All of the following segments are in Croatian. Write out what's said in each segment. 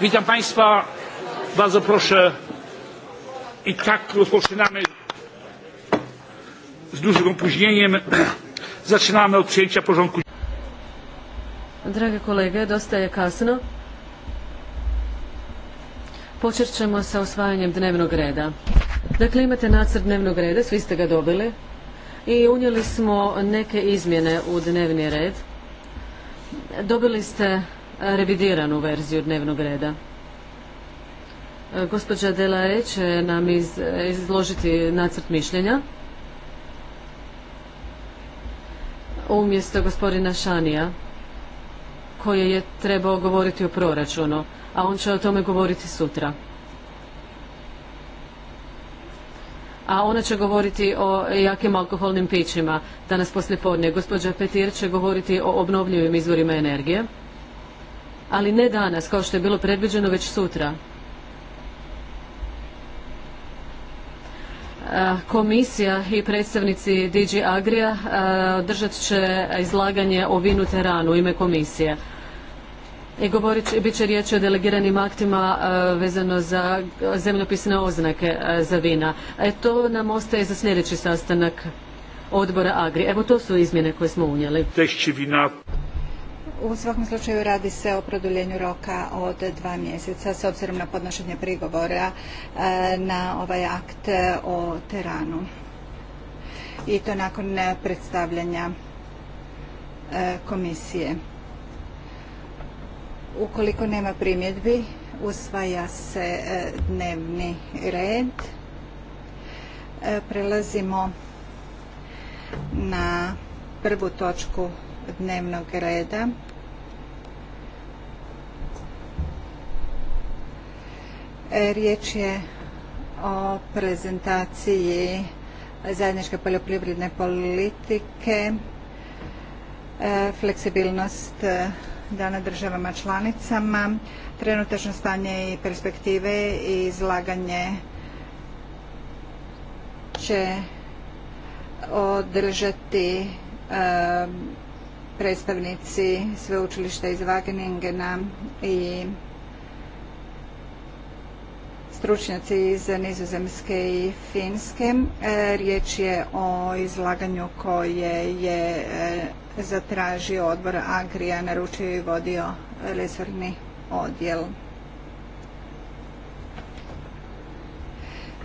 Witam Państwa. Bardzo proszę. I tak rozpoczynamy z dużym opóźnieniem. Zaczynamy od przyjęcia porządku. Drage kolege, dostaje kasno. Počet ćemo sa osvajanjem dnevnog reda. Dakle, imate nacrt dnevnog reda, svi ste ga dobili. I unijeli smo neke izmjene u dnevni red. Dobili ste revidiranu verziju dnevnog reda. E, gospođa Delae će nam izložiti nacrt mišljenja. Umjesto gospodina Šanija, koji je trebao govoriti o proračunu, a on će o tome govoriti sutra. a ona će govoriti o jakim alkoholnim pićima danas poslijepodne. Gospođa Petir će govoriti o obnovljivim izvorima energije ali ne danas kao što je bilo predviđeno već sutra. E, komisija i predstavnici DG agria e, držat će izlaganje o vinu teranu u ime komisije. I govorit, bit će riječ o delegiranim aktima e, vezano za zemljopisne oznake za vina. to nam ostaje za sljedeći sastanak odbora Agri. Evo to su izmjene koje smo unijeli. Vina. U svakom slučaju radi se o produljenju roka od dva mjeseca s obzirom na podnošenje prigovora e, na ovaj akt o teranu. I to nakon predstavljanja e, komisije. Ukoliko nema primjedbi, usvaja se e, dnevni red. Prelazimo na prvu točku dnevnog reda. E, riječ je o prezentaciji zajedničke poljoprivredne politike, e, fleksibilnost dana državama članicama, trenutačno stanje i perspektive i izlaganje će održati e, predstavnici sveučilišta iz Wageningena i stručnjaci iz Nizozemske i Finske. E, riječ je o izlaganju koje je e, zatražio odbor Agrija, naručio i vodio resorni odjel.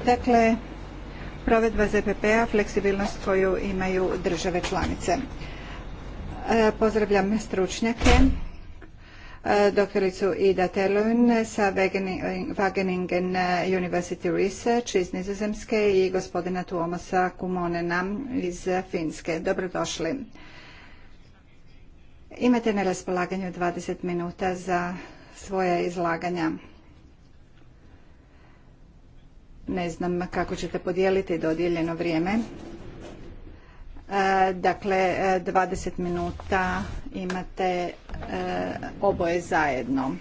Dakle, provedba ZPP-a, fleksibilnost koju imaju države članice. E, pozdravljam stručnjake Eh, doktoricu Ida Terlun sa Wageningen eh, University Research iz Nizozemske i gospodina Tuomasa Kumonena iz Finske. Dobrodošli. Imate na raspolaganju 20 minuta za svoje izlaganja. Ne znam kako ćete podijeliti dodijeljeno vrijeme. E, dakle, 20 e, minuta imate e, oboje zajedno.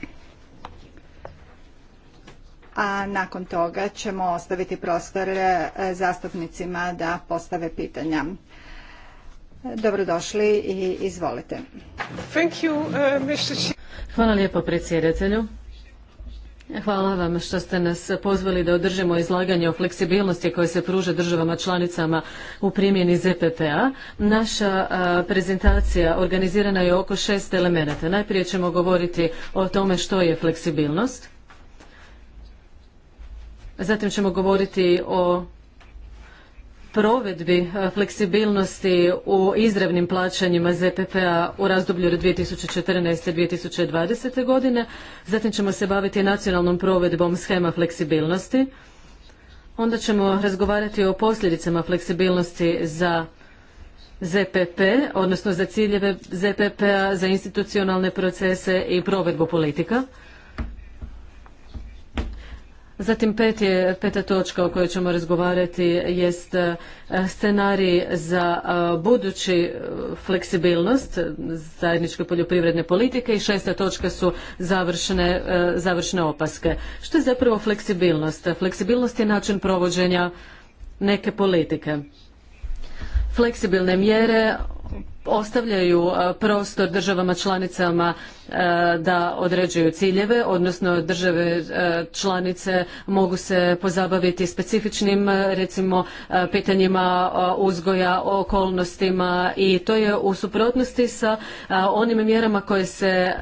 A nakon toga ćemo ostaviti prostor zastupnicima da postave pitanja. Dobrodošli i izvolite. Hvala lijepo predsjedatelju. Hvala vam što ste nas pozvali da održimo izlaganje o fleksibilnosti koje se pruža državama članicama u primjeni zpp Naša prezentacija organizirana je oko šest elemenata. Najprije ćemo govoriti o tome što je fleksibilnost. Zatim ćemo govoriti o provedbi e, fleksibilnosti u izravnim plaćanjima ZPP-a u razdoblju od 2014. i 2020. godine. Zatim ćemo se baviti nacionalnom provedbom schema fleksibilnosti. Onda ćemo razgovarati o posljedicama fleksibilnosti za ZPP, odnosno za ciljeve ZPP-a, za institucionalne procese i provedbu politika. Zatim pet peta točka o kojoj ćemo razgovarati jest e, scenarij za e, budući e, fleksibilnost zajedničke poljoprivredne politike i šesta točka su završene završne opaske. Što je zapravo fleksibilnost? Fleksibilnost je način provođenja neke politike. Fleksibilne mjere ostavljaju e, prostor državama članicama e, da određuju ciljeve, odnosno države e, članice mogu se pozabaviti specifičnim recimo pitanjima uzgoja, okolnostima i to je u suprotnosti sa onim mjerama koje se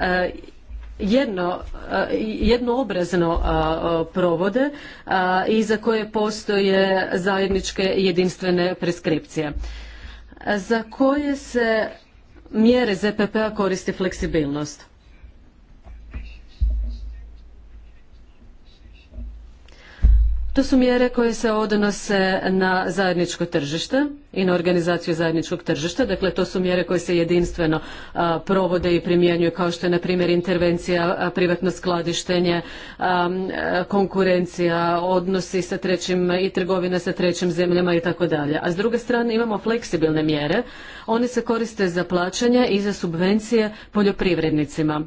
jedno, jednoobrazno provode i za koje postoje zajedničke jedinstvene preskripcije za koje se mjere ZPP-a koristi fleksibilnost. To su mjere koje se odnose na zajedničko tržište i na organizaciju zajedničkog tržišta. Dakle, to su mjere koje se jedinstveno provode i primjenjuju kao što je, na primjer, intervencija, privatno skladištenje, konkurencija, odnosi sa trećim i trgovina sa trećim zemljama i tako dalje. A s druge strane imamo fleksibilne mjere. One se koriste za plaćanje i za subvencije poljoprivrednicima.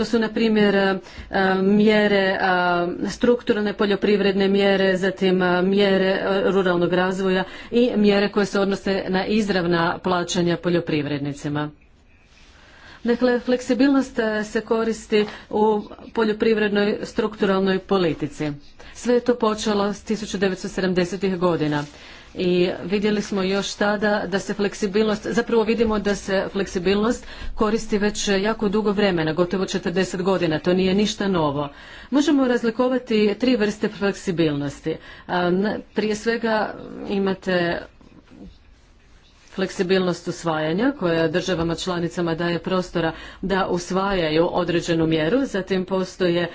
To su, na primjer, e, mjere, e, strukturne poljoprivredne mjere, zatim e, mjere ruralnog razvoja i mjere koje se odnose na izravna plaćanja poljoprivrednicima. Dakle, fleksibilnost e, se koristi u poljoprivrednoj strukturalnoj politici. Sve je to počelo s 1970. godina i vidjeli smo još tada da se fleksibilnost, zapravo vidimo da se fleksibilnost koristi već jako dugo vremena, gotovo 40 godina, to nije ništa novo. Možemo razlikovati tri vrste fleksibilnosti. Prije svega imate fleksibilnost usvajanja koja državama članicama daje prostora da usvajaju određenu mjeru, zatim postoje,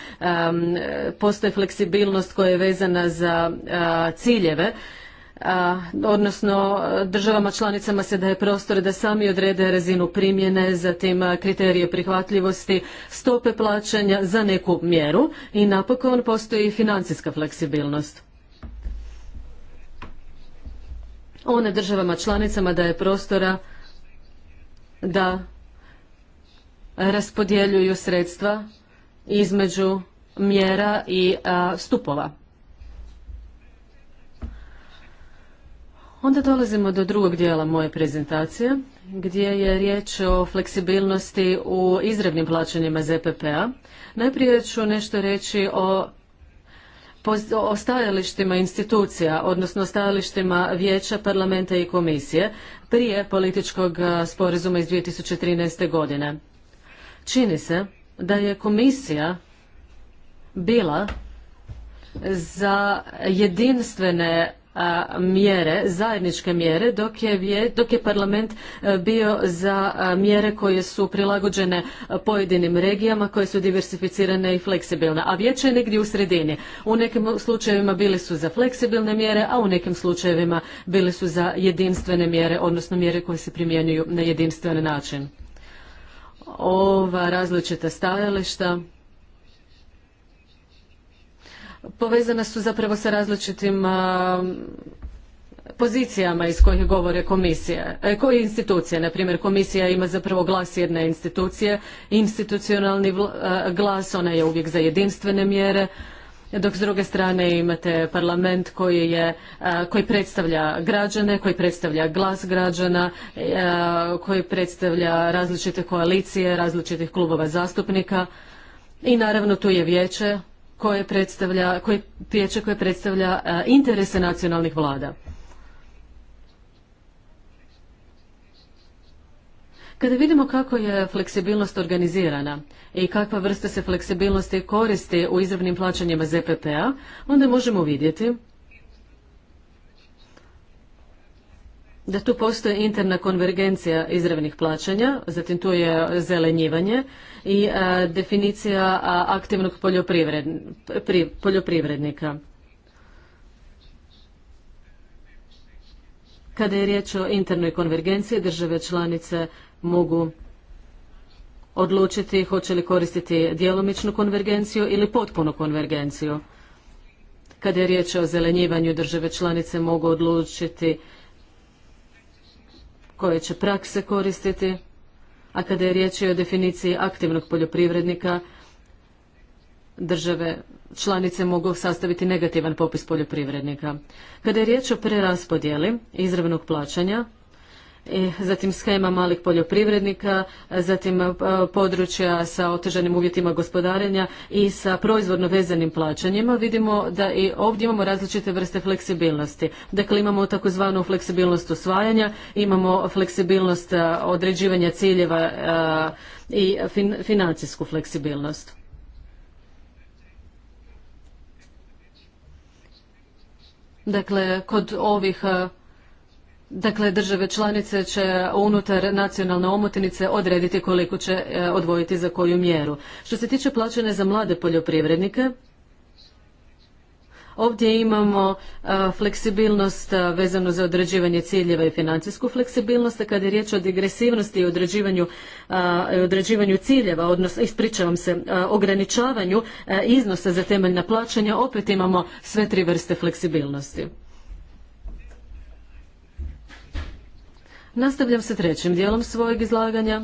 fleksibilnost koja je vezana za e, ciljeve odnosno državama članicama se daje prostor da sami odrede razinu primjene, zatim kriterije prihvatljivosti, stope plaćanja za neku mjeru i napokon postoji financijska fleksibilnost. one državama članicama daje prostora da raspodjeljuju sredstva između mjera i stupova. Onda dolazimo do drugog dijela moje prezentacije, gdje je riječ o fleksibilnosti u izravnim plaćanjima ZPP-a. Najprije ću nešto reći o o stajalištima institucija, odnosno stajalištima vijeća, parlamenta i komisije prije političkog sporazuma iz 2013. godine. Čini se da je komisija bila za jedinstvene mjere, zajedničke mjere, dok je, parlament e, bio za mjere koje su prilagođene pojedinim regijama, koje su diversificirane i fleksibilne. A vijeće je negdje u sredini. U nekim slučajevima bili su za fleksibilne mjere, a u nekim slučajevima bili su za jedinstvene mjere, odnosno mjere koje se primjenjuju na jedinstven način. Ova različita stajališta povezana su zapravo sa različitim pozicijama iz kojih govore komisije, e, koje institucije, na primjer komisija ima zapravo glas jedne institucije, institucionalni glas, ona je uvijek za jedinstvene mjere, dok s druge strane imate parlament koji, je, koji predstavlja građane, koji predstavlja glas građana, koji predstavlja različite koalicije, različitih klubova zastupnika i naravno tu je vijeće koje predstavlja, koje vijeće koje predstavlja e, interese nacionalnih vlada. Kada vidimo kako je fleksibilnost organizirana i kakva vrsta se fleksibilnosti koristi u izravnim plaćanjima ZPP-a, onda možemo vidjeti da tu postoji interna konvergencija izravnih plaćanja, zatim tu je zelenjivanje i e, definicija aktivnog poljoprivrednika. Kada je riječ o internoj konvergenciji, države članice mogu odlučiti hoće li koristiti djelomičnu konvergenciju ili potpunu konvergenciju. Kada je riječ o zelenjivanju, države članice mogu odlučiti koje će prakse koristiti, a kada je riječ o definiciji aktivnog poljoprivrednika, države članice mogu sastaviti negativan popis poljoprivrednika. Kada je riječ o preraspodjeli izravnog plaćanja, i e, zatim schema malih poljoprivrednika, zatim e, područja sa otežanim uvjetima gospodarenja i sa proizvodno vezanim plaćanjima. Vidimo da i ovdje imamo različite vrste fleksibilnosti. Dakle, imamo takozvanu fleksibilnost usvajanja, imamo fleksibilnost e, određivanja ciljeva i financijsku fleksibilnost. Dakle, kod ovih Dakle, države članice će unutar nacionalne omotnice odrediti koliko će e, odvojiti za koju mjeru. Što se tiče plaćanja za mlade poljoprivrednike, Ovdje imamo e, fleksibilnost e, vezano za određivanje ciljeva i financijsku fleksibilnost, a kada je riječ o digresivnosti i određivanju ciljeva, odnosno ispričavam se, ograničavanju iznosa za temeljna plaćanja, opet imamo sve tri vrste fleksibilnosti. Nastavljam sa trećim dijelom svojeg izlaganja,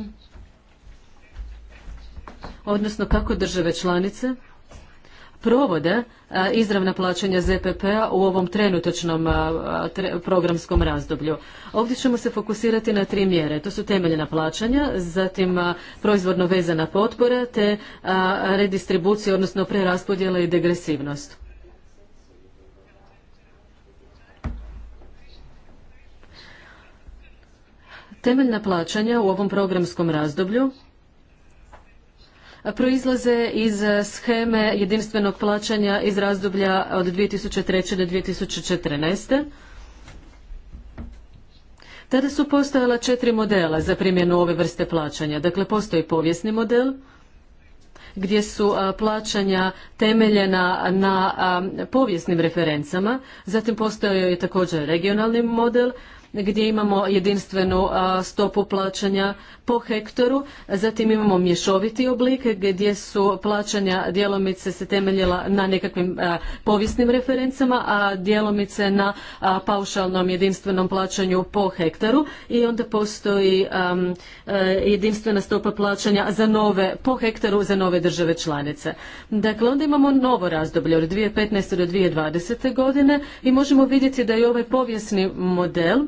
odnosno kako države članice provode izravna plaćanja ZPP-a u ovom trenutačnom programskom razdoblju. Ovdje ćemo se fokusirati na tri mjere. To su temeljna plaćanja, zatim proizvodno vezana potpora te redistribucija, odnosno preraspodjela i degresivnost. Temeljna plaćanja u ovom programskom razdoblju proizlaze iz scheme jedinstvenog plaćanja iz razdoblja od 2003. do 2014. Tada su postojala četiri modela za primjenu ove vrste plaćanja. Dakle, postoji povijesni model gdje su plaćanja temeljena na povijesnim referencama. Zatim postojao je također regionalni model gdje imamo jedinstvenu stopu plaćanja po hektoru, zatim imamo mješoviti oblik gdje su plaćanja djelomice se temeljila na nekakvim povijesnim referencama, a djelomice na paušalnom jedinstvenom plaćanju po hektaru i onda postoji e, jedinstvena stopa plaćanja za nove, po hektaru za nove države članice. Dakle, onda imamo novo razdoblje od 2015. do 2020. godine i možemo vidjeti da je ovaj povijesni model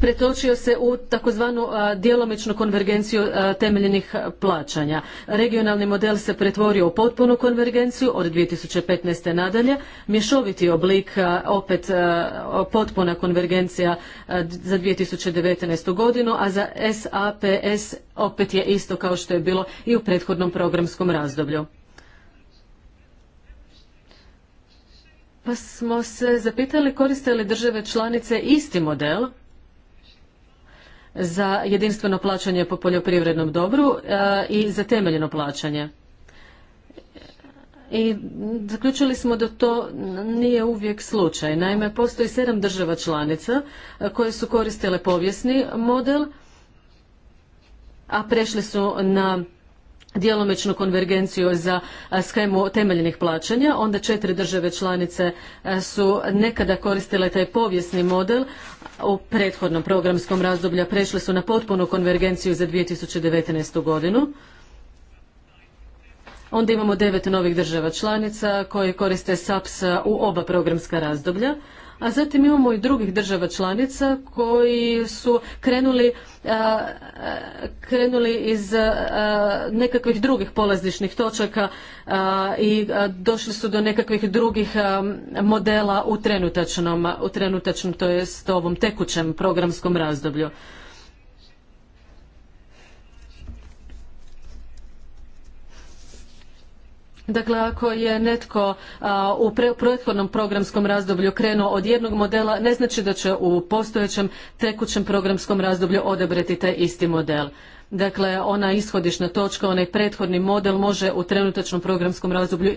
pretočio se u takozvanu djelomičnu konvergenciju temeljenih plaćanja. Regionalni model se pretvorio u potpunu konvergenciju od 2015. nadalje. Mješoviti oblik opet potpuna konvergencija za 2019. godinu, a za SAPS opet je isto kao što je bilo i u prethodnom programskom razdoblju. pa smo se zapitali koriste li države članice isti model za jedinstveno plaćanje po poljoprivrednom dobru e, i za temeljeno plaćanje. I zaključili smo da to nije uvijek slučaj. Naime, postoji sedam država članica e, koje su koristile povijesni model, a prešli su na djelomičnu konvergenciju za schemu temeljnih plaćanja. Onda četiri države članice su nekada koristile taj povijesni model. U prethodnom programskom razdoblju prešle su na potpunu konvergenciju za 2019. godinu. Onda imamo devet novih država članica koje koriste SAPS u oba programska razdoblja a zatim imamo i drugih država članica koji su krenuli, iz nekakvih drugih polazišnih točaka i došli su do nekakvih drugih modela u trenutačnom, u trenutačnom to ovom tekućem programskom razdoblju. Dakle, ako je netko u prethodnom programskom razdoblju krenuo od jednog modela, ne znači da će u postojećem tekućem programskom razdoblju odabrati taj isti model. Dakle, ona ishodišna točka, onaj prethodni model može u trenutačnom programskom razdoblju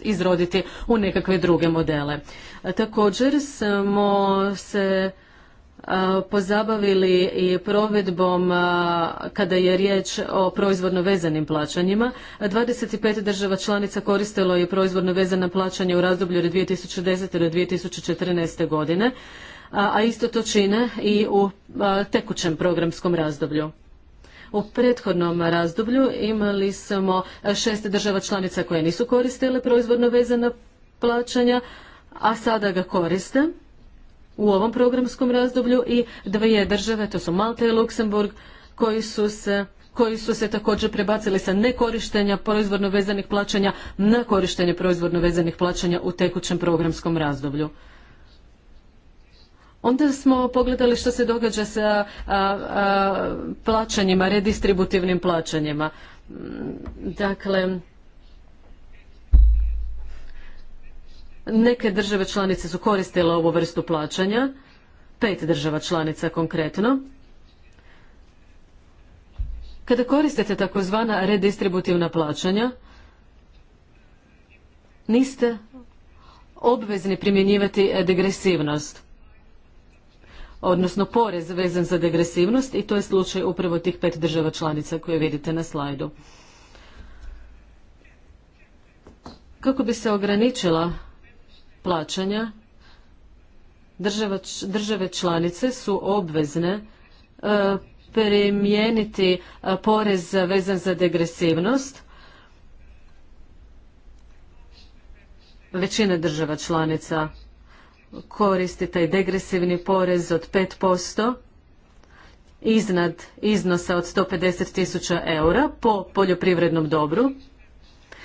izroditi u nekakve druge modele. također smo se pozabavili i provedbom kada je riječ o proizvodno vezanim plaćanjima. 25 država članica koristilo je proizvodno vezana plaćanja u razdoblju od 2010. do 2014. godine, a isto to čine i u tekućem programskom razdoblju. U prethodnom razdoblju imali smo šest država članica koje nisu koristile proizvodno vezana plaćanja, a sada ga koriste u ovom programskom razdoblju i dvije države, to su Malta i Luksemburg, koji su se koji su se također prebacili sa nekorištenja proizvodno vezanih plaćanja na korištenje proizvodno vezanih plaćanja u tekućem programskom razdoblju. Onda smo pogledali što se događa sa a, a, plaćanjima, redistributivnim plaćanjima. Dakle, Neke države članice su koristile ovu vrstu plaćanja, pet država članica konkretno. Kada koristite takozvana redistributivna plaćanja, niste obvezni primjenjivati degresivnost, odnosno porez vezan za degresivnost i to je slučaj upravo tih pet država članica koje vidite na slajdu. Kako bi se ograničila plaćanja države, članice su obvezne e, primijeniti e, porez vezan za degresivnost. Većina država članica koristi taj degresivni porez od 5% iznad iznosa od 150 tisuća eura po poljoprivrednom dobru,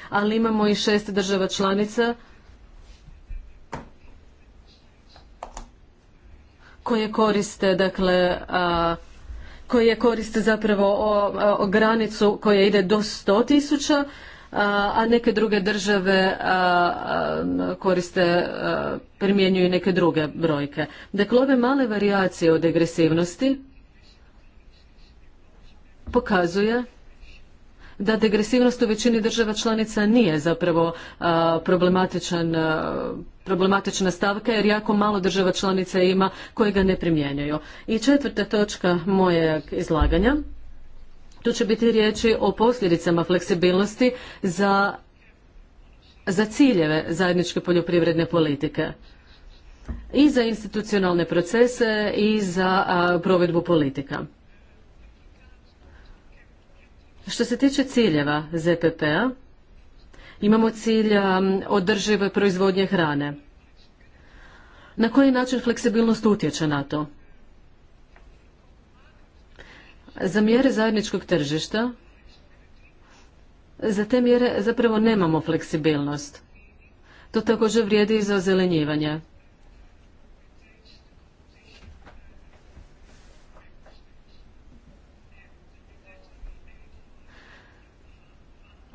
ali imamo i šest država članica koje koriste dakle a, koje koriste zapravo o, granicu koja ide do 100 tisuća a neke druge države koriste, primjenjuju neke druge brojke. Dakle, ove male varijacije od degresivnosti pokazuje da degresivnost u većini država članica nije zapravo problematičan problematična stavka jer jako malo država članica ima koje ga ne primjenjuju. I četvrta točka mojeg izlaganja. Tu će biti riječi o posljedicama fleksibilnosti za, ciljeve zajedničke poljoprivredne politike i za institucionalne procese i za provedbu politika. Što se tiče ciljeva ZPP-a, Imamo cilj um, održive proizvodnje hrane. Na koji način fleksibilnost utječe na to? Za mjere zajedničkog tržišta, za te mjere zapravo nemamo fleksibilnost. To također vrijedi i za ozelenjivanje.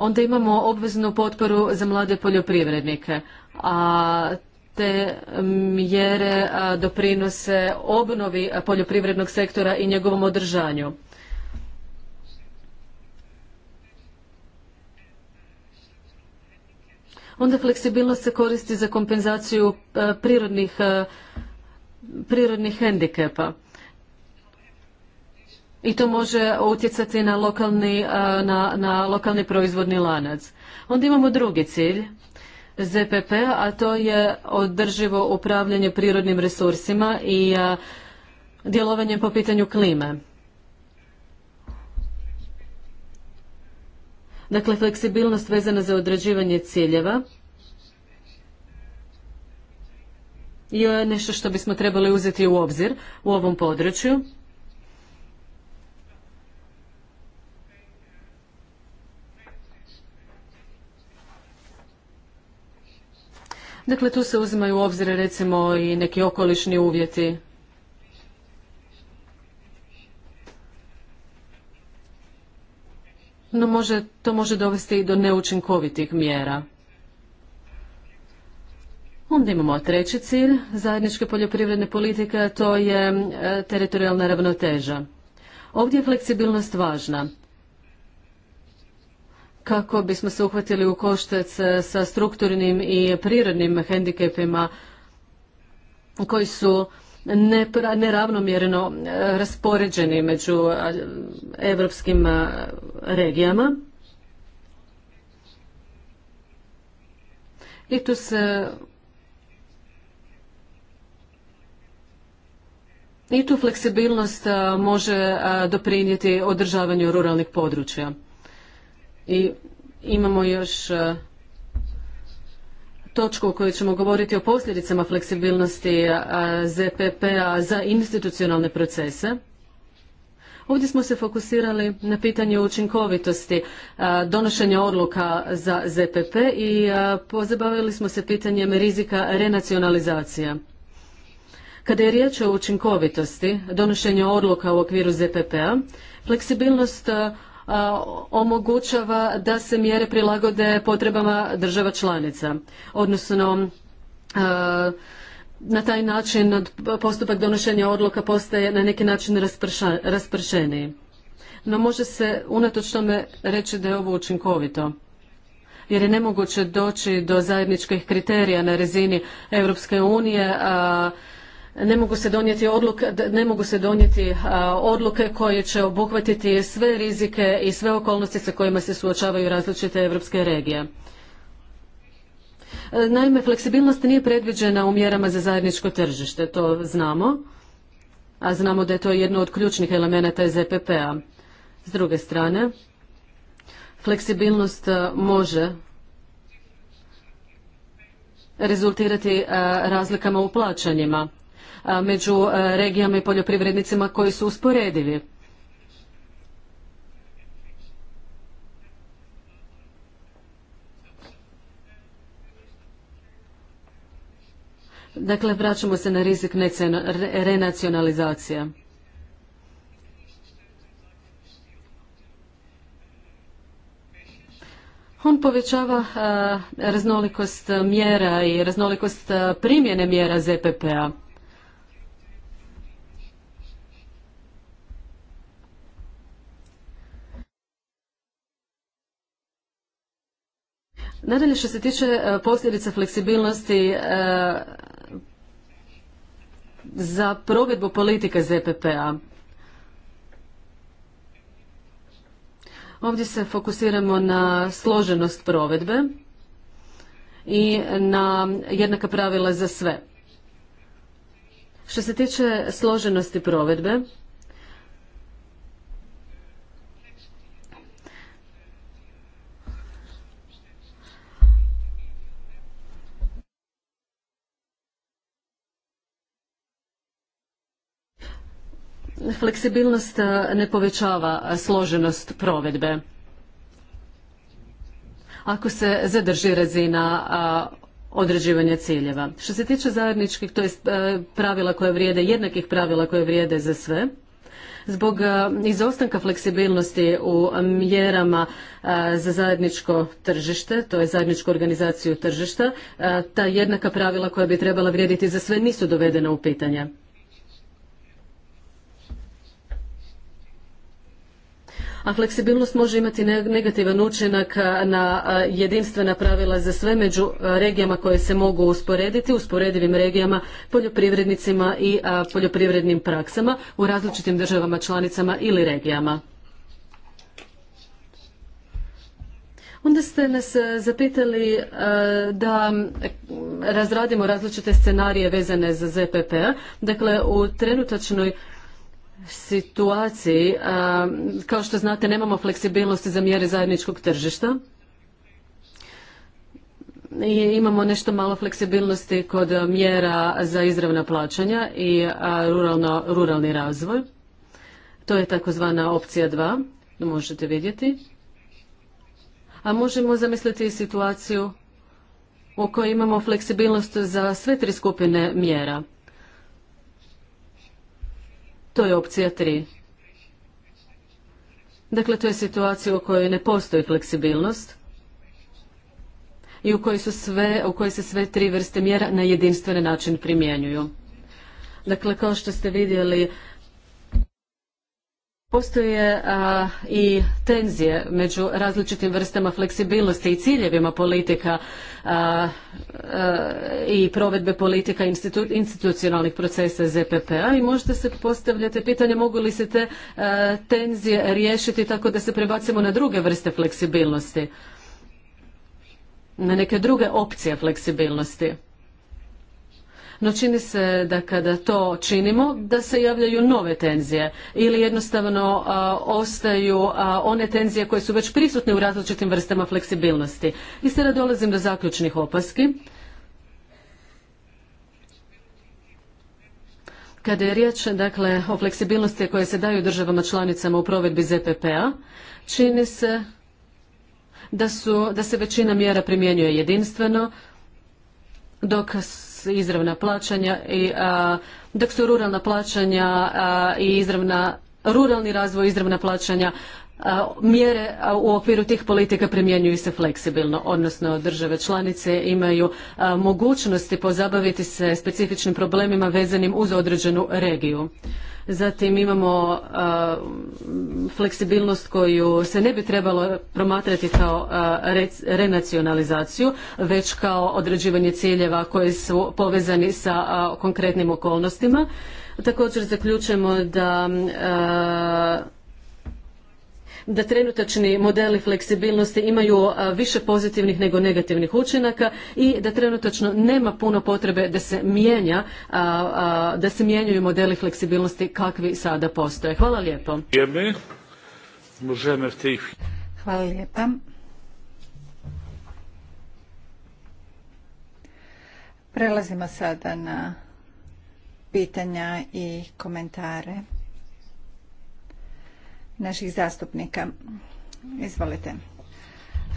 Onda imamo obveznu potporu za mlade poljoprivrednike, a te mjere doprinose obnovi poljoprivrednog sektora i njegovom održanju. Onda fleksibilnost se koristi za kompenzaciju prirodnih, hendikepa i to može utjecati na lokalni, na, na lokalni proizvodni lanac. Onda imamo drugi cilj ZPP, a to je održivo upravljanje prirodnim resursima i djelovanje po pitanju klime. Dakle, fleksibilnost vezana za određivanje ciljeva je nešto što bismo trebali uzeti u obzir u ovom području. Dakle, tu se uzimaju u obzir recimo i neki okolišni uvjeti. No može, to može dovesti i do neučinkovitih mjera. Onda imamo treći cilj zajedničke poljoprivredne politike, to je e, teritorijalna ravnoteža. Ovdje je fleksibilnost važna kako bismo se uhvatili u koštac e, sa strukturnim i prirodnim hendikepima koji su neravnomjerno e, raspoređeni među europskim e, regijama. I tu se i tu fleksibilnost može doprinijeti održavanju ruralnih područja i imamo još e, točku u kojoj ćemo govoriti o posljedicama fleksibilnosti e, ZPP-a za institucionalne procese. Ovdje smo se fokusirali na pitanje učinkovitosti e, donošenja odluka za ZPP i pozabavili smo se pitanjem rizika renacionalizacija. Kada je riječ o učinkovitosti donošenja odluka u okviru ZPP-a, fleksibilnost omogućava da se mjere prilagode potrebama država članica, odnosno na taj način postupak donošenja odluka postaje na neki način raspršeniji. No može se unatoč tome reći da je ovo učinkovito jer je nemoguće doći do zajedničkih kriterija na razini Europske unije a ne mogu se donijeti odluke, koje će obuhvatiti sve rizike i sve okolnosti sa kojima se suočavaju različite europske regije. E, naime, fleksibilnost nije predviđena u mjerama za zajedničko tržište, to znamo, a znamo da je to jedno od ključnih elemenata ZPP-a. S druge strane, fleksibilnost e, može rezultirati e, razlikama u plaćanjima među regijama i poljoprivrednicima koji su usporedivi. Dakle, vraćamo se na rizik renacionalizacije. On povećava raznolikost mjera i raznolikost primjene mjera ZPP-a. Nadalje što se tiče e, posljedica fleksibilnosti e, za provedbu politike ZPP-a. Ovdje se fokusiramo na složenost provedbe i na jednaka pravila za sve. Što se tiče složenosti provedbe, fleksibilnost e, ne povećava e, složenost provedbe. Ako se zadrži razina e, određivanja ciljeva. Što se tiče zajedničkih, to je pravila koje vrijede, jednakih pravila koje vrijede za sve, zbog izostanka fleksibilnosti u mjerama za zajedničko tržište, to je zajedničku organizaciju tržišta, ta jednaka pravila koja bi trebala vrijediti za sve nisu dovedena u pitanje. a fleksibilnost može imati negativan učinak na jedinstvena pravila za sve među regijama koje se mogu usporediti, usporedivim regijama, poljoprivrednicima i poljoprivrednim praksama u različitim državama, članicama ili regijama. Onda ste nas zapitali da razradimo različite scenarije vezane za ZPP. P-a. Dakle, u trenutačnoj situaciji, kao što znate, nemamo fleksibilnosti za mjere zajedničkog tržišta. I imamo nešto malo fleksibilnosti kod mjera za izravna plaćanja i ruralni razvoj. To je takozvana opcija 2, možete vidjeti. A možemo zamisliti i situaciju u kojoj imamo fleksibilnost za sve tri skupine mjera. To je opcija tri. Dakle, to je situacija u kojoj ne postoji fleksibilnost i u kojoj, su sve, u kojoj se sve tri vrste mjera na jedinstven način primjenjuju. Dakle, kao što ste vidjeli, Postoje i tenzije među različitim vrstama fleksibilnosti i ciljevima politika i provedbe politika institucionalnih procesa ZPP-a i možda se postavljate pitanje mogu li se te tenzije riješiti tako da se prebacimo na druge vrste fleksibilnosti, na neke druge opcije fleksibilnosti no čini se da kada to činimo da se javljaju nove tenzije ili jednostavno ostaju one tenzije koje su već prisutne u različitim vrstama fleksibilnosti. I sada dolazim do zaključnih opaski. Kada je riječ dakle, o fleksibilnosti koje se daju državama članicama u provedbi ZPP-a, čini se da, da se većina mjera primjenjuje jedinstveno, dok izravna plaćanja i dok su ruralna plaćanja i izravna ruralni razvoj, izravna plaćanja mjere u okviru tih politika primjenjuju se fleksibilno, odnosno države članice imaju mogućnosti pozabaviti se specifičnim problemima vezanim uz određenu regiju. Zatim imamo fleksibilnost koju se ne bi trebalo promatrati kao renacionalizaciju, već kao određivanje ciljeva koji su povezani sa konkretnim okolnostima. Također zaključujemo da da trenutačni modeli fleksibilnosti imaju više pozitivnih nego negativnih učinaka i da trenutačno nema puno potrebe da se mijenja, da se mijenjaju modeli fleksibilnosti kakvi sada postoje. Hvala lijepo. Hvala lijepa. Prelazimo sada na pitanja i komentare naših zastupnika. Izvolite.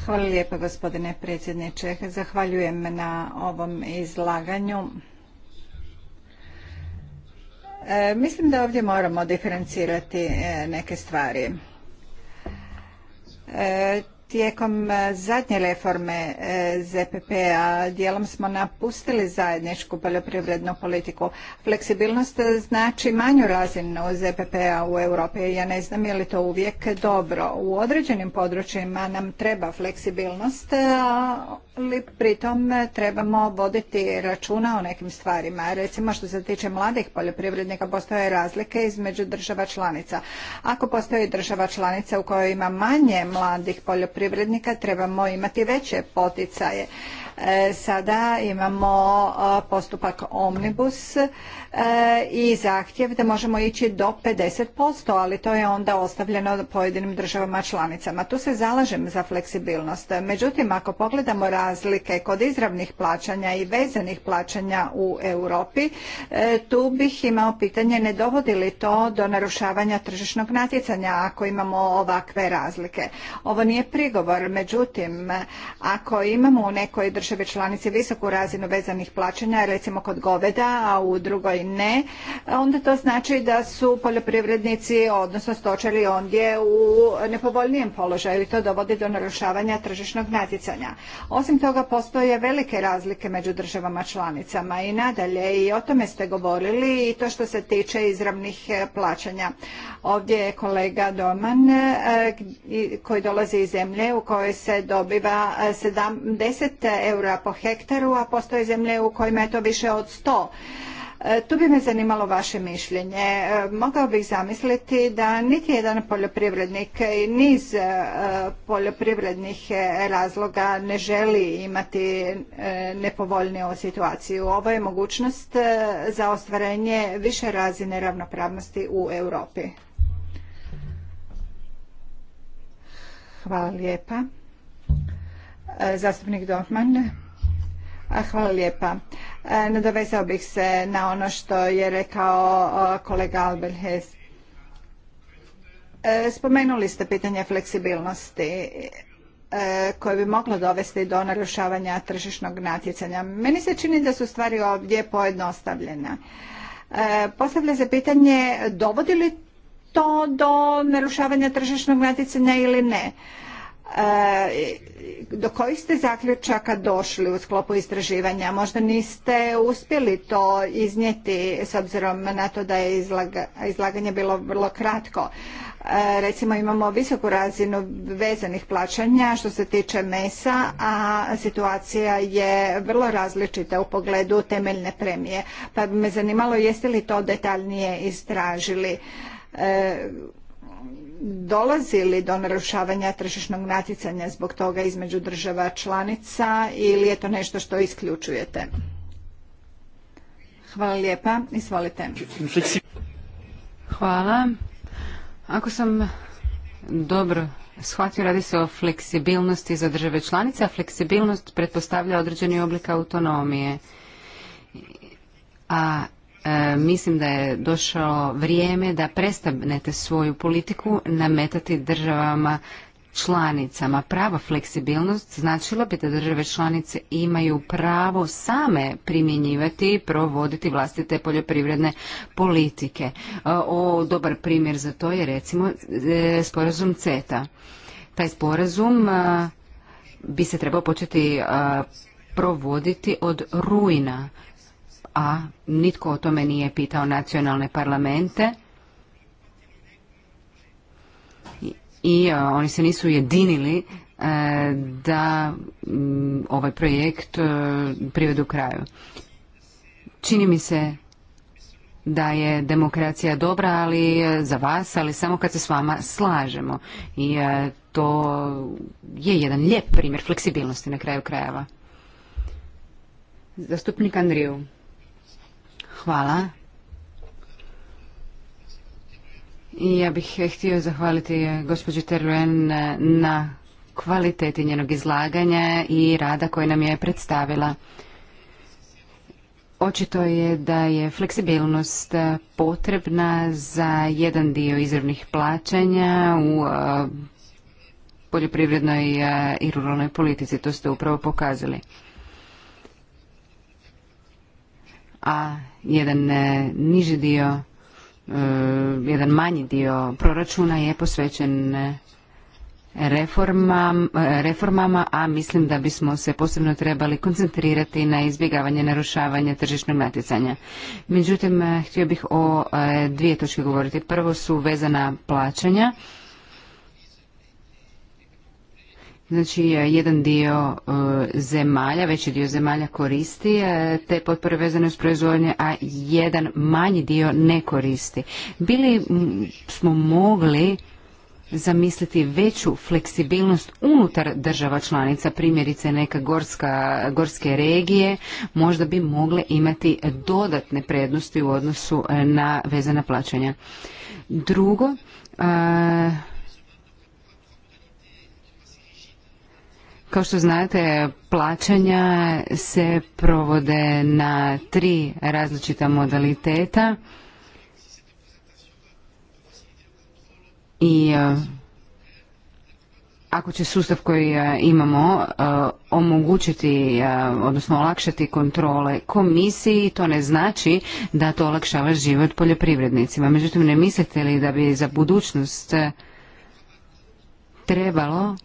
Hvala lijepa gospodine predsjedniče. Zahvaljujem na ovom izlaganju. E, mislim da ovdje moramo diferencirati e, neke stvari. E, Tijekom e, zadnje reforme e, ZPP-a dijelom smo napustili zajedničku poljoprivrednu politiku. Fleksibilnost znači manju razinu ZPP-a u Europi. Ja ne znam je li to uvijek dobro. U određenim područjima nam treba fleksibilnost, a ali pritom trebamo voditi računa o nekim stvarima. Recimo što se tiče mladih poljoprivrednika postoje razlike između država članica. Ako postoji država članica u kojoj ima manje mladih poljoprivrednika trebamo imati veće poticaje. E, sada imamo postupak omnibus i zahtjev da možemo ići do 50%, ali to je onda ostavljeno pojedinim državama članicama. Tu se zalažem za fleksibilnost. Međutim, ako pogledamo razlike kod izravnih plaćanja i vezanih plaćanja u Europi, e, tu bih imao pitanje ne dovodi li to do narušavanja tržišnog natjecanja ako imamo ovakve razlike. Ovo nije prigovor, međutim, ako imamo u nekoj državi članici visoku razinu vezanih plaćanja, recimo kod goveda, a u drugoj ne, onda to znači da su poljoprivrednici, odnosno stočari ondje u nepovoljnijem položaju i to dovodi do narušavanja tržišnog natjecanja. Osim toga postoje velike razlike među državama članicama i nadalje i o tome ste govorili i to što se tiče izravnih e, plaćanja. Ovdje je kolega Doman e, koji dolazi iz zemlje u kojoj se dobiva 70 e, eura po hektaru, a postoje zemlje u kojima je to više od 100 E, tu bi me zanimalo vaše mišljenje. E, mogao bih zamisliti da niti jedan poljoprivrednik i niz e, poljoprivrednih razloga ne želi imati nepovoljniju situaciju. Ovo je mogućnost za ostvarenje više razine ravnopravnosti u Europi. Hvala lijepa. Zastupnik Hvala lijepa. E, nadovezao bih se na ono što je rekao e, kolega Albert e, Spomenuli ste pitanje fleksibilnosti koje bi moglo dovesti do narušavanja tržišnog natjecanja. Meni se čini da su stvari ovdje pojednostavljene. Postavlja se pitanje dovodi li to do narušavanja tržišnog natjecanja ili ne. E, do kojih ste zaključaka došli u sklopu istraživanja? Možda niste uspjeli to iznijeti s obzirom na to da je izlaganje bilo vrlo kratko. E, recimo imamo visoku razinu vezanih plaćanja što se tiče mesa, a situacija je vrlo različita u pogledu temeljne premije. Pa bi me zanimalo jeste li to detaljnije istražili e, dolazi li do narušavanja tržišnog natjecanja zbog toga između država članica ili je to nešto što isključujete? Hvala lijepa. Izvolite. Hvala. Ako sam dobro shvatio, radi se o fleksibilnosti za države članice, a fleksibilnost pretpostavlja određeni oblik autonomije. A E, mislim da je došlo vrijeme da prestanete svoju politiku nametati državama članicama. Prava fleksibilnost značilo bi da države članice imaju pravo same primjenjivati i provoditi vlastite poljoprivredne politike. E, o, dobar primjer za to je recimo e, sporazum CETA. Taj sporazum bi se trebao početi provoditi od rujna a nitko o tome nije pitao nacionalne parlamente i e, oni se nisu jedinili e, da mm, ovaj projekt e, privedu kraju. Čini mi se da je demokracija dobra, ali za vas, ali samo kad se s vama slažemo. I to je jedan lijep primjer fleksibilnosti na kraju krajeva. Zastupnik Andriju. Hvala. I ja bih htio zahvaliti gospođi Teruen na kvaliteti njenog izlaganja i rada koji nam je predstavila. Očito je da je fleksibilnost potrebna za jedan dio izravnih plaćanja u e, poljoprivrednoj e, i ruralnoj politici. To ste upravo pokazali. A jedan e, niži dio, e, jedan manji dio proračuna je posvećen e, reformama, a mislim da bismo se posebno trebali koncentrirati na izbjegavanje narušavanja tržišnog natjecanja. Međutim, htio bih o dvije točke govoriti. Prvo su vezana plaćanja Znači, e, jedan dio e, zemalja, veći dio zemalja koristi e, te potpore vezane uz proizvodnje, a jedan manji dio ne koristi. Bili smo mogli zamisliti veću fleksibilnost unutar država članica, primjerice neka gorska, gorske regije, možda bi mogle imati dodatne prednosti u odnosu na vezana plaćanja. Drugo, Kao što znate, plaćanja se provode na tri različita modaliteta i e, ako će sustav koji e, imamo e, omogućiti, odnosno olakšati kontrole komisiji, to ne znači da to olakšava život poljoprivrednicima. Međutim, ne mislite li da bi za budućnost trebalo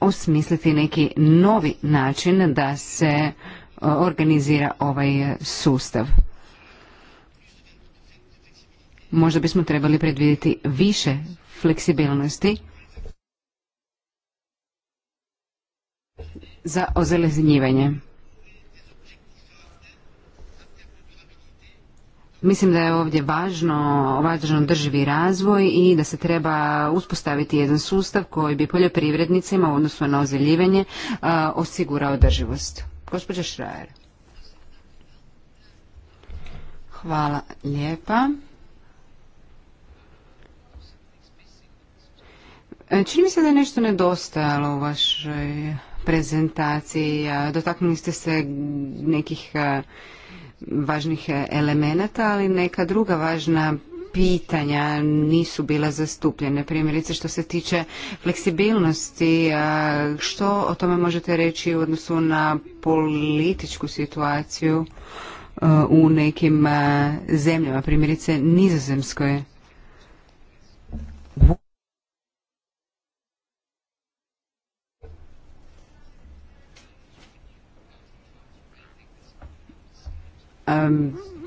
osmisliti neki novi način da se e, organizira ovaj e, sustav. Možda bismo trebali predvidjeti više fleksibilnosti za ozelezinjivanje. Mislim da je ovdje važno, važan održivi razvoj i da se treba uspostaviti jedan sustav koji bi poljoprivrednicima u odnosu na ozeljivanje osigurao održivost. gospođo Šrajer. Hvala lijepa. E, čini mi se da je nešto nedostajalo u vašoj prezentaciji. Dotaknuli ste se nekih važnih e, elemenata, ali neka druga važna pitanja nisu bila zastupljene. Primjerice što se tiče fleksibilnosti, e, što o tome možete reći u odnosu na političku situaciju e, u nekim zemljama, primjerice Nizozemskoj?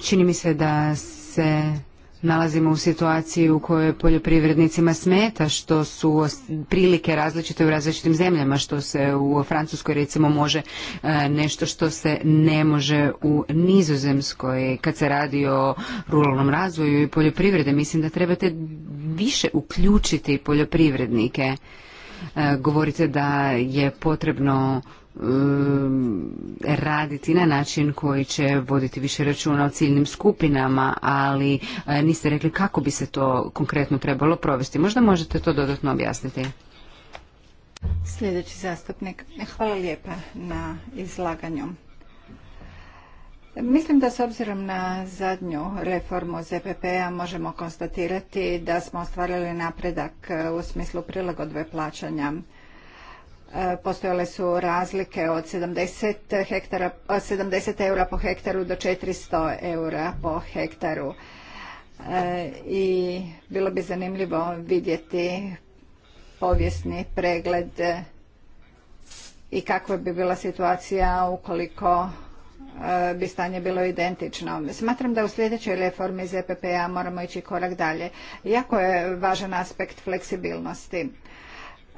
Čini mi se da se nalazimo u situaciji u kojoj poljoprivrednicima smeta što su prilike različite u različitim zemljama, što se u Francuskoj recimo može e, nešto što se ne može u Nizozemskoj kad se radi o ruralnom razvoju i poljoprivrede. Mislim da trebate više uključiti poljoprivrednike. E, govorite da je potrebno Um, raditi na način koji će voditi više računa o ciljnim skupinama, ali e, niste rekli kako bi se to konkretno trebalo provesti. Možda možete to dodatno objasniti. Sljedeći zastupnik. Hvala lijepa na izlaganju. Mislim da s obzirom na zadnju reformu ZPP-a možemo konstatirati da smo ostvarili napredak u smislu prilagodbe plaćanja postojale su razlike od 70, hektara, eura po hektaru do 400 eura po hektaru. E, I bilo bi zanimljivo vidjeti povijesni pregled i kakva bi bila situacija ukoliko e, bi stanje bilo identično. Smatram da u sljedećoj reformi ZPP-a moramo ići korak dalje. Jako je važan aspekt fleksibilnosti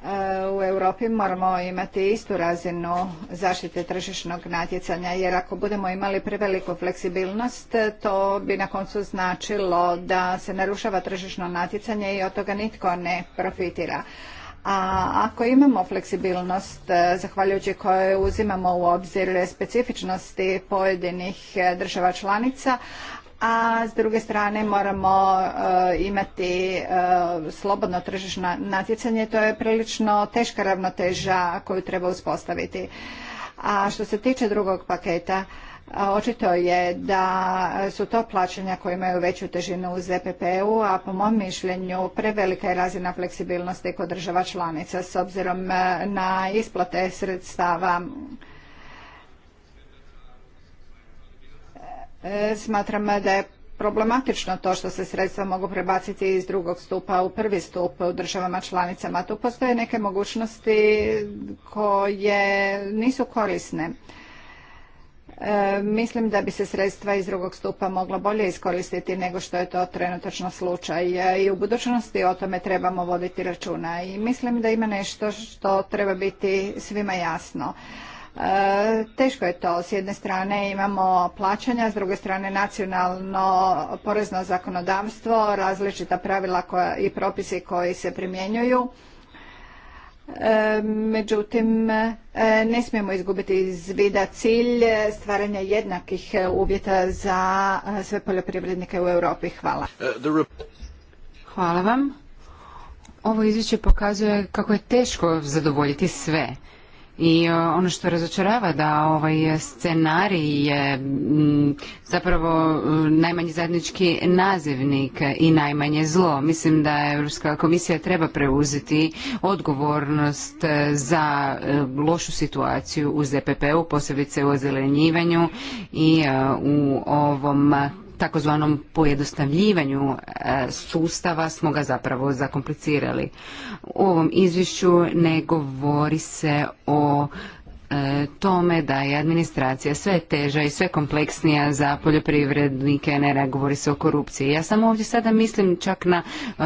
E, u Europi moramo imati istu razinu zaštite tržišnog natjecanja jer ako budemo imali preveliku fleksibilnost to bi na koncu značilo da se narušava tržišno natjecanje i od toga nitko ne profitira. A ako imamo fleksibilnost e, zahvaljujući kojoj uzimamo u obzir specifičnosti pojedinih e, država članica, a s druge strane moramo e, imati e, slobodno tržišno natjecanje. To je prilično teška ravnoteža koju treba uspostaviti. A što se tiče drugog paketa, Očito je da su to plaćanja koje imaju veću težinu u ZPP-u, a po mom mišljenju prevelika je razina fleksibilnosti kod država članica s obzirom e, na isplate sredstava E, smatram da je problematično to što se sredstva mogu prebaciti iz drugog stupa u prvi stup u državama članicama. Tu postoje neke mogućnosti koje nisu korisne. E, mislim da bi se sredstva iz drugog stupa mogla bolje iskoristiti nego što je to trenutačno slučaj e, i u budućnosti o tome trebamo voditi računa i mislim da ima nešto što treba biti svima jasno. E, teško je to. S jedne strane imamo plaćanja, s druge strane nacionalno porezno zakonodavstvo, različita pravila koja, i propisi koji se primjenjuju. E, međutim, e, ne smijemo izgubiti iz vida cilj stvaranja jednakih uvjeta za sve poljoprivrednike u Europi. Hvala. Hvala vam. Ovo izvješće pokazuje kako je teško zadovoljiti sve i e, ono što razočarava da ovaj scenarij je zapravo e, najmanji zajednički nazivnik i najmanje zlo. Mislim da Europska komisija treba preuzeti odgovornost e, za lošu situaciju u ZPP-u, posebice u ozelenjivanju i u ovom takozvanom pojednostavljivanju e, sustava smo ga zapravo zakomplicirali. U ovom izvješću ne govori se o E, tome da je administracija sve teža i sve kompleksnija za poljoprivrednike, ne govori se o korupciji. Ja samo ovdje sada mislim čak na e,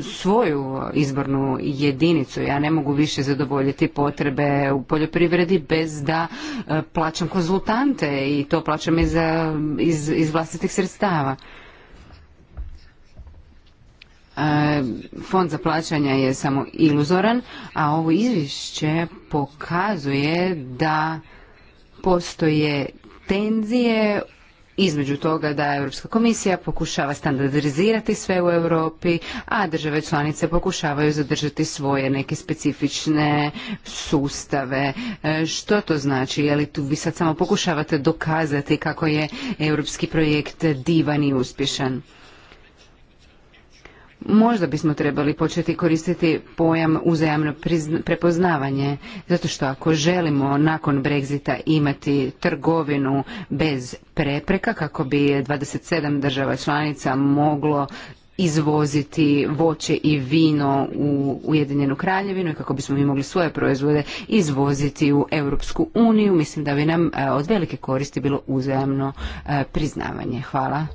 svoju izbornu jedinicu. Ja ne mogu više zadovoljiti potrebe u poljoprivredi bez da e, plaćam konzultante i to plaćam iz vlastitih sredstava. E, fond za plaćanja je samo iluzoran, a ovo izvješće pokazuje da postoje tenzije između toga da Europska komisija pokušava standardizirati sve u Europi, a države članice pokušavaju zadržati svoje neke specifične sustave. E, što to znači? Je li tu vi sad samo pokušavate dokazati kako je europski projekt divan i uspješan? Možda bismo trebali početi koristiti pojam uzajamno prepoznavanje, zato što ako želimo nakon Brexita imati trgovinu bez prepreka kako bi 27 država članica moglo izvoziti voće i vino u Ujedinjenu kraljevinu i kako bismo mi mogli svoje proizvode izvoziti u Europsku uniju. Mislim da bi nam e, od velike koristi bilo uzajamno e, priznavanje. Hvala.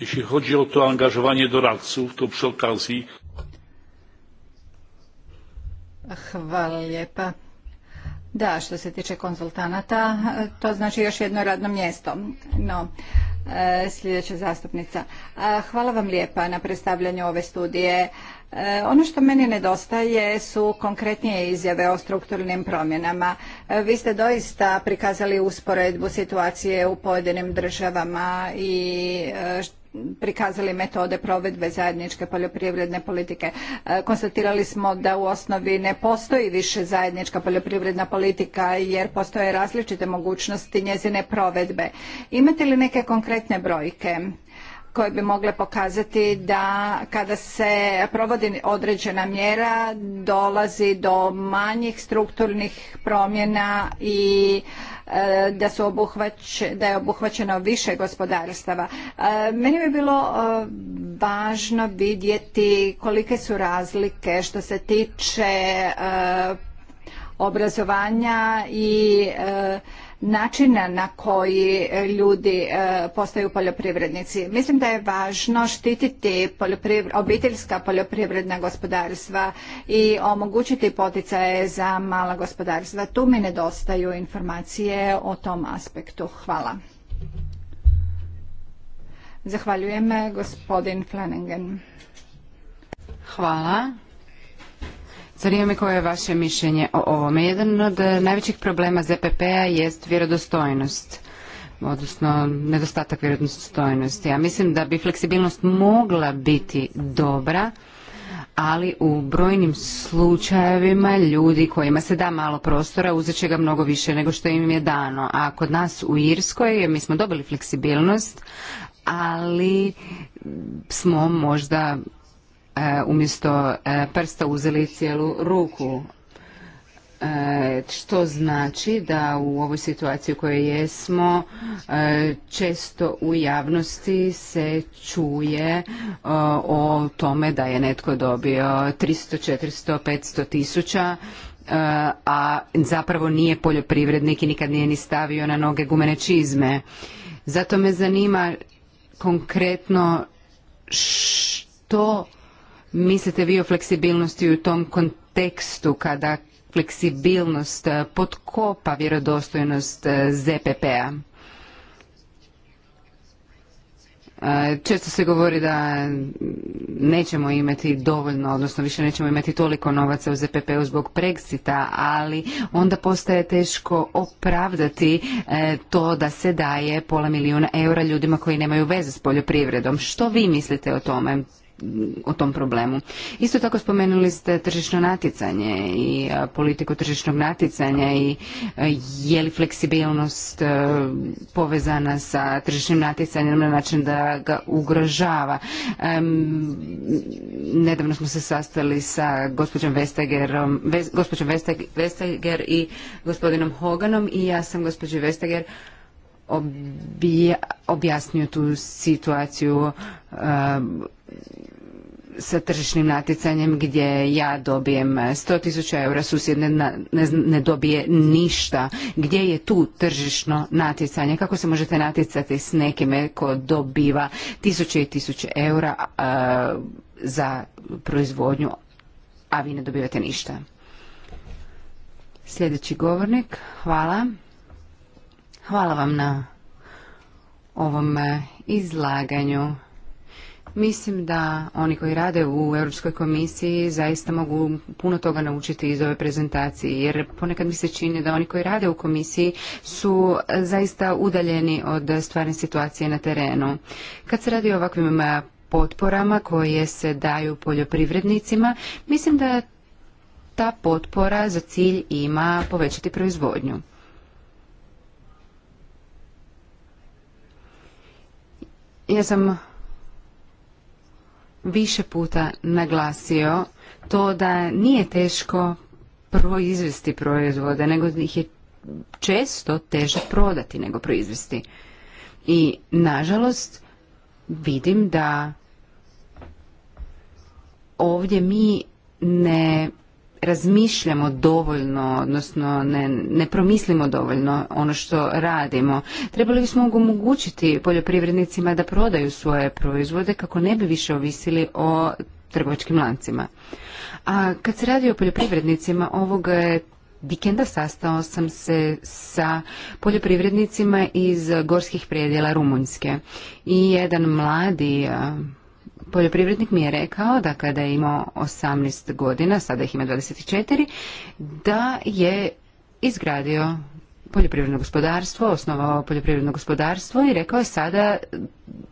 Jeśli chodzi o to angażowanie doradców, to przy okazji... Hvala lijepa. Da, što se tiče konzultanata, to znači još jedno radno mjesto. No, e, sljedeća zastupnica. Hvala vam lijepa na predstavljanju ove studije. E, ono što meni nedostaje su konkretnije izjave o strukturnim promjenama. E, vi ste doista prikazali usporedbu situacije u pojedinim državama i prikazali metode provedbe zajedničke poljoprivredne politike. E, konstatirali smo da u osnovi ne postoji više zajednička poljoprivredna politika jer postoje različite mogućnosti njezine provedbe. Imate li neke konkretne brojke? koje bi mogle pokazati da kada se provodi određena mjera dolazi do manjih strukturnih promjena i E, da, da je obuhvaćeno više gospodarstava. E, meni bi bilo e, važno vidjeti kolike su razlike što se tiče obrazovanja i načina na koji e, ljudi e, postaju poljoprivrednici. Mislim da je važno štititi obiteljska poljoprivredna gospodarstva i omogućiti poticaje za mala gospodarstva. Tu mi nedostaju informacije o tom aspektu. Hvala. Zahvaljujem e, gospodin Flanagan. Hvala. Zanima me koje je vaše mišljenje o ovome. Jedan od eh, najvećih problema ZPP-a jest vjerodostojnost odnosno nedostatak vjerodostojnosti. Ja mislim da bi fleksibilnost mogla biti dobra, ali u brojnim slučajevima ljudi kojima se da malo prostora uzet će ga mnogo više nego što im je dano. A kod nas u Irskoj mi smo dobili fleksibilnost, ali smo možda E, umjesto e, prsta uzeli cijelu ruku. E, što znači da u ovoj situaciji u kojoj jesmo često u javnosti se čuje o tome da je netko dobio 300, 400, 500 tisuća a zapravo nije poljoprivrednik i nikad nije ni stavio na noge gumene čizme. Zato me zanima konkretno što mislite vi o fleksibilnosti u tom kontekstu kada fleksibilnost eh, potkopa vjerodostojnost eh, ZPP-a? Eh, često se govori da nećemo imati dovoljno, odnosno više nećemo imati toliko novaca u ZPP-u zbog Brexita, ali onda postaje teško opravdati to da se daje pola milijuna eura ljudima koji nemaju veze s poljoprivredom. Što vi mislite o tome? o tom problemu. Isto tako spomenuli ste tržišno natjecanje i politiku tržišnog natjecanja i je li fleksibilnost povezana sa tržišnim natjecanjem na način da ga ugrožava. Nedavno smo se sastali sa gospođom Vestagerom, gospođom Vestager i gospodinom Hoganom i ja sam gospođi Vestager objasnio tu situaciju sa tržišnim natjecanjem gdje ja dobijem 100.000 eura, susjed ne, dobije ništa. Gdje je tu tržišno natjecanje? Kako se možete natjecati s nekim ko dobiva tisuće i tisuće eura za proizvodnju, a vi ne dobivate ništa? Sljedeći govornik, hvala. Hvala vam na ovom e, izlaganju. Mislim da oni koji rade u Europskoj komisiji zaista mogu puno toga naučiti iz ove prezentacije, jer ponekad mi se čini da oni koji rade u komisiji su zaista udaljeni od stvarne situacije na terenu. Kad se radi o ovakvim potporama koje se daju poljoprivrednicima, mislim da ta potpora za cilj ima povećati proizvodnju. Ja sam više puta naglasio to da nije teško proizvesti proizvode, nego ih je često teže prodati nego proizvesti. I nažalost vidim da ovdje mi ne razmišljamo dovoljno, odnosno ne, ne promislimo dovoljno ono što radimo. Trebali bismo omogućiti poljoprivrednicima da prodaju svoje proizvode kako ne bi više ovisili o trgovačkim lancima. A kad se radi o poljoprivrednicima, ovoga je vikenda sastao sam se sa poljoprivrednicima iz gorskih predjela Rumunjske i jedan mladi poljoprivrednik mi je rekao da kada je imao 18 godina, sada ih ima 24, da je izgradio poljoprivredno gospodarstvo, osnovao poljoprivredno gospodarstvo i rekao je sada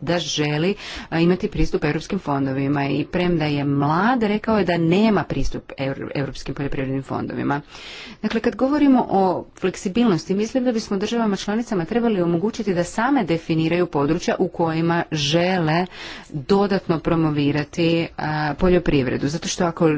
da želi imati pristup europskim fondovima i premda je mlad rekao je da nema pristup europskim poljoprivrednim fondovima. Dakle, kad govorimo o fleksibilnosti, mislim da bismo državama članicama trebali omogućiti da same definiraju područja u kojima žele dodatno promovirati poljoprivredu. Zato što ako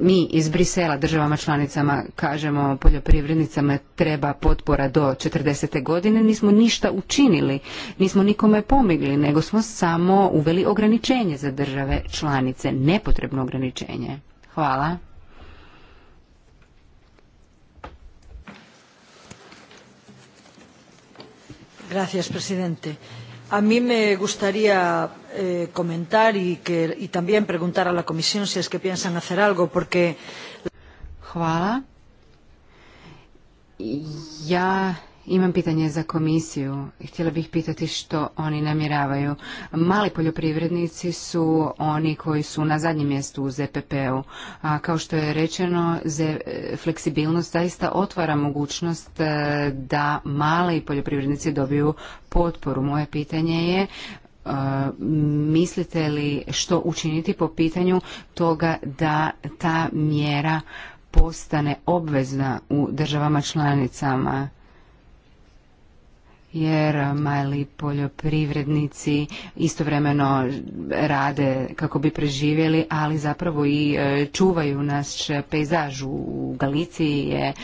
mi iz Brisela državama članicama kažemo poljoprivrednicama treba potpora do 40. godine, nismo ništa učinili, nismo nikome pomigli postigli, nego smo samo uveli ograničenje za države članice, nepotrebno ograničenje. Hvala. Gracias, presidente. A mí me gustaría eh, comentar y, que, y también preguntar a la Comisión si es que piensan hacer algo, porque... Hvala. Ja imam pitanje za komisiju. Htjela bih pitati što oni namjeravaju. Mali poljoprivrednici su oni koji su na zadnjem mjestu u ZPP-u. A kao što je rečeno, fleksibilnost zaista otvara mogućnost e, da mali poljoprivrednici dobiju potporu. Moje pitanje je e, mislite li što učiniti po pitanju toga da ta mjera postane obvezna u državama članicama? jer mali poljoprivrednici istovremeno rade kako bi preživjeli, ali zapravo i e, čuvaju naš pejzaž u Galiciji je e,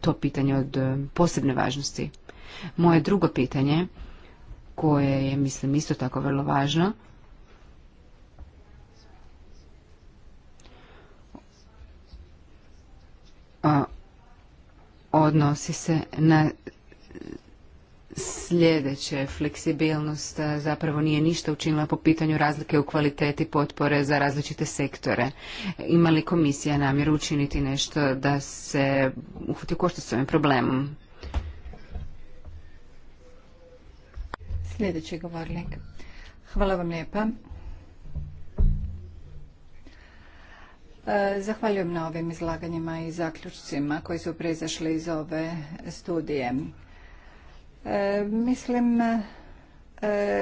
to pitanje od posebne važnosti. Moje drugo pitanje, koje je mislim isto tako vrlo važno, odnosi se na sljedeće. Fleksibilnost zapravo nije ništa učinila po pitanju razlike u kvaliteti potpore za različite sektore. Ima li komisija namjeru učiniti nešto da se uhvati u koštac s ovim problemom? Sljedeći govornik. Hvala vam lijepa. E, zahvaljujem na ovim izlaganjima i zaključcima koji su prezašli iz ove studije. E, mislim e,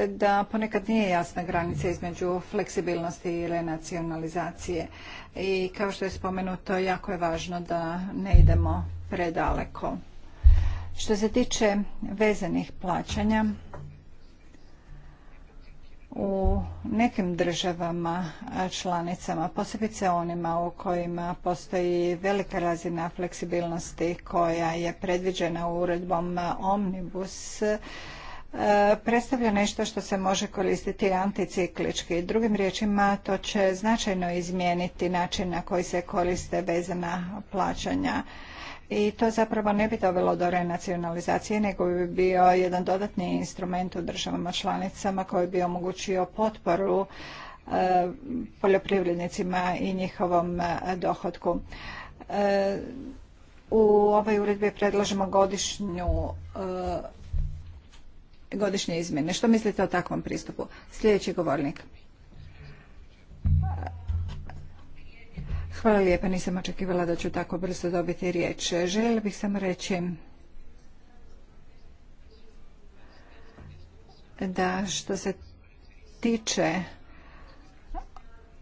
da ponekad nije jasna granica između fleksibilnosti i renacionalizacije. I kao što je spomenuto, jako je važno da ne idemo predaleko. Što se tiče vezanih plaćanja, u nekim državama članicama, posebice onima u kojima postoji velika razina fleksibilnosti koja je predviđena uredbom Omnibus, predstavlja nešto što se može koristiti anticiklički. Drugim riječima, to će značajno izmijeniti način na koji se koriste vezana plaćanja i to zapravo ne bi dovelo do renacionalizacije nego bi bio jedan dodatni instrument u državama članicama koji bi omogućio potporu e, poljoprivrednicima i njihovom e, dohotku. E, u ovoj uredbi predlažemo godišnju godišnje izmjene. Što mislite o takvom pristupu? Sljedeći govornik. Hvala lijepa, nisam očekivala da ću tako brzo dobiti riječ. Željela bih samo reći da što se tiče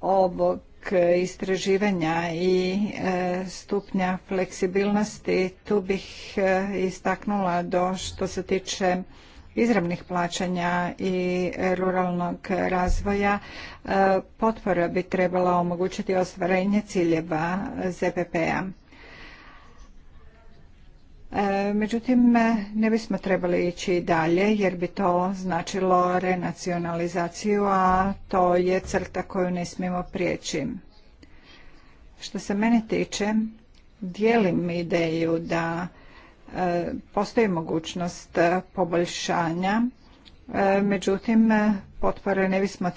ovog istraživanja i e, stupnja fleksibilnosti, tu bih e, istaknula do što se tiče izravnih plaćanja i ruralnog razvoja e, potpora bi trebala omogućiti ostvarenje ciljeva ZPP-a. E, međutim, ne bismo trebali ići dalje jer bi to značilo renacionalizaciju, a to je crta koju ne smijemo prijeći. Što se mene tiče, dijelim ideju da Postoji mogućnost e, poboljšanja, e, međutim e, potpore ne bismo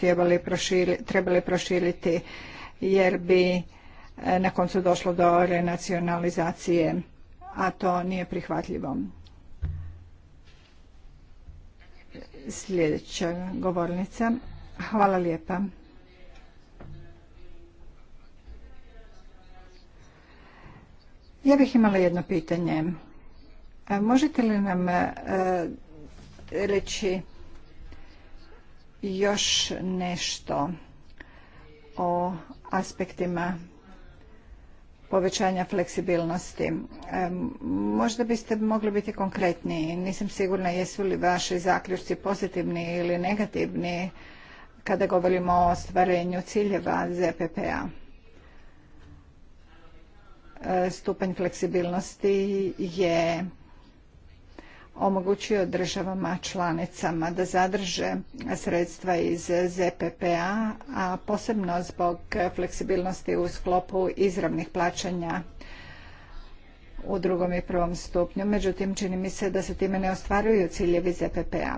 trebali proširiti jer bi na koncu došlo do renacionalizacije, a to nije prihvatljivo. Sljedeća govornica. Hvala lijepa. Ja bih imala jedno pitanje. Možete li nam e, reći još nešto o aspektima povećanja fleksibilnosti. E, možda biste mogli biti konkretniji. Nisam sigurna jesu li vaši zaključci pozitivni ili negativni kada govorimo o ostvarenju ciljeva ZPP-a. E, stupanj fleksibilnosti je omogućio državama članicama da zadrže sredstva iz ZPPA, a posebno zbog fleksibilnosti u sklopu izravnih plaćanja u drugom i prvom stupnju. Međutim, čini mi se da se time ne ostvaruju ciljevi ZPPA.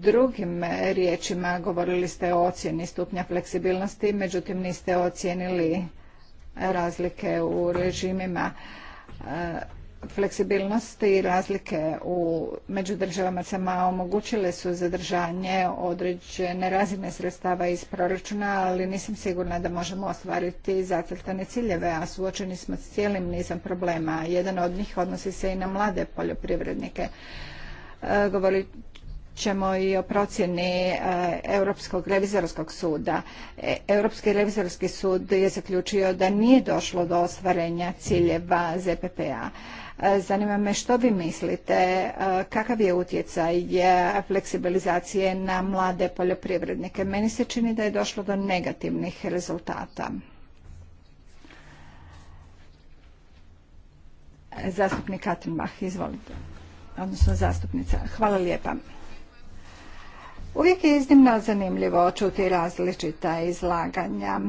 Drugim riječima govorili ste o ocjeni stupnja fleksibilnosti, međutim niste ocijenili razlike u režimima e, fleksibilnosti i razlike u, među državama sama omogućile su zadržanje određene razine sredstava iz proračuna, ali nisam sigurna da možemo ostvariti zacrtane ciljeve, a suočeni smo s cijelim nizom problema. Jedan od njih odnosi se i na mlade poljoprivrednike. E, govorit ćemo i o procjeni e, Europskog revizorskog suda. E, Europski revizorski sud je zaključio da nije došlo do ostvarenja ciljeva ZPPA. E, zanima me što vi mislite, kakav je utjecaj fleksibilizacije na mlade poljoprivrednike? Meni se čini da je došlo do negativnih rezultata. Zastupnik izvolite. Odnosno zastupnica. Hvala lijepa. Uvijek je iznimno zanimljivo čuti različita izlaganja,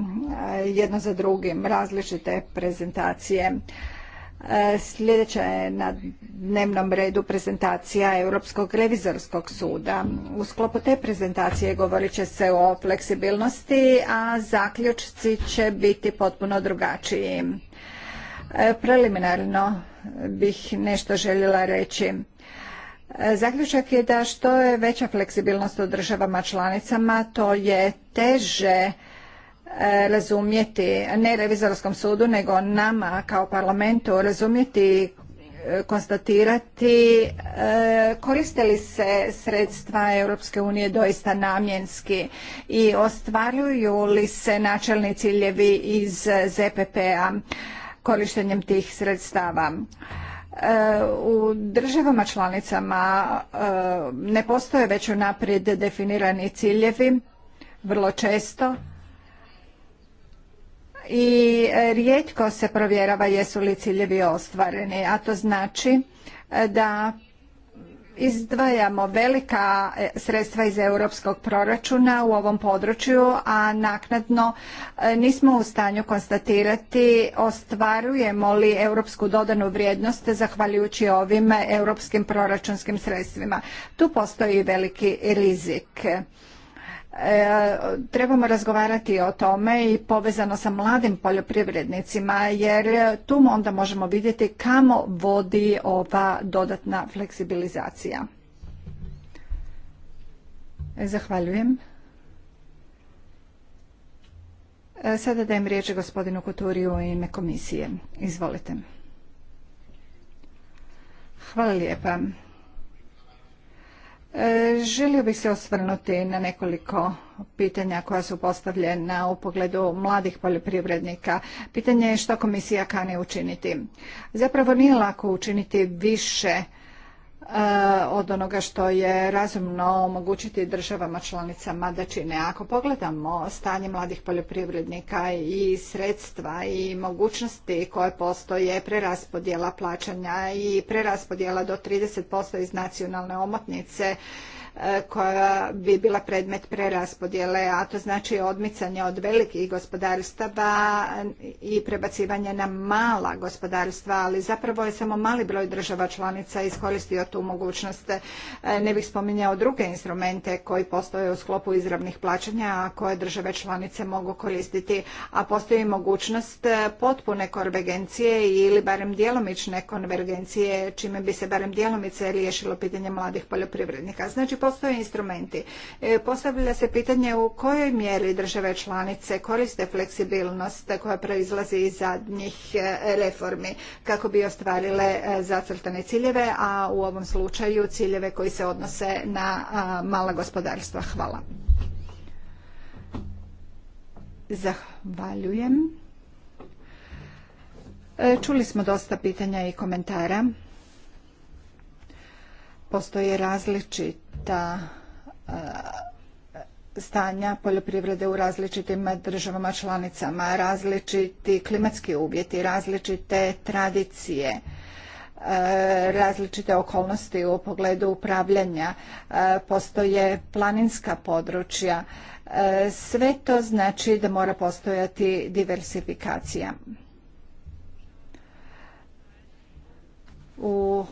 e, jedno za drugim, različite prezentacije. E, sljedeća je na dnevnom redu prezentacija Europskog revizorskog suda. U sklopu te prezentacije govorit će se o fleksibilnosti, a zaključci će biti potpuno drugačiji. E, preliminarno bih nešto željela reći. E, zaključak je da što je veća fleksibilnost u državama članicama, to je teže e, razumjeti, ne revizorskom sudu, nego nama kao parlamentu razumjeti e, konstatirati koriste li se sredstva Europske unije doista namjenski i ostvaruju li se načelni ciljevi iz ZPP-a korištenjem tih sredstava. E, u državama članicama e, ne postoje već unaprijed definirani ciljevi vrlo često i rijetko se provjerava jesu li ciljevi ostvareni a to znači da izdvajamo velika e, sredstva iz europskog proračuna u ovom području, a naknadno e, nismo u stanju konstatirati ostvarujemo li europsku dodanu vrijednost zahvaljujući ovim europskim proračunskim sredstvima. Tu postoji veliki rizik. E, trebamo razgovarati o tome i povezano sa mladim poljoprivrednicima jer tu onda možemo vidjeti kamo vodi ova dodatna fleksibilizacija. E, zahvaljujem. E, sada dajem riječ gospodinu Kuturiju u ime komisije. Izvolite. Hvala lijepa. E, želio bih se osvrnuti na nekoliko pitanja koja su postavljena u pogledu mladih poljoprivrednika. Pitanje je što komisija kane učiniti. Zapravo nije lako učiniti više Eh, od onoga što je razumno omogućiti državama članicama da čine. Ako pogledamo stanje mladih poljoprivrednika i sredstva i mogućnosti koje postoje preraspodjela plaćanja i preraspodjela do 30% iz nacionalne omotnice, koja bi bila predmet preraspodjele, a to znači odmicanje od velikih gospodarstava i prebacivanje na mala gospodarstva, ali zapravo je samo mali broj država članica iskoristio tu mogućnost. E, ne bih spominjao druge instrumente koji postoje u sklopu izravnih plaćanja, a koje države članice mogu koristiti, a postoji mogućnost e, potpune konvergencije ili barem djelomične konvergencije, čime bi se barem djelomice riješilo pitanje mladih poljoprivrednika. Znači, postoje instrumenti. E, postavlja se pitanje u kojoj mjeri države članice koriste fleksibilnost koja proizlazi iz zadnjih e, reformi kako bi ostvarile e, zacrtane ciljeve, a u ovom slučaju ciljeve koji se odnose na mala gospodarstva. Hvala. Zahvaljujem. Čuli smo dosta pitanja i komentara postoje različita stanja poljoprivrede u različitim državama članicama, različiti klimatski uvjeti, različite tradicije, različite okolnosti u pogledu upravljanja, postoje planinska područja. Sve to znači da mora postojati diversifikacija. U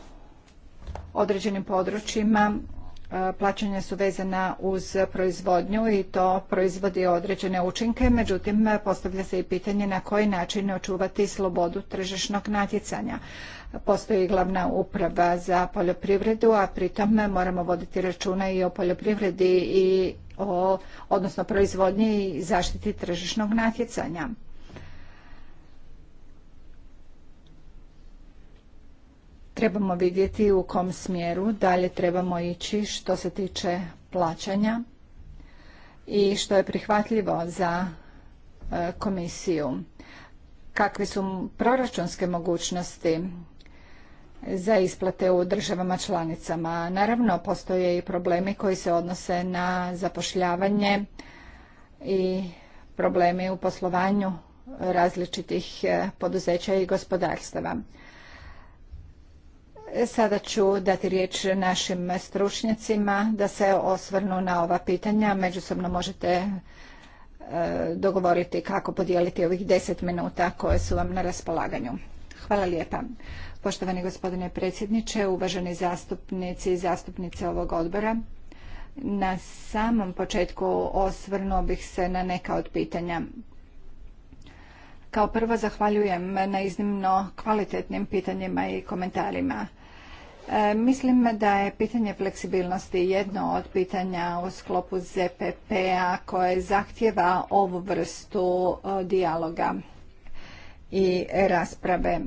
određenim područjima e, plaćanja su vezana uz proizvodnju i to proizvodi određene učinke, međutim postavlja se i pitanje na koji način očuvati slobodu tržišnog natjecanja. Postoji glavna uprava za poljoprivredu, a pritom moramo voditi računa i o poljoprivredi i o, odnosno proizvodnji i zaštiti tržišnog natjecanja. Trebamo vidjeti u kom smjeru dalje trebamo ići što se tiče plaćanja i što je prihvatljivo za e, komisiju. Kakve su proračunske mogućnosti za isplate u državama članicama. Naravno, postoje i problemi koji se odnose na zapošljavanje i problemi u poslovanju različitih e, poduzeća i gospodarstava. Sada ću dati riječ našim stručnjacima da se osvrnu na ova pitanja. Međusobno možete e, dogovoriti kako podijeliti ovih deset minuta koje su vam na raspolaganju. Hvala lijepa. Poštovani gospodine predsjedniče, uvaženi zastupnici i zastupnice ovog odbora, na samom početku osvrnuo bih se na neka od pitanja. Kao prvo zahvaljujem na iznimno kvalitetnim pitanjima i komentarima. E, mislim da je pitanje fleksibilnosti jedno od pitanja u sklopu ZPP-a koje zahtjeva ovu vrstu e, dijaloga i rasprave.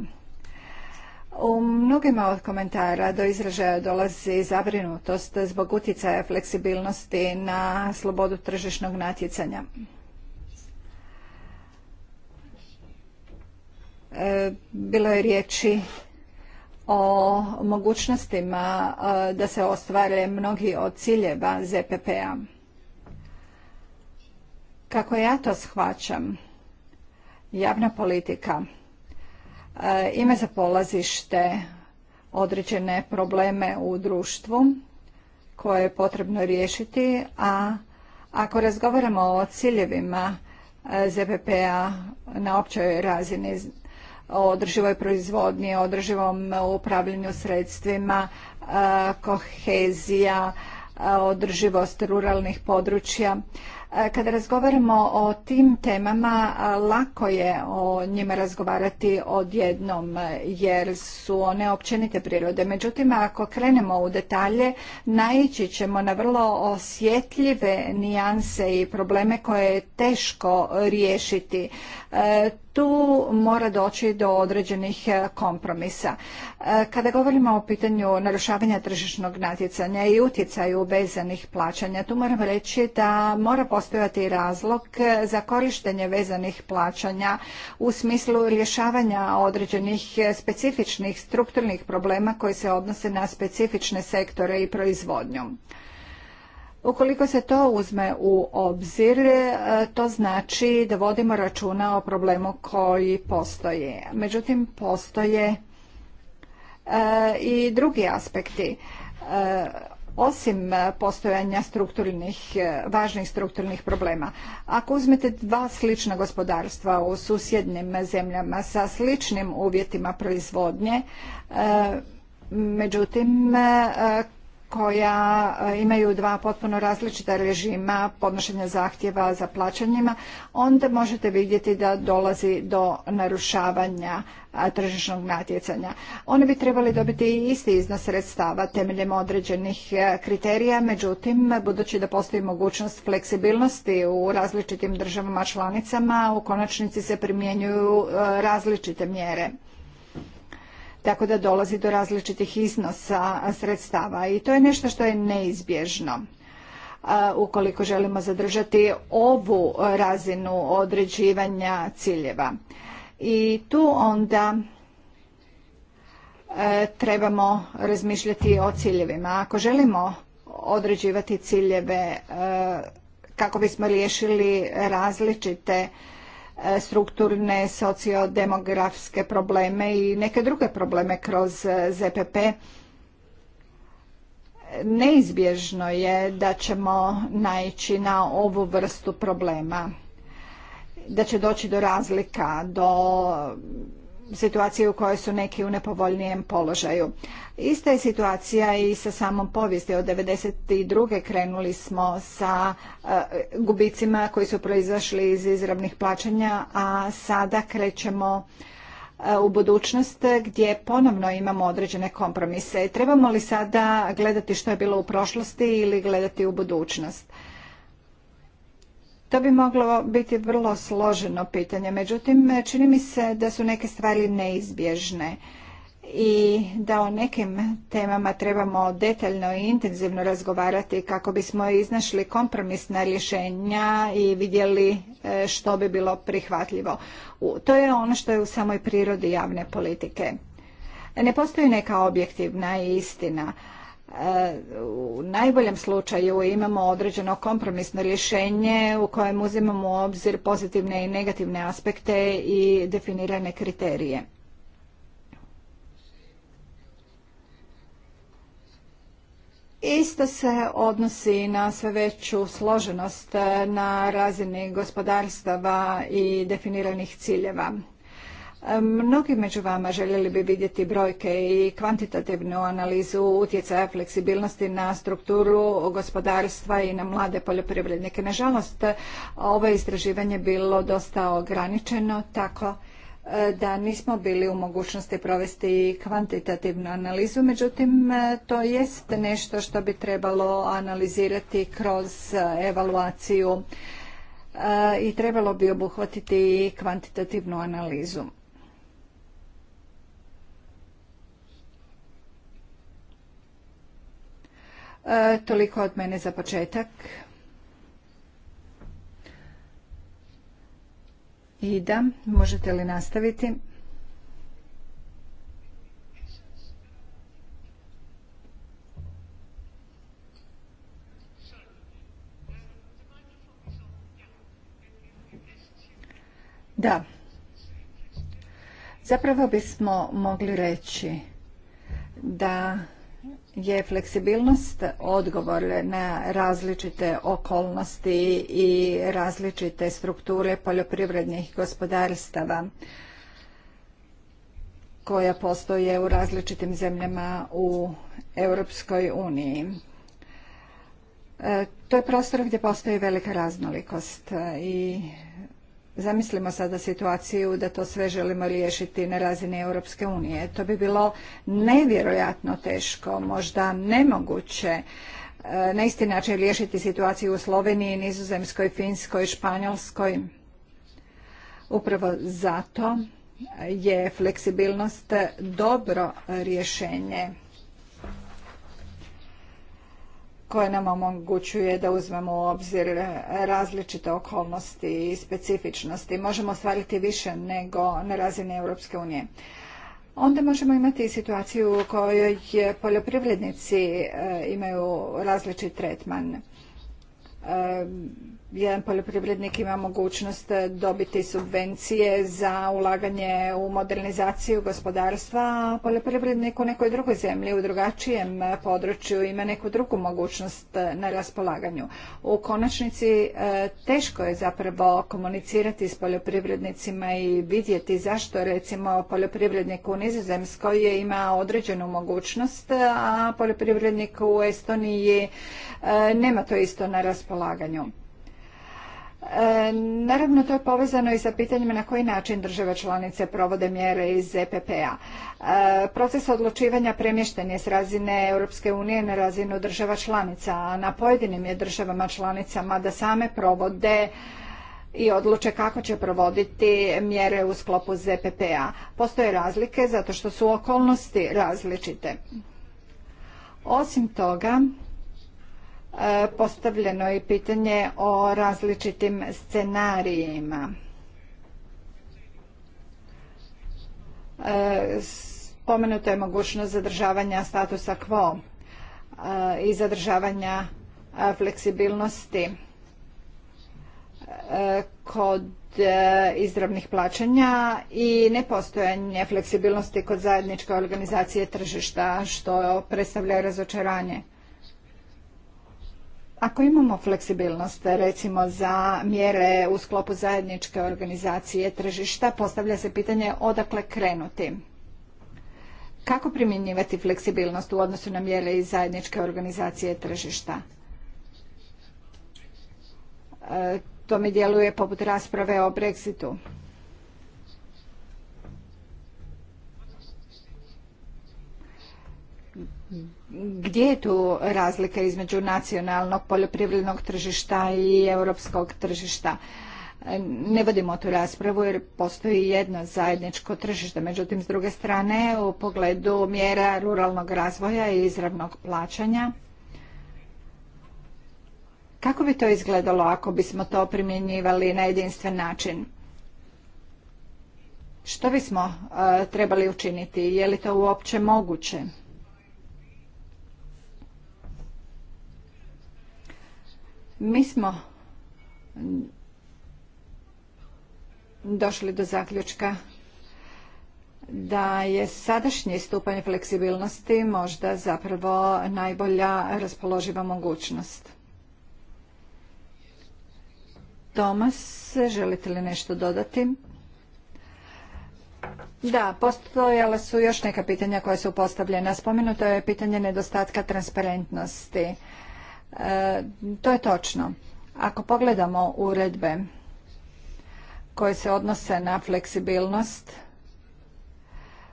U mnogima od komentara do izražaja dolazi zabrinutost zbog utjecaja fleksibilnosti na slobodu tržišnog natjecanja. E, bilo je riječi o mogućnostima e, da se ostvare mnogi od ciljeva ZPP-a. Kako ja to shvaćam, javna politika e, ima za polazište određene probleme u društvu koje je potrebno riješiti, a ako razgovaramo o ciljevima e, ZPP-a na općoj razini, o održivoj proizvodnji, o održivom upravljanju sredstvima, e, kohezija, e, održivost ruralnih područja. E, kada razgovaramo o tim temama, lako je o njima razgovarati odjednom, jer su one općenite prirode. Međutim, ako krenemo u detalje, naići ćemo na vrlo osjetljive nijanse i probleme koje je teško riješiti tu mora doći do određenih e, kompromisa. E, kada govorimo o pitanju narušavanja tržišnog natjecanja i utjecaju vezanih plaćanja, tu moram reći da mora postojati razlog e, za korištenje vezanih plaćanja u smislu rješavanja određenih specifičnih strukturnih problema koji se odnose na specifične sektore i proizvodnju. Ukoliko se to uzme u obzir, e, to znači da vodimo računa o problemu koji postoji. Međutim, postoje e, i drugi aspekti. E, osim postojanja strukturnih, važnih strukturnih problema, ako uzmete dva slična gospodarstva u susjednim zemljama sa sličnim uvjetima proizvodnje, međutim, koja e, imaju dva potpuno različita režima podnošenja zahtjeva za plaćanjima, onda možete vidjeti da dolazi do narušavanja tržišnog natjecanja. One bi trebali dobiti isti iznos sredstava temeljem određenih e, kriterija, međutim, budući da postoji mogućnost fleksibilnosti u različitim državama članicama, u konačnici se primjenjuju e, različite mjere tako da dolazi do različitih iznosa sredstava i to je nešto što je neizbježno ukoliko želimo zadržati ovu razinu određivanja ciljeva. I tu onda e, trebamo razmišljati o ciljevima. Ako želimo određivati ciljeve e, kako bismo riješili različite E, strukturne sociodemografske probleme i neke druge probleme kroz e, ZPP neizbježno je da ćemo naići na ovu vrstu problema da će doći do razlika do situacije u kojoj su neki u nepovoljnijem položaju. Ista je situacija i sa samom povijesti. Od 1992. krenuli smo sa eh, gubicima koji su proizašli iz izravnih plaćanja, a sada krećemo eh, u budućnost gdje ponovno imamo određene kompromise. Trebamo li sada gledati što je bilo u prošlosti ili gledati u budućnost? To bi moglo biti vrlo složeno pitanje, međutim čini mi se da su neke stvari neizbježne i da o nekim temama trebamo detaljno i intenzivno razgovarati kako bismo iznašli kompromisna rješenja i vidjeli e, što bi bilo prihvatljivo. To je ono što je u samoj prirodi javne politike. Ne postoji neka objektivna istina u najboljem slučaju imamo određeno kompromisno rješenje u kojem uzimamo u obzir pozitivne i negativne aspekte i definirane kriterije. Isto se odnosi na sve veću složenost na razini gospodarstava i definiranih ciljeva. Mnogi među vama željeli bi vidjeti brojke i kvantitativnu analizu utjecaja fleksibilnosti na strukturu gospodarstva i na mlade poljoprivrednike. Nažalost, ovo istraživanje bilo dosta ograničeno, tako e, da nismo bili u mogućnosti provesti kvantitativnu analizu, međutim e, to jest nešto što bi trebalo analizirati kroz evaluaciju e, i trebalo bi obuhvatiti kvantitativnu analizu. E, toliko od mene za početak. Ida, možete li nastaviti? Da. Zapravo bismo mogli reći da je fleksibilnost odgovor na različite okolnosti i različite strukture poljoprivrednih gospodarstava koja postoje u različitim zemljama u Europskoj uniji. E, to je prostor gdje postoji velika raznolikost i Zamislimo sada situaciju da to sve želimo riješiti na razini Europske unije. To bi bilo nevjerojatno teško, možda nemoguće e, na isti način riješiti situaciju u Sloveniji, Nizozemskoj, Finskoj, Španjolskoj. Upravo zato je fleksibilnost dobro rješenje koje nam omogućuje da uzmemo u obzir različite okolnosti i specifičnosti. Možemo ostvariti više nego na razini Europske unije. Onda možemo imati situaciju u kojoj poljoprivrednici e, imaju različit tretman e, jedan poljoprivrednik ima mogućnost dobiti subvencije za ulaganje u modernizaciju gospodarstva, a poljoprivrednik u nekoj drugoj zemlji, u drugačijem području ima neku drugu mogućnost na raspolaganju. U konačnici e, teško je zapravo komunicirati s poljoprivrednicima i vidjeti zašto recimo poljoprivrednik u Nizozemskoj ima određenu mogućnost, a poljoprivrednik u Estoniji e, nema to isto na raspolaganju. E, naravno, to je povezano i sa pitanjima na koji način države članice provode mjere iz EPP-a. E, proces odlučivanja premješten je s razine Europske unije na razinu država članica, a na pojedinim je državama članicama da same provode i odluče kako će provoditi mjere u sklopu ZPP-a. Postoje razlike zato što su okolnosti različite. Osim toga, E, postavljeno je pitanje o različitim scenarijima. E, Spomenuta je mogućnost zadržavanja statusa quo e, i zadržavanja fleksibilnosti kod izravnih plaćanja i nepostojanje fleksibilnosti kod zajedničke organizacije tržišta, što predstavlja razočaranje. Ako imamo fleksibilnost, recimo za mjere u sklopu zajedničke organizacije tržišta, postavlja se pitanje odakle krenuti. Kako primjenjivati fleksibilnost u odnosu na mjere iz zajedničke organizacije tržišta? E, to mi djeluje poput rasprave o Brexitu. Gdje je tu razlika između nacionalnog poljoprivrednog tržišta i europskog tržišta? Ne vodimo tu raspravu jer postoji jedno zajedničko tržište. Međutim, s druge strane, u pogledu mjera ruralnog razvoja i izravnog plaćanja, kako bi to izgledalo ako bismo to primjenjivali na jedinstven način? Što bismo e, trebali učiniti? Je li to uopće moguće? Mi smo došli do zaključka da je sadašnji stupanj fleksibilnosti možda zapravo najbolja raspoloživa mogućnost. Tomas, želite li nešto dodati? Da, postojala su još neka pitanja koja su postavljena. Spomenuto je pitanje nedostatka transparentnosti. To je točno. Ako pogledamo uredbe koje se odnose na fleksibilnost,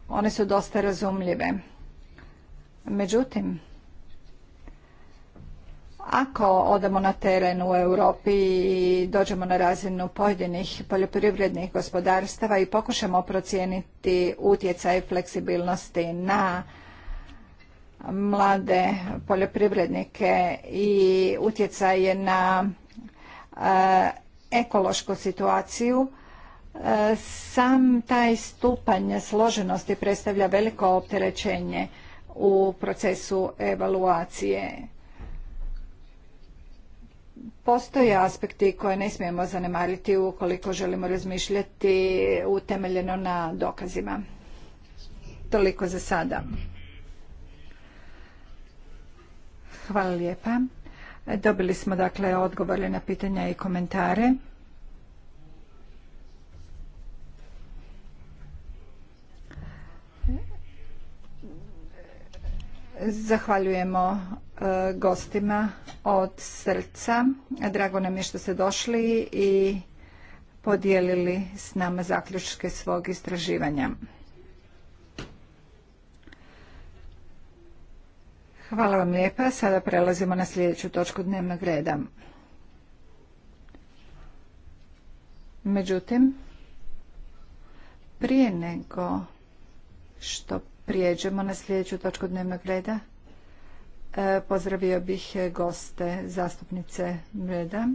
one su dosta razumljive. Međutim, ako odemo na teren u Europi i dođemo na razinu pojedinih poljoprivrednih gospodarstava i pokušamo procijeniti utjecaj fleksibilnosti na mlade poljoprivrednike i utjecaje na e, ekološku situaciju e, sam taj stupanj složenosti predstavlja veliko opterećenje u procesu evaluacije. Postoje aspekti koje ne smijemo zanemariti ukoliko želimo razmišljati utemeljeno na dokazima. Toliko za sada. Hvala lijepa. Dobili smo dakle odgovore na pitanja i komentare. Zahvaljujemo e, gostima od srca. Drago nam je što ste došli i podijelili s nama zaključke svog istraživanja. Hvala vam lijepa. Sada prelazimo na sljedeću točku dnevnog reda. Međutim, prije nego što prijeđemo na sljedeću točku dnevnog reda, e, pozdravio bih goste zastupnice reda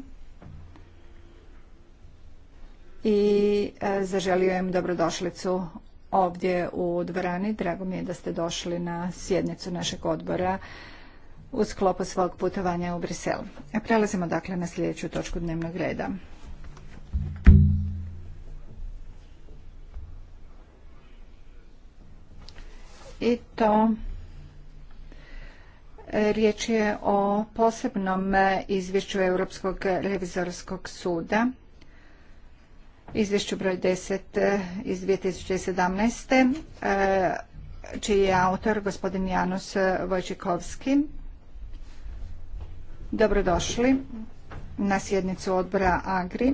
i e, zaželio im dobrodošlicu ovdje u dvorani. Drago mi je da ste došli na sjednicu našeg odbora u sklopu svog putovanja u Brisel. Prelazimo dakle na sljedeću točku dnevnog reda. I to riječ je o posebnom izvješću Europskog revizorskog suda izvješću broj 10 eh, iz 2017. Eh, čiji je autor gospodin Janus eh, Vojčikovski. Dobrodošli na sjednicu odbora AGRI.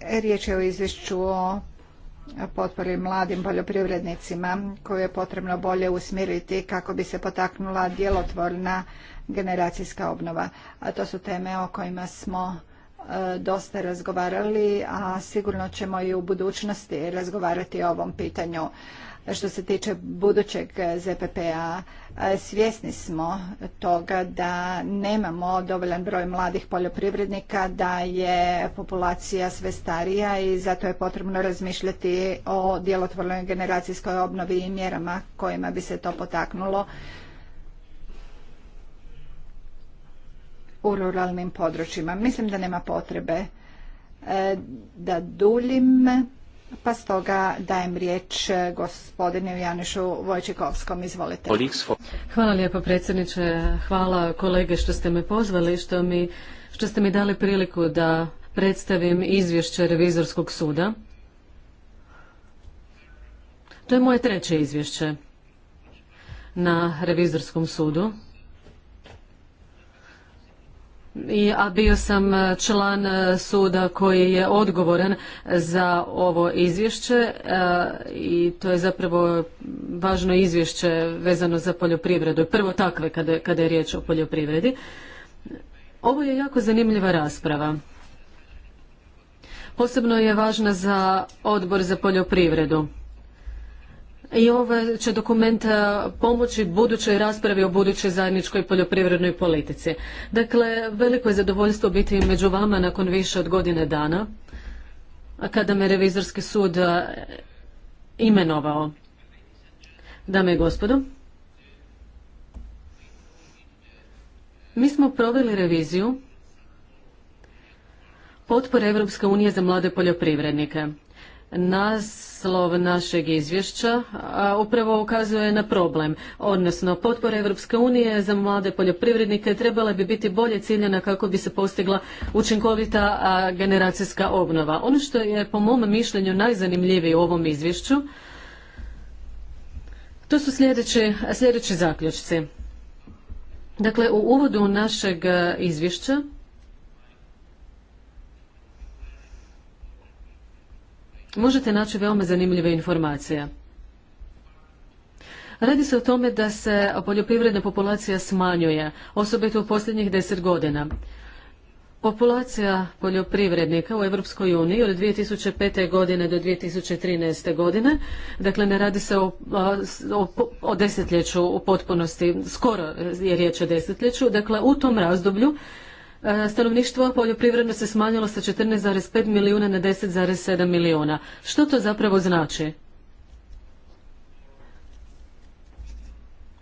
Riječ je o izvješću o potpori mladim poljoprivrednicima koju je potrebno bolje usmjeriti kako bi se potaknula djelotvorna generacijska obnova. A to su teme o kojima smo e, dosta razgovarali, a sigurno ćemo i u budućnosti razgovarati o ovom pitanju. Što se tiče budućeg ZPPA, e, svjesni smo toga da nemamo dovoljan broj mladih poljoprivrednika, da je populacija sve starija i zato je potrebno razmišljati o djelotvornoj generacijskoj obnovi i mjerama kojima bi se to potaknulo u ruralnim područjima. Mislim da nema potrebe e, da duljim, pa stoga dajem riječ e, gospodinu Janišu Vojčikovskom. Izvolite. Hvala lijepo predsjedniče, hvala kolege što ste me pozvali, što, mi, što ste mi dali priliku da predstavim izvješće Revizorskog suda. To je moje treće izvješće na Revizorskom sudu a bio sam e, član e, suda koji je odgovoran za ovo izvješće e, i to je zapravo važno izvješće vezano za poljoprivredu. Prvo takve kada, kada je riječ o poljoprivredi. Ovo je jako zanimljiva rasprava. Posebno je važna za odbor za poljoprivredu i ovaj će dokument e, pomoći budućoj raspravi o budućoj zajedničkoj poljoprivrednoj politici. Dakle, veliko je zadovoljstvo biti među vama nakon više od godine dana, kada me revizorski sud e, imenovao. Dame i gospodo, mi smo proveli reviziju potpore Evropske unije za mlade poljoprivrednike. Nas naslov našeg izvješća upravo ukazuje na problem, odnosno potpore Europske unije za mlade poljoprivrednike trebala bi biti bolje ciljena kako bi se postigla učinkovita generacijska obnova. Ono što je po mom mišljenju najzanimljivije u ovom izvješću to su sljedeći, sljedeći zaključci. Dakle, u uvodu našeg e, izvješća možete naći veoma zanimljive informacije. Radi se o tome da se poljoprivredna populacija smanjuje, osobito u posljednjih deset godina. Populacija poljoprivrednika u Europskoj uniji od 2005. godine do 2013. godine, dakle ne radi se o, o desetljeću u potpunosti, skoro je riječ o desetljeću, dakle u tom razdoblju E, stanovništvo poljoprivredno se smanjilo sa 14,5 milijuna na 10,7 milijuna. Što to zapravo znači?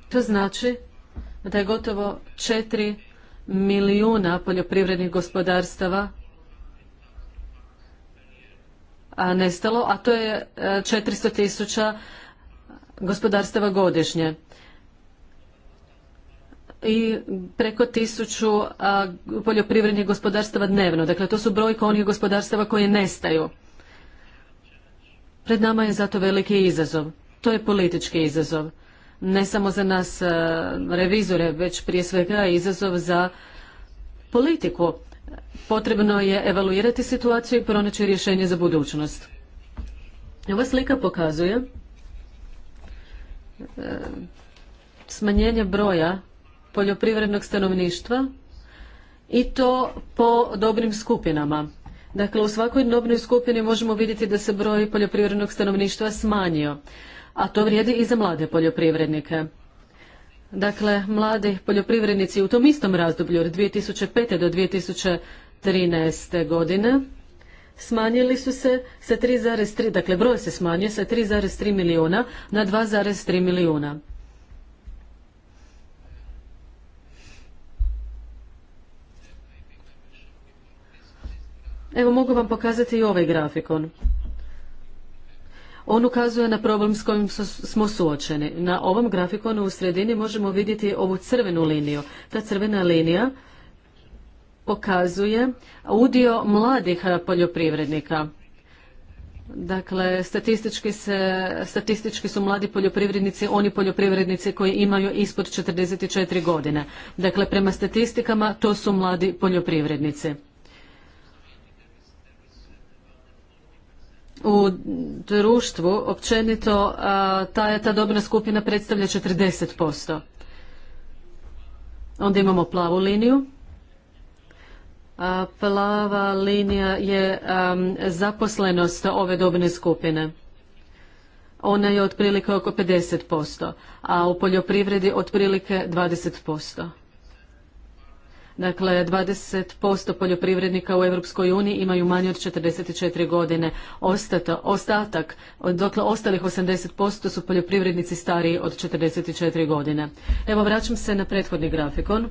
To znači da je gotovo 4 milijuna poljoprivrednih gospodarstava nestalo, a to je 400 e, tisuća gospodarstava godišnje i preko tisuću poljoprivrednih gospodarstava dnevno. Dakle, to su brojke onih gospodarstava koje nestaju. Pred nama je zato veliki izazov. To je politički izazov. Ne samo za nas revizore, već prije svega izazov za politiku. Potrebno je evaluirati situaciju i pronaći rješenje za budućnost. Ova slika pokazuje smanjenje broja poljoprivrednog stanovništva i to po dobrim skupinama. Dakle, u svakoj dobnoj skupini možemo vidjeti da se broj poljoprivrednog stanovništva smanjio, a to vrijedi i za mlade poljoprivrednike. Dakle, mladi poljoprivrednici u tom istom razdoblju od 2005. do 2013. godine smanjili su se sa 3,3, dakle broj se smanjio sa 3,3 milijuna na 2,3 milijuna. Evo mogu vam pokazati i ovaj grafikon. On ukazuje na problem s kojim smo suočeni. Na ovom grafikonu u sredini možemo vidjeti ovu crvenu liniju. Ta crvena linija pokazuje udio mladih eh, poljoprivrednika. Dakle, statistički, se, statistički su mladi poljoprivrednici oni poljoprivrednici koji imaju ispod 44 godine. Dakle, prema statistikama to su mladi poljoprivrednici. u društvu općenito ta, ta dobna skupina predstavlja 40%. Onda imamo plavu liniju. Plava linija je zaposlenost ove dobne skupine. Ona je otprilike oko 50%, a u poljoprivredi otprilike 20%. Dakle, 20% poljoprivrednika u Europskoj uniji imaju manje od 44 godine. ostatak, dokle ostalih 80% su poljoprivrednici stariji od 44 godine. Evo, vraćam se na prethodni grafikon.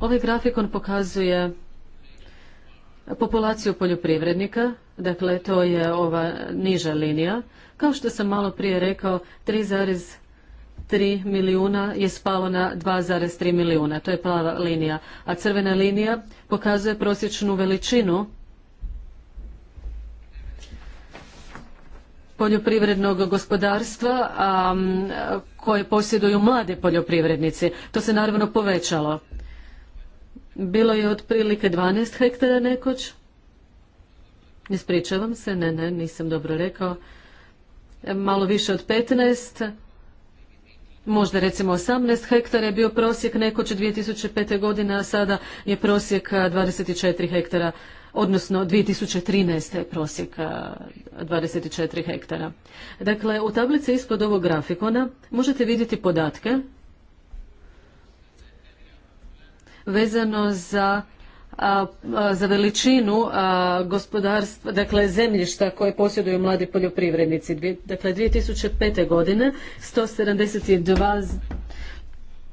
Ovaj grafikon pokazuje populaciju poljoprivrednika, dakle to je ova niža linija. Kao što sam malo prije rekao, 3 milijuna je spalo na 2,3 milijuna. To je plava linija. A crvena linija pokazuje prosječnu veličinu poljoprivrednog gospodarstva koje posjeduju mlade poljoprivrednici. To se naravno povećalo. Bilo je otprilike 12 hektara nekoć. Ispričavam se, ne, ne, nisam dobro rekao. Malo više od 15 možda recimo 18 hektara je bio prosjek nekoć 2005. godine, a sada je prosjek 24 hektara, odnosno 2013. je prosjek 24 hektara. Dakle, u tablici ispod ovog grafikona možete vidjeti podatke vezano za za veličinu gospodarstva, dakle zemljišta koje posjeduju mladi poljoprivrednici. Dakle, 2005. godine 172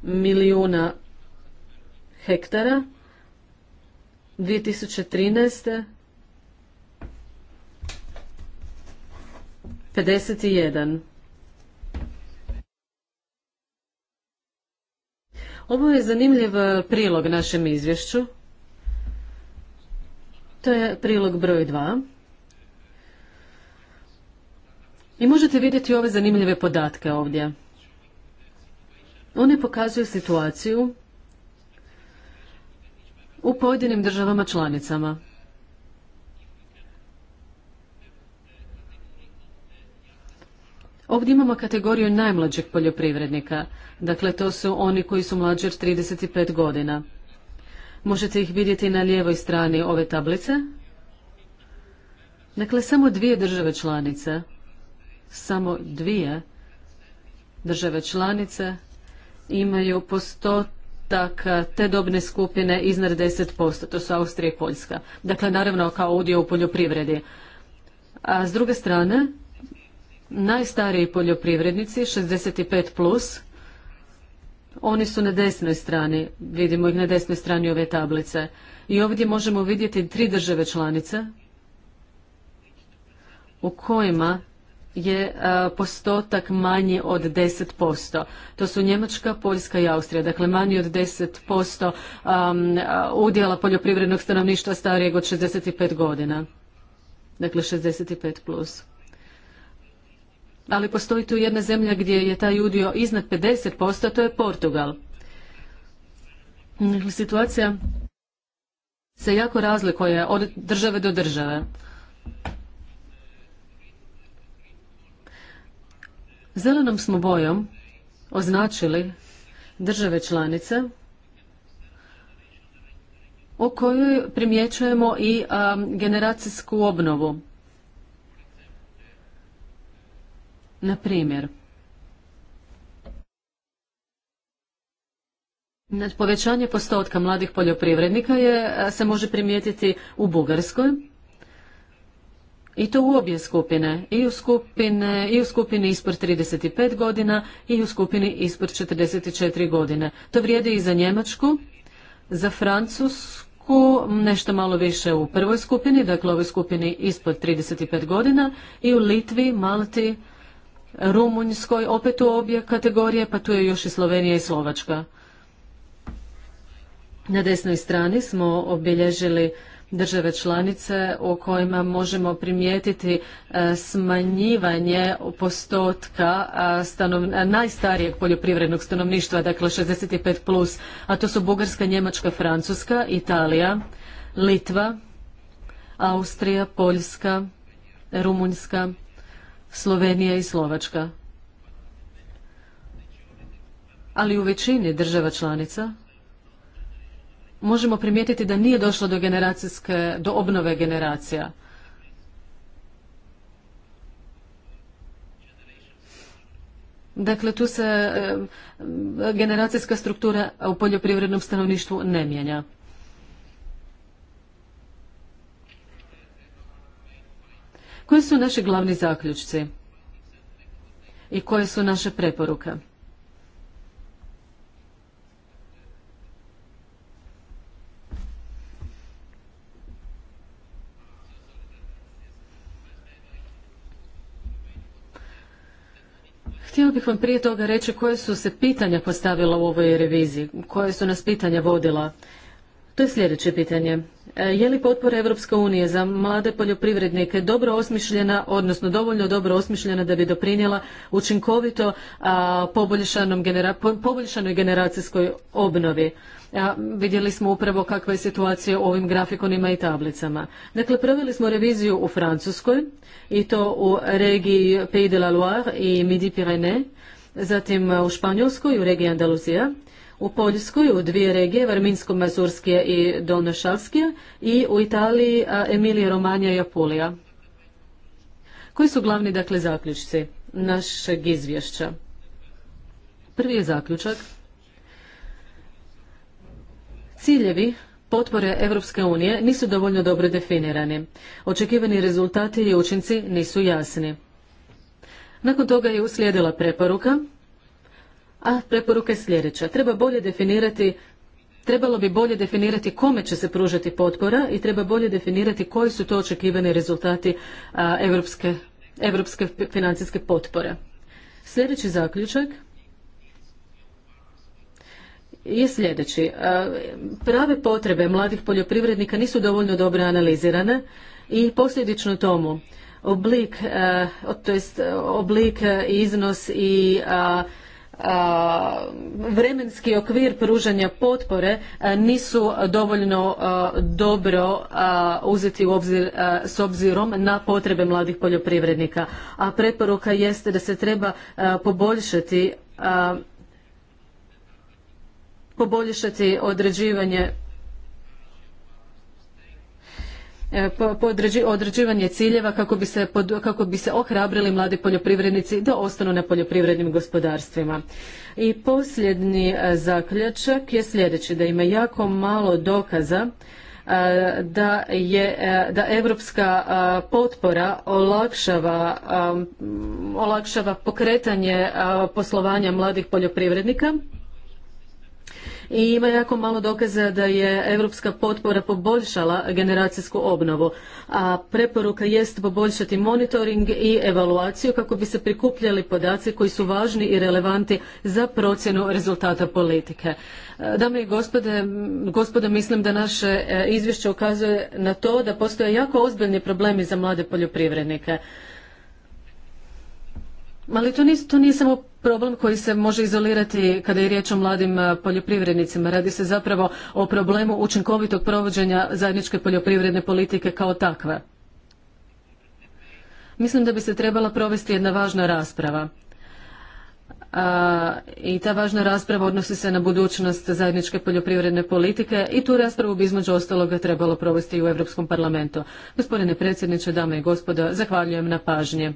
milijuna hektara, 2013. 51. Ovo je zanimljiv prilog našem izvješću. To je prilog broj 2. I možete vidjeti ove zanimljive podatke ovdje. One pokazuju situaciju u pojedinim državama članicama. Ovdje imamo kategoriju najmlađeg poljoprivrednika, dakle to su oni koji su mlađi od 35 godina. Možete ih vidjeti na lijevoj strani ove tablice. Dakle, samo dvije države članice, samo dvije države članice imaju postotak te dobne skupine iznad 10%, to su Austrija i Poljska. Dakle, naravno kao udio u poljoprivredi. A s druge strane, najstariji poljoprivrednici, 65+, oni su na desnoj strani, vidimo ih na desnoj strani ove tablice. I ovdje možemo vidjeti tri države članice u kojima je postotak manji od 10%. To su Njemačka, Poljska i Austrija. Dakle, manji od 10% udjela poljoprivrednog stanovništva starijeg od 65 godina. Dakle, 65 plus ali postoji tu jedna zemlja gdje je taj udio iznad 50%, to je Portugal. Dakle, situacija se jako razlikuje od države do države. Zelenom smo bojom označili države članice u kojoj primjećujemo i generacijsku obnovu. Na primjer, Povećanje postotka mladih poljoprivrednika je, se može primijetiti u Bugarskoj i to u obje skupine, i u, skupine, i u skupini ispod 35 godina i u skupini ispod 44 godine. To vrijedi i za Njemačku, za Francusku, nešto malo više u prvoj skupini, dakle ovoj skupini ispod 35 godina i u Litvi, Malti, Rumunjskoj, opet u obje kategorije, pa tu je još i Slovenija i Slovačka. Na desnoj strani smo obilježili države članice u kojima možemo primijetiti e, smanjivanje postotka najstarijeg poljoprivrednog stanovništva, dakle 65+, a to su Bugarska, Njemačka, Francuska, Italija, Litva, Austrija, Poljska, Rumunjska, Slovenija i Slovačka. Ali u većini država članica možemo primijetiti da nije došlo do generacijske, do obnove generacija. Dakle, tu se eh, generacijska struktura u poljoprivrednom stanovništvu ne mijenja. su naši glavni zaključci i koje su naše preporuke? Htio bih vam prije toga reći koje su se pitanja postavila u ovoj reviziji, koje su nas pitanja vodila. To je sljedeće pitanje. E, je li potpora Europske unije za mlade poljoprivrednike dobro osmišljena, odnosno dovoljno dobro osmišljena da bi doprinijela učinkovito poboljšanoj generacijskoj obnovi? vidjeli smo upravo kakva je situacija u ovim grafikonima i tablicama. Dakle, proveli smo reviziju u Francuskoj i to u regiji Pays de la Loire i Midi-Pyrénées, zatim u Španjolskoj u regiji Andaluzija u Poljskoj u dvije regije, Varminsko-Mazurskije i Dolnošalskije i u Italiji Emilija Romanja i Apulija. Koji su glavni dakle zaključci našeg izvješća? Prvi je zaključak. Ciljevi potpore Europske unije nisu dovoljno dobro definirani. Očekivani rezultati i učinci nisu jasni. Nakon toga je uslijedila preporuka a preporuka je sljedeća. Treba bolje definirati Trebalo bi bolje definirati kome će se pružati potpora i treba bolje definirati koji su to očekivani rezultati evropske, financijske potpore. Sljedeći zaključak je sljedeći. prave potrebe mladih poljoprivrednika nisu dovoljno dobro analizirane i posljedično tomu oblik, a, to oblik, iznos i vremenski okvir pružanja potpore nisu dovoljno dobro uzeti u obzir s obzirom na potrebe mladih poljoprivrednika. A preporuka jeste da se treba poboljšati poboljšati određivanje E, određivanje ciljeva kako bi, se, kako bi se ohrabrili mladi poljoprivrednici da ostanu na poljoprivrednim gospodarstvima. I posljednji e, zaključak je sljedeći, da ima jako malo dokaza e, da je da europska potpora olakšava, olakšava pokretanje poslovanja mladih poljoprivrednika i ima jako malo dokaza da je europska potpora poboljšala generacijsku obnovu, a preporuka jest poboljšati monitoring i evaluaciju kako bi se prikupljali podaci koji su važni i relevanti za procjenu rezultata politike. E, dame i gospodo, mislim da naše e, izvješće ukazuje na to da postoje jako ozbiljni problemi za mlade poljoprivrednike. Ali to nije, to nije samo problem koji se može izolirati kada je riječ o mladim poljoprivrednicima. Radi se zapravo o problemu učinkovitog provođenja zajedničke poljoprivredne politike kao takve. Mislim da bi se trebala provesti jedna važna rasprava. A, I ta važna rasprava odnosi se na budućnost zajedničke poljoprivredne politike i tu raspravu bi između ostaloga trebalo provesti i u Europskom parlamentu. Gospodine predsjedniče, dame i gospodo, zahvaljujem na pažnje.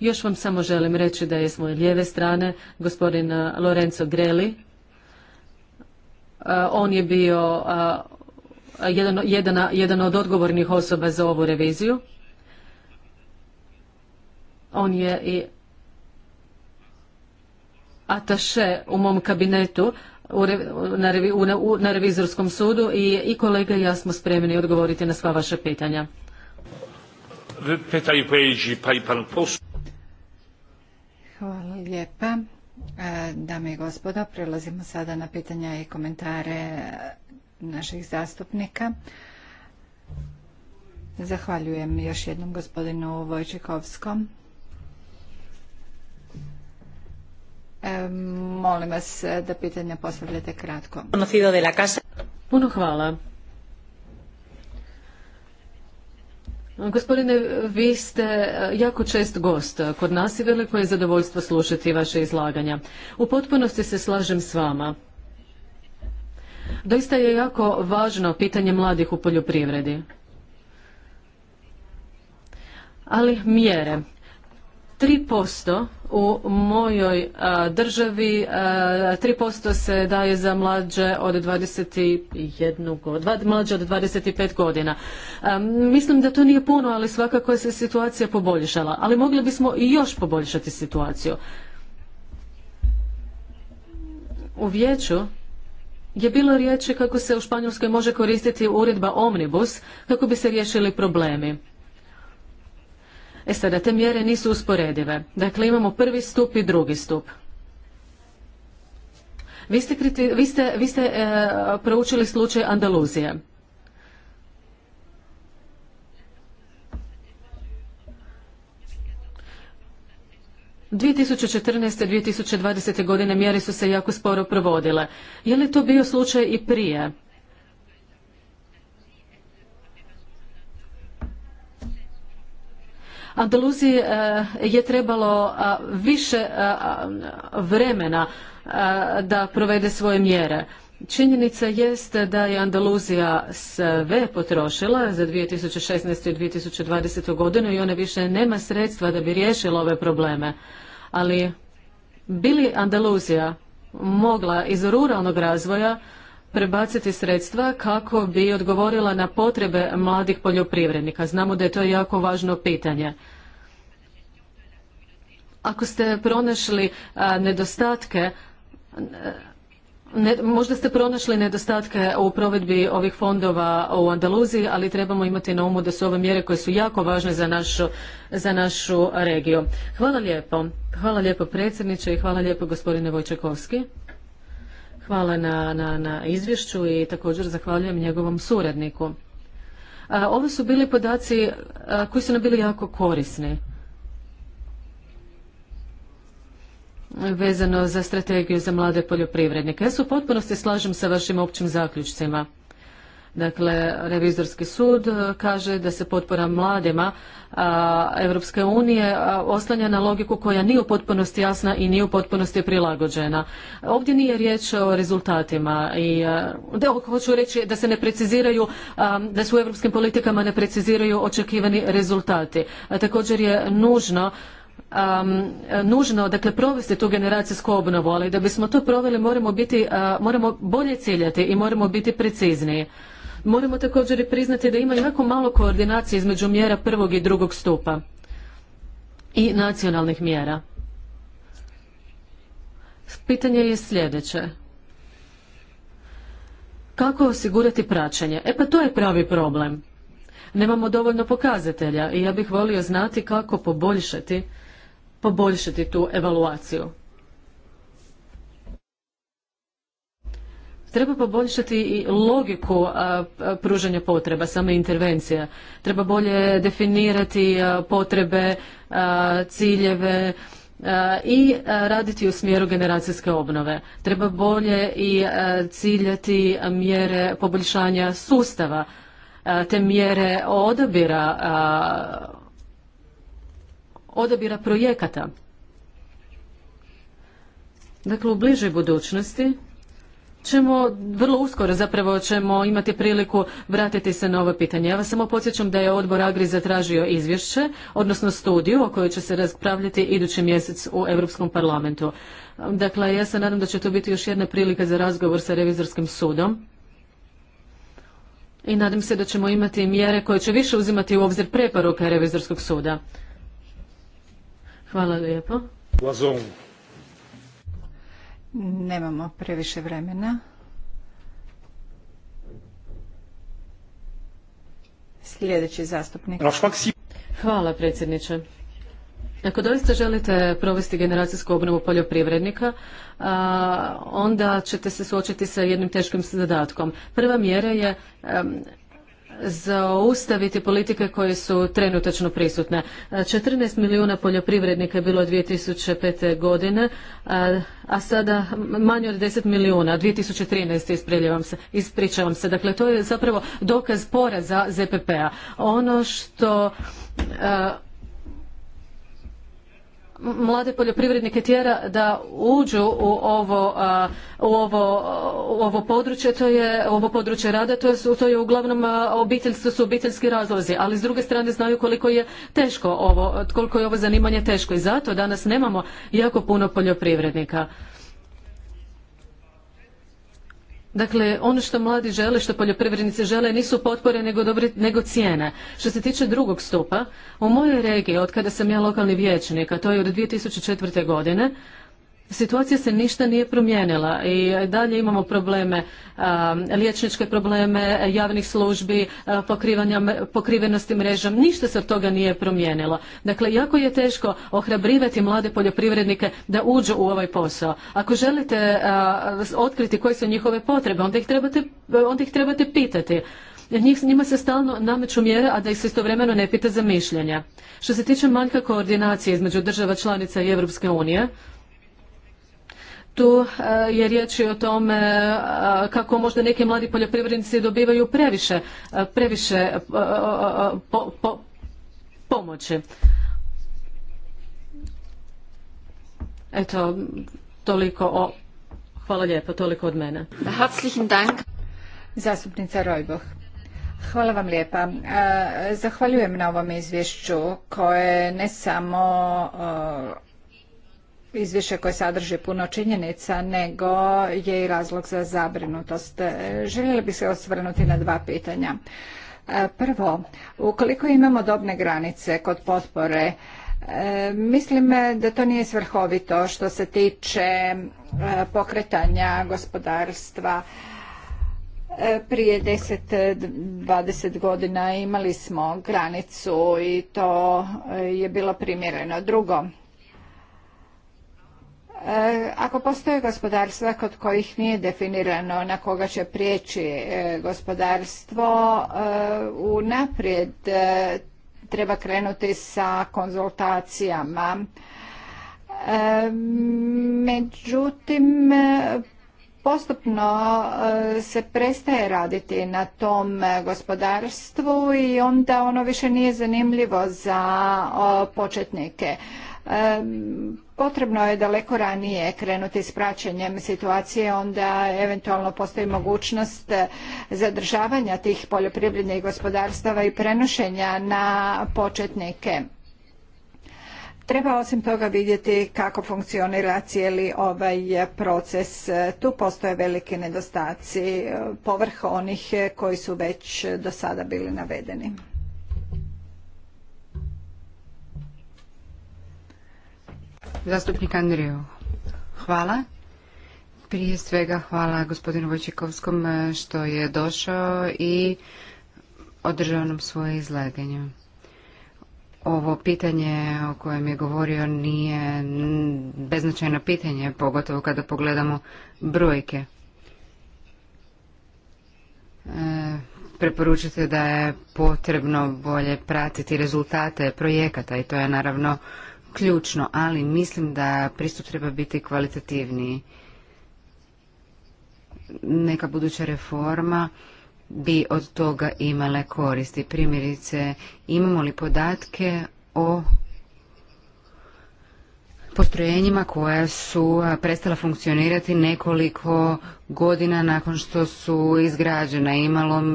Još vam samo želim reći da je s moje lijeve strane gospodin Lorenzo Greli. On je bio jedan, od odgovornih osoba za ovu reviziju. On je i ataše u mom kabinetu na, revizorskom sudu i, i kolega i ja smo spremni odgovoriti na sva vaša pitanja. i pan Hvala lijepa. E, dame i gospodo, prelazimo sada na pitanja i komentare naših zastupnika. Zahvaljujem još jednom gospodinu Vojčekovskom. E, molim vas da pitanja postavljate kratko. Puno hvala. Gospodine, vi ste e, jako čest gost kod nas i veliko je zadovoljstvo slušati vaše izlaganja. U potpunosti se slažem s vama. Doista je jako važno pitanje mladih u poljoprivredi. Ali mjere. 3% u mojoj državi 3% se daje za mlađe od 21 mlađe od 25 godina. mislim da to nije puno, ali svakako je se situacija poboljšala. Ali mogli bismo i još poboljšati situaciju. U vijeću je bilo riječi kako se u Španjolskoj može koristiti uredba Omnibus kako bi se riješili problemi. E sada, te mjere nisu usporedive. Dakle, imamo prvi stup i drugi stup. Vi ste, vi ste, vi ste e, proučili slučaj Andaluzije. dvije tisuće četrnaest godine mjere su se jako sporo provodile je li to bio slučaj i prije Andaluziji eh, je trebalo eh, više eh, vremena da provede svoje mjere. Činjenica jest da je Andaluzija sve potrošila za 2016. i 2020. godinu i ona više nema sredstva da bi riješila ove probleme. Ali bili Andaluzija mogla iz ruralnog razvoja prebaciti sredstva kako bi odgovorila na potrebe mladih poljoprivrednika. Znamo da je to jako važno pitanje. Ako ste pronašli nedostatke, možda ste pronašli nedostatke u provedbi ovih fondova u Andaluziji, ali trebamo imati na umu da su ove mjere koje su jako važne za našu, za našu regiju. Hvala lijepo. Hvala lijepo predsjedniče i hvala lijepo gospodine Vojčekovski. Hvala na, izvješću i također zahvaljujem njegovom suradniku. ovo su bili podaci koji su nam bili jako korisni. vezano za strategiju za mlade poljoprivrednike. Ja se u potpunosti slažem sa vašim općim zaključcima. Dakle, revizorski sud e, kaže da se potpora mladima Europske unije oslanja na logiku koja nije u potpunosti jasna i nije u potpunosti prilagođena. Ovdje nije riječ o rezultatima i e, da, hoću reći da se ne preciziraju, da se u europskim politikama ne preciziraju očekivani rezultati. također je nužno nužno dakle provesti tu generacijsku obnovu, ali da bismo to proveli moramo biti, moramo bolje ciljati i moramo biti precizniji. Moramo također i priznati da ima jako malo koordinacije između mjera prvog i drugog stupa i nacionalnih mjera. Pitanje je sljedeće. Kako osigurati praćenje? E pa to je pravi problem. Nemamo dovoljno pokazatelja i ja bih volio znati kako poboljšati, poboljšati tu evaluaciju. Treba poboljšati i logiku pružanja potreba, same intervencija. Treba bolje definirati potrebe, ciljeve i raditi u smjeru generacijske obnove. Treba bolje i ciljati mjere poboljšanja sustava, te mjere odabira, odabira projekata. Dakle, u bližoj budućnosti ćemo vrlo uskoro zapravo ćemo imati priliku vratiti se na ovo pitanje. Ja vas samo podsjećam da je odbor Agri zatražio izvješće, odnosno studiju o kojoj će se raspravljati idući mjesec u Europskom parlamentu. Dakle, ja se nadam da će to biti još jedna prilika za razgovor sa revizorskim sudom. I nadam se da ćemo imati mjere koje će više uzimati u obzir preporuka revizorskog suda. Hvala lijepo. Nemamo previše vremena. Sljedeći zastupnik. Hvala predsjedniče. Ako doista želite provesti generacijsku obnovu poljoprivrednika, onda ćete se suočiti sa jednim teškim zadatkom. Prva mjera je zaustaviti politike koje su trenutačno prisutne. 14 milijuna poljoprivrednika je bilo 2005. godine, a, sada manje od 10 milijuna, 2013. ispričavam se, ispričavam se. Dakle, to je zapravo dokaz poraza ZPP-a. Ono što mlade poljoprivrednike tjera da uđu u ovo, u ovo, u ovo područje, to je ovo područje rada, to, su, to je uglavnom obiteljstvo su obiteljski razlozi, ali s druge strane znaju koliko je teško ovo, koliko je ovo zanimanje teško i zato danas nemamo jako puno poljoprivrednika. Dakle, ono što mladi žele, što poljoprivrednici žele, nisu potpore nego, cijene. cijena. Što se tiče drugog stupa, u mojoj regiji, od kada sam ja lokalni vijećnik, a to je od 2004. godine, situacija se ništa nije promijenila i dalje imamo probleme, liječničke probleme javnih službi, pokrivenosti mrežom, ništa se od toga nije promijenilo. Dakle, jako je teško ohrabrivati mlade poljoprivrednike da uđu u ovaj posao. Ako želite otkriti koje su njihove potrebe, onda ih trebate, pitati njima se stalno nameću mjere, a da ih se istovremeno ne pita za mišljenja. Što se tiče manjka koordinacije između država članica i Europske unije, tu e, je riječ i o tome e, kako možda neki mladi poljoprivrednici dobivaju previše, e, previše pomoći. Eto, toliko o... Hvala lijepo, toliko od mene. Herzlichen Dank. Zastupnica Rojboh. Hvala vam lijepa. Zahvaljujem na ovom izvješću koje ne samo izvješće koje sadrži puno činjenica, nego je i razlog za zabrinutost. E, Željeli bih se osvrnuti na dva pitanja. E, prvo, ukoliko imamo dobne granice kod potpore, e, Mislim da to nije svrhovito što se tiče pokretanja gospodarstva. Prije 10-20 godina imali smo granicu i to je bilo primjereno. Drugo, E, ako postoje gospodarstva kod kojih nije definirano na koga će prijeći e, gospodarstvo, e, u naprijed treba krenuti sa konzultacijama. Međutim, postupno se prestaje raditi na tom gospodarstvu i onda ono više nije zanimljivo za početnike. Potrebno je daleko ranije krenuti s praćenjem situacije, onda eventualno postoji mogućnost zadržavanja tih poljoprivrednih gospodarstava i prenošenja na početnike. Treba osim toga vidjeti kako funkcionira cijeli ovaj proces. Tu postoje veliki nedostaci povrh onih koji su već do sada bili navedeni. Zastupnik Andriju. Hvala. Prije svega hvala gospodinu Vojčekovskom e, što je došao i održao nam svoje izlaganje. Ovo pitanje o kojem je govorio nije beznačajno pitanje, pogotovo kada pogledamo brojke. E, preporučite da je potrebno bolje pratiti rezultate projekata i to je naravno ključno, ali mislim da pristup treba biti kvalitativniji. Neka buduća reforma bi od toga imale koristi. Primjerice, imamo li podatke o postrojenjima koja su prestala funkcionirati nekoliko godina nakon što su izgrađena?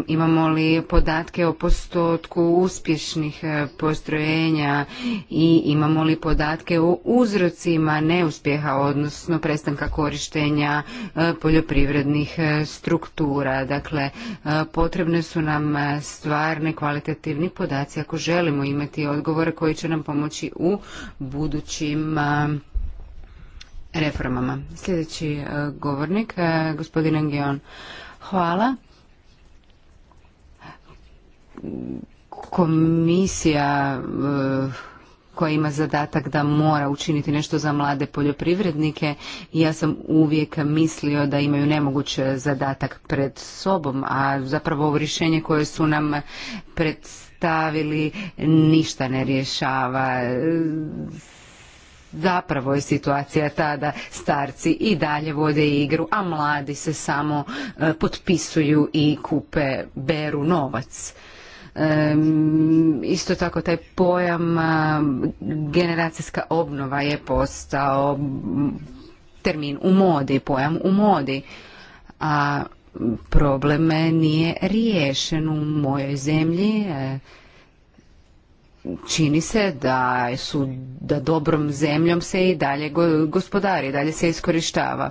imamo li podatke o postotku uspješnih e, postrojenja i imamo li podatke o uzrocima neuspjeha, odnosno prestanka korištenja e, poljoprivrednih e, struktura? Dakle, potrebne su nam stvarne kvalitativni podaci ako želimo imati odgovore koji će nam pomoći u budućim reformama. Sljedeći e, govornik, e, gospodin Angion. Hvala. Komisija e, koja ima zadatak da mora učiniti nešto za mlade poljoprivrednike. Ja sam uvijek mislio da imaju nemoguć zadatak pred sobom, a zapravo ovo rješenje koje su nam predstavili ništa ne rješava zapravo je situacija ta da starci i dalje vode igru, a mladi se samo e, potpisuju i kupe, beru novac. isto tako taj pojam generacijska obnova je postao termin u modi, pojam u modi. A problem nije riješen u mojoj zemlji. E, čini se da su da dobrom zemljom se i dalje gospodari, dalje se iskorištava.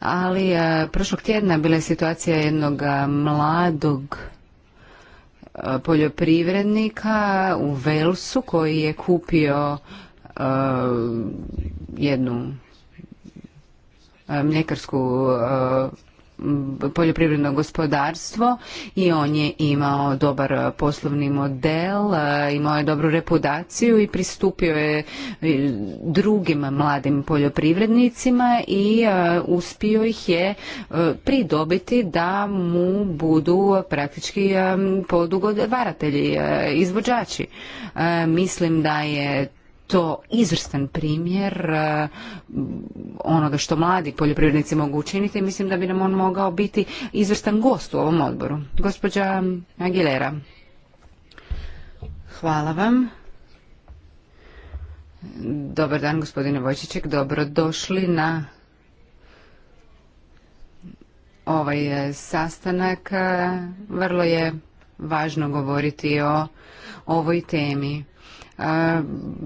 Ali e, prošlog tjedna bila je situacija jednog e, mladog e, poljoprivrednika u Velsu koji je kupio jednu mljekarsku poljoprivredno gospodarstvo i on je imao dobar poslovni model, e, imao je dobru reputaciju i pristupio je e, drugim mladim poljoprivrednicima i e, uspio ih je pridobiti da mu budu praktički podugovaratelji, izvođači. Mislim da je to izvrstan primjer eh, onoga što mladi poljoprivrednici mogu učiniti mislim da bi nam on mogao biti izvrstan gost u ovom odboru. Gospođa Aguilera. Hvala vam. Dobar dan, gospodine Vojčićek. došli na ovaj eh, sastanak. Eh, vrlo je važno govoriti o ovoj temi.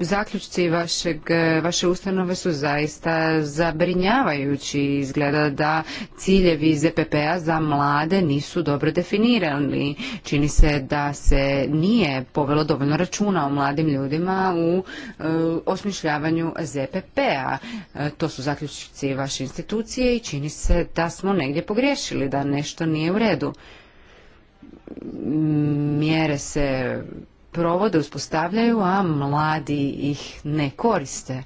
Zaključci vašeg, vaše ustanove su zaista zabrinjavajući. Izgleda da ciljevi ZPP-a za mlade nisu dobro definirani. Čini se da se nije povelo dovoljno računa o mladim ljudima u e, osmišljavanju ZPP-a. E, to su zaključci vaše institucije i čini se da smo negdje pogriješili, da nešto nije u redu. Mjere se provode, uspostavljaju, a mladi ih ne koriste.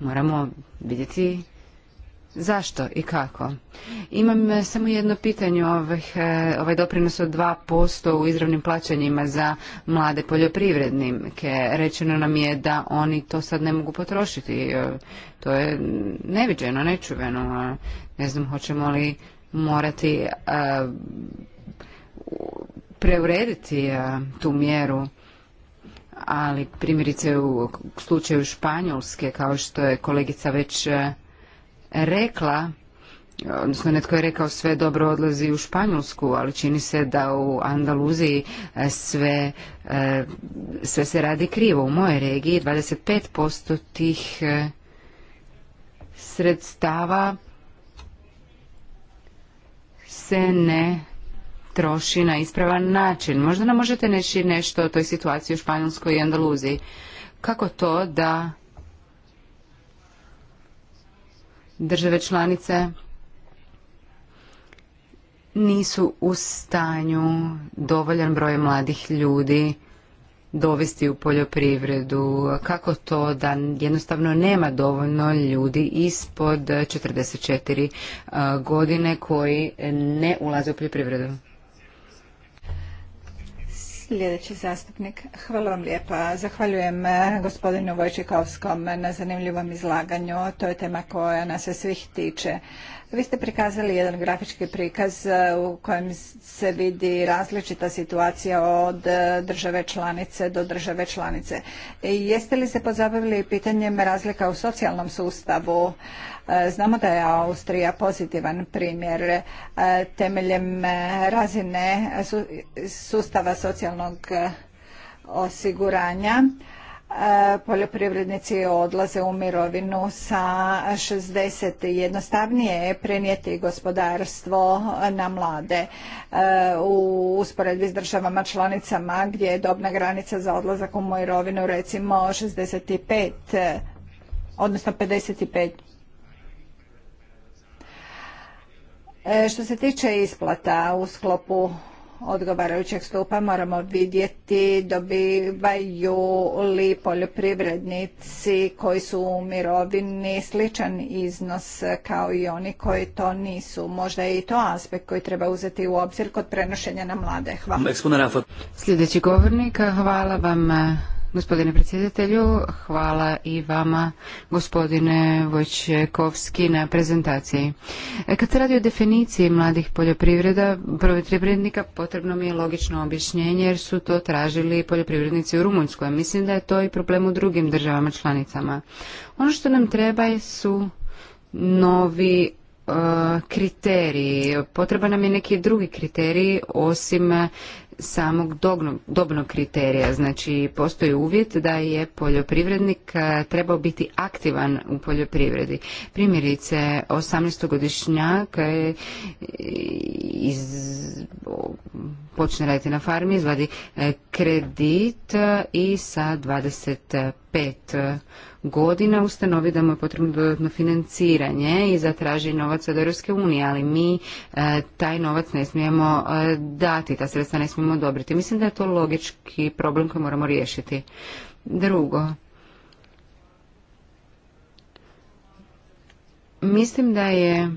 Moramo vidjeti zašto i kako. Imam e, samo jedno pitanje ovih, e, ovaj doprinos od 2% u izravnim plaćanjima za mlade poljoprivrednike. Rečeno nam je da oni to sad ne mogu potrošiti. E, to je neviđeno, nečuveno. Ne znam hoćemo li morati preurediti tu mjeru ali primjerice u slučaju Španjolske, kao što je kolegica već e, rekla, odnosno netko je rekao sve dobro odlazi u Španjolsku, ali čini se da u Andaluziji e, sve, e, sve se radi krivo. U mojoj regiji 25% tih sredstava se ne troši na ispravan način. Možda nam možete reći nešto o toj situaciji u Španjolskoj i Andaluziji. Kako to da države članice nisu u stanju dovoljan broj mladih ljudi dovesti u poljoprivredu, kako to da jednostavno nema dovoljno ljudi ispod 44 godine koji ne ulaze u poljoprivredu. Sljedeći zastupnik. Hvala vam lijepa. Zahvaljujem eh, gospodinu Vojčekovskom na zanimljivom izlaganju. To je tema koja nas se svih tiče. Vi ste prikazali jedan grafički prikaz e, u kojem se vidi različita situacija od e, države članice do države članice. E, jeste li se pozabavili pitanjem razlika u socijalnom sustavu? Znamo da je Austrija pozitivan primjer temeljem razine sustava socijalnog osiguranja poljoprivrednici odlaze u mirovinu sa 60. Jednostavnije je prenijeti gospodarstvo na mlade e, u usporedbi s državama članicama gdje je dobna granica za odlazak u mirovinu recimo 65 odnosno 55 e, što se tiče isplata u sklopu odgovarajućeg stupa moramo vidjeti dobivaju li poljoprivrednici koji su u mirovini sličan iznos kao i oni koji to nisu. Možda je i to aspekt koji treba uzeti u obzir kod prenošenja na mlade. Hvala. Sljedeći govornik, hvala vam Gospodine predsjedatelju, hvala i vama, gospodine Vojčekovski, na prezentaciji. E, kad se radi o definiciji mladih poljoprivreda, poljoprivrednika potrebno mi je logično objašnjenje jer su to tražili poljoprivrednici u Rumunjskoj. Mislim da je to i problem u drugim državama članicama. Ono što nam treba su novi e, kriteriji. Potreba nam je neki drugi kriterij osim samog dobnog, kriterija. Znači, postoji uvjet da je poljoprivrednik e, trebao biti aktivan u poljoprivredi. Primjerice, 18-godišnjak e, iz, počne raditi na farmi, izvadi e, kredit i sa 25 pet e, godina ustanovi da mu je potrebno dodatno financiranje i zatraži novac od Europske unije, ali mi e, taj novac ne smijemo e, dati, ta sredstva ne smijemo odobriti. Mislim da je to logički problem koji moramo riješiti. Drugo, mislim da je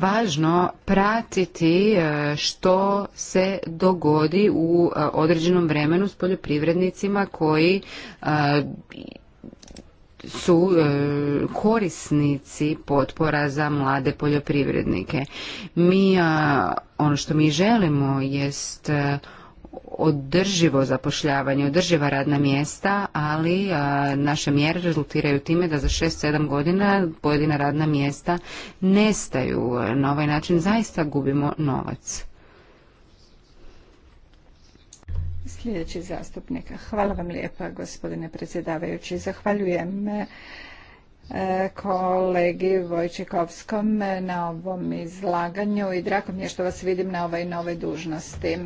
važno pratiti e, što se dogodi u e, određenom vremenu s poljoprivrednicima koji e, su korisnici potpora za mlade poljoprivrednike. Mi, ono što mi želimo jest održivo zapošljavanje, održiva radna mjesta, ali naše mjere rezultiraju time da za 6-7 godina pojedina radna mjesta nestaju. Na ovaj način zaista gubimo novac. Sljedeći zastupnik. Hvala vam lijepa, gospodine predsjedavajući. Zahvaljujem e, kolegi Vojčekovskom na ovom izlaganju i drago mi je što vas vidim na ovoj nove dužnosti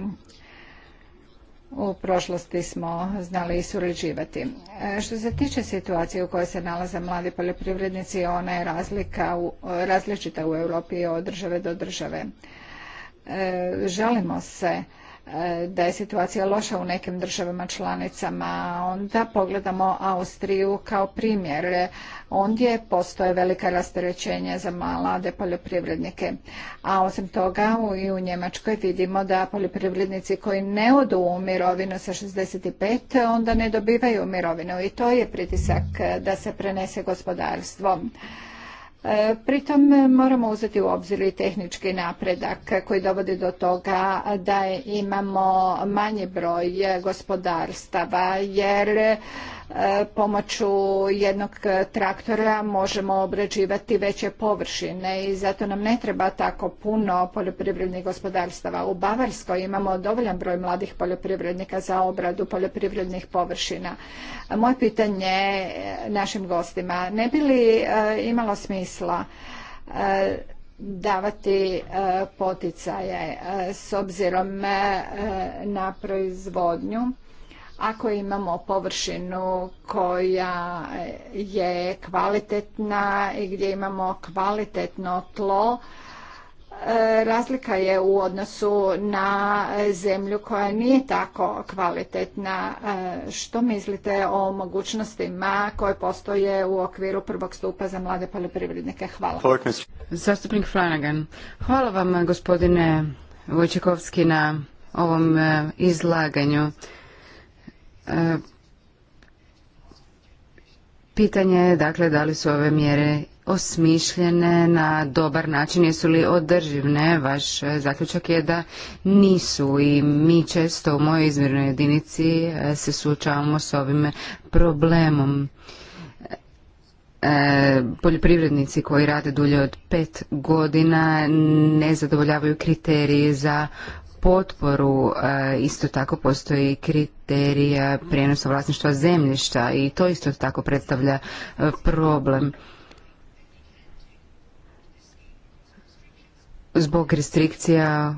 u prošlosti smo znali i surađivati. E, što se tiče situacije u kojoj se nalaze mladi poljoprivrednici, ona je razlika u, različita u Europi od države do države. E, Želimo se E, da je situacija loša u nekim državama članicama, onda pogledamo Austriju kao primjer. Ondje postoje velika rasterećenja za mlade poljoprivrednike. A osim toga i u Njemačkoj vidimo da poljoprivrednici koji ne odu u mirovinu sa 65 onda ne dobivaju mirovinu i to je pritisak da se prenese gospodarstvo. E, pritom e, moramo uzeti u obzir i tehnički napredak koji dovodi do toga da imamo manji broj gospodarstava jer E, pomoću jednog traktora možemo obrađivati veće površine i zato nam ne treba tako puno poljoprivrednih gospodarstava. U Bavarskoj imamo dovoljan broj mladih poljoprivrednika za obradu poljoprivrednih površina. Moje pitanje našim gostima, ne bi li e, imalo smisla e, davati poticaje s obzirom na proizvodnju ako imamo površinu koja je kvalitetna i gdje imamo kvalitetno tlo, e, razlika je u odnosu na zemlju koja nije tako kvalitetna. E, što mislite o mogućnostima koje postoje u okviru prvog stupa za mlade poljoprivrednike? Hvala. Zastupnik Flanagan, hvala vam gospodine Vojčekovski na ovom e, izlaganju. E, pitanje je dakle da li su ove mjere osmišljene na dobar način, jesu li održivne? Vaš zaključak je da nisu i mi često u mojoj izmjernoj jedinici e, se suočavamo s ovim problemom. E, poljoprivrednici koji rade dulje od pet godina ne zadovoljavaju kriterije za potporu eh, isto tako postoji kriterija prijenosa vlasništva zemljišta i to isto tako predstavlja eh, problem. Zbog restrikcija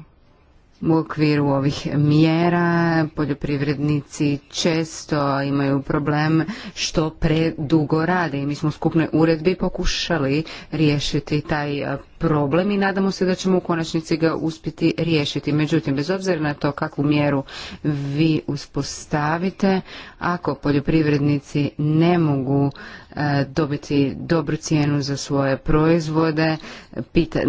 u okviru ovih mjera poljoprivrednici često imaju problem što predugo rade i mi smo u skupnoj uredbi pokušali riješiti taj e, problem i nadamo se da ćemo u konačnici ga uspjeti riješiti. Međutim, bez obzira na to kakvu mjeru vi uspostavite, ako poljoprivrednici ne mogu dobiti dobru cijenu za svoje proizvode. Pita,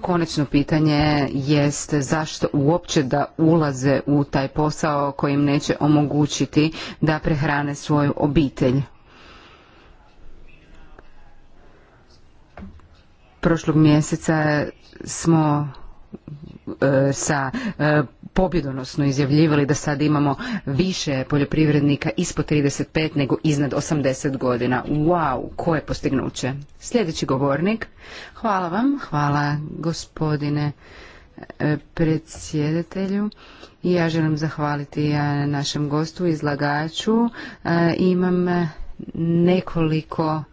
konačno pitanje jest zašto uopće da ulaze u taj posao koji im neće omogućiti da prehrane svoju obitelj. Prošlog mjeseca smo e, sa e, pobjedonosno izjavljivali da sad imamo više poljoprivrednika ispod 35 nego iznad 80 godina. Wow, koje postignuće. Sljedeći govornik. Hvala vam, hvala gospodine e, predsjedatelju. i Ja želim zahvaliti e, našem gostu, izlagaču. E, imam nekoliko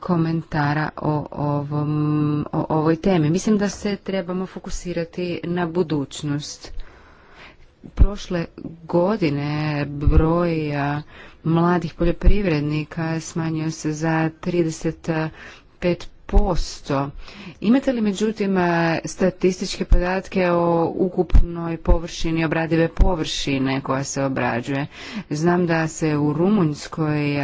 komentara o, ovom, o ovoj temi. Mislim da se trebamo fokusirati na budućnost prošle godine broj mladih poljoprivrednika smanjio se za 35%. Imate li međutim statističke podatke o ukupnoj površini obradive površine koja se obrađuje? Znam da se u Rumunjskoj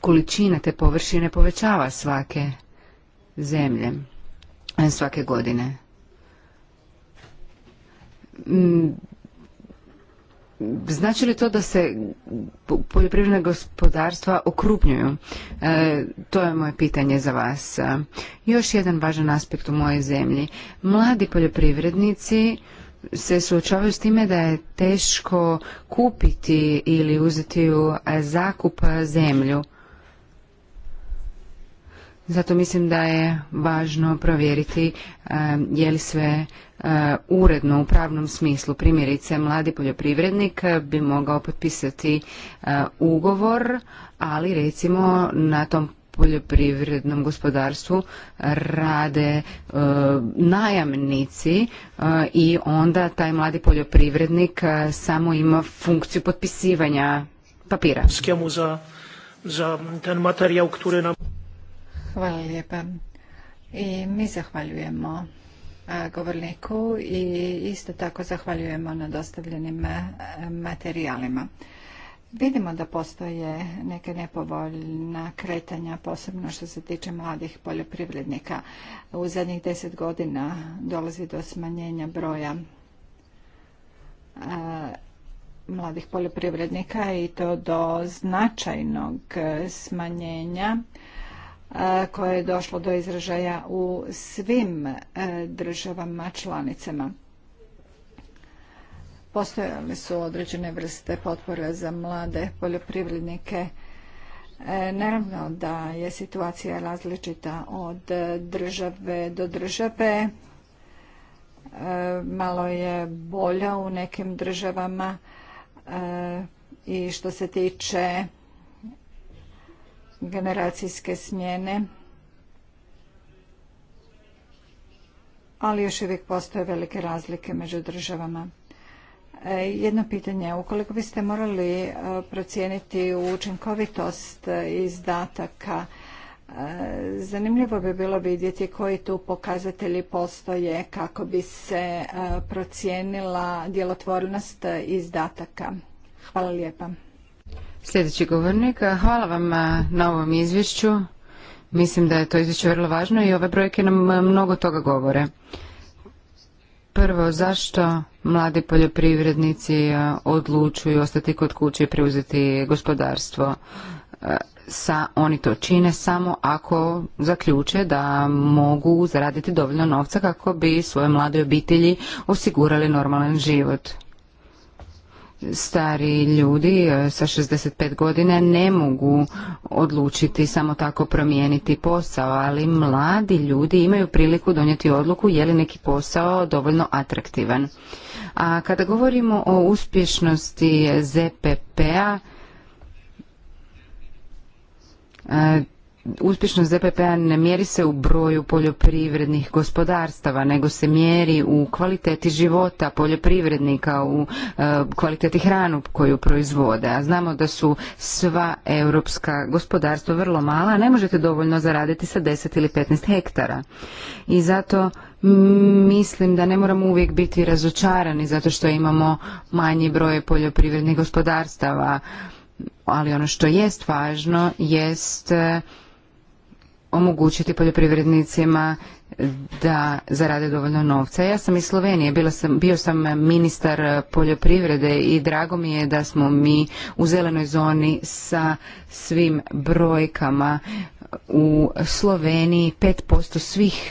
količina te površine povećava svake zemlje, svake godine. Mm, znači li to da se poljoprivredna gospodarstva okrupnjuju? E, to je moje pitanje za vas. E, još jedan važan aspekt u mojoj zemlji. Mladi poljoprivrednici se suočavaju s time da je teško kupiti ili uzeti u zakup zemlju. Zato mislim da je važno provjeriti e, je li sve e, uredno u pravnom smislu. Primjerice, mladi poljoprivrednik bi mogao potpisati e, ugovor, ali recimo na tom poljoprivrednom gospodarstvu rade najamnici i onda taj mladi poljoprivrednik samo ima funkciju potpisivanja papira. za, za ten materijal... Hvala lijepa. I mi zahvaljujemo govorniku i isto tako zahvaljujemo na dostavljenim materijalima. Vidimo da postoje neke nepovoljna kretanja, posebno što se tiče mladih poljoprivrednika. U zadnjih deset godina dolazi do smanjenja broja mladih poljoprivrednika i to do značajnog e, smanjenja koje je došlo do izražaja u svim e, državama članicama. Postojale su određene vrste potpore za mlade poljoprivrednike. E, naravno da je situacija različita od države do države. E, malo je bolja u nekim državama i što se tiče generacijske smjene, ali još uvijek postoje velike razlike među državama. E, jedno pitanje, ukoliko biste morali e, procijeniti učinkovitost e, izdataka, zanimljivo bi bilo vidjeti koji tu pokazatelji postoje kako bi se procijenila djelotvornost izdataka. Hvala lijepa. Sljedeći govornik, hvala vam eh, na ovom izvješću. Mislim da je to izvješće vrlo važno i ove brojke nam eh, mnogo toga govore. Prvo, zašto mladi poljoprivrednici eh, odlučuju ostati kod kuće i preuzeti gospodarstvo? Sa, oni to čine samo ako zaključe da mogu zaraditi dovoljno novca kako bi svoje mlade obitelji osigurali normalan život stari ljudi e, sa 65 godina ne mogu odlučiti samo tako promijeniti posao, ali mladi ljudi imaju priliku donijeti odluku je li neki posao dovoljno atraktivan. A kada govorimo o uspješnosti ZPP-a, e, uspješnost zpp ne mjeri se u broju poljoprivrednih gospodarstava, nego se mjeri u kvaliteti života poljoprivrednika, u e, kvaliteti hranu koju proizvode. A znamo da su sva europska gospodarstva vrlo mala, a ne možete dovoljno zaraditi sa 10 ili 15 hektara. I zato mislim da ne moramo uvijek biti razočarani zato što imamo manji broj poljoprivrednih gospodarstava. Ali ono što jest važno jest e, omogućiti poljoprivrednicima da zarade dovoljno novca. Ja sam iz Slovenije, bila sam, bio sam ministar poljoprivrede i drago mi je da smo mi u zelenoj zoni sa svim brojkama u Sloveniji 5% svih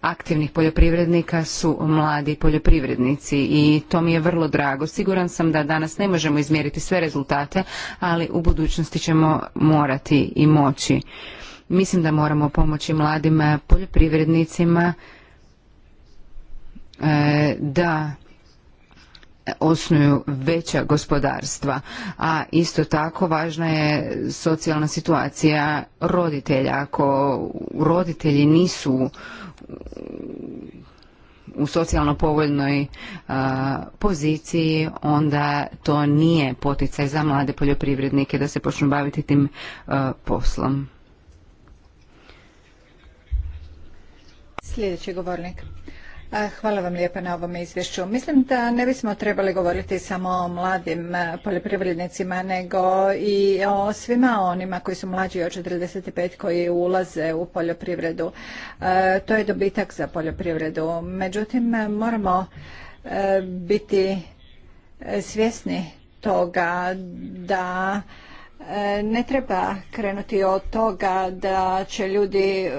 aktivnih poljoprivrednika su mladi poljoprivrednici i to mi je vrlo drago. Siguran sam da danas ne možemo izmjeriti sve rezultate, ali u budućnosti ćemo morati i moći. Mislim da moramo pomoći mladim eh, poljoprivrednicima eh, da eh, osnuju veća gospodarstva, a isto tako važna je socijalna situacija roditelja. Ako roditelji nisu u socijalno povoljnoj poziciji, onda to nije poticaj za mlade poljoprivrednike da se počnu baviti tim poslom. Sljedeći govornik. Hvala vam lijepa na ovom izvješću. Mislim da ne bismo trebali govoriti samo o mladim poljoprivrednicima, nego i o svima onima koji su mlađi od 45 koji ulaze u poljoprivredu. To je dobitak za poljoprivredu. Međutim, moramo biti svjesni toga da ne treba krenuti od toga da će ljudi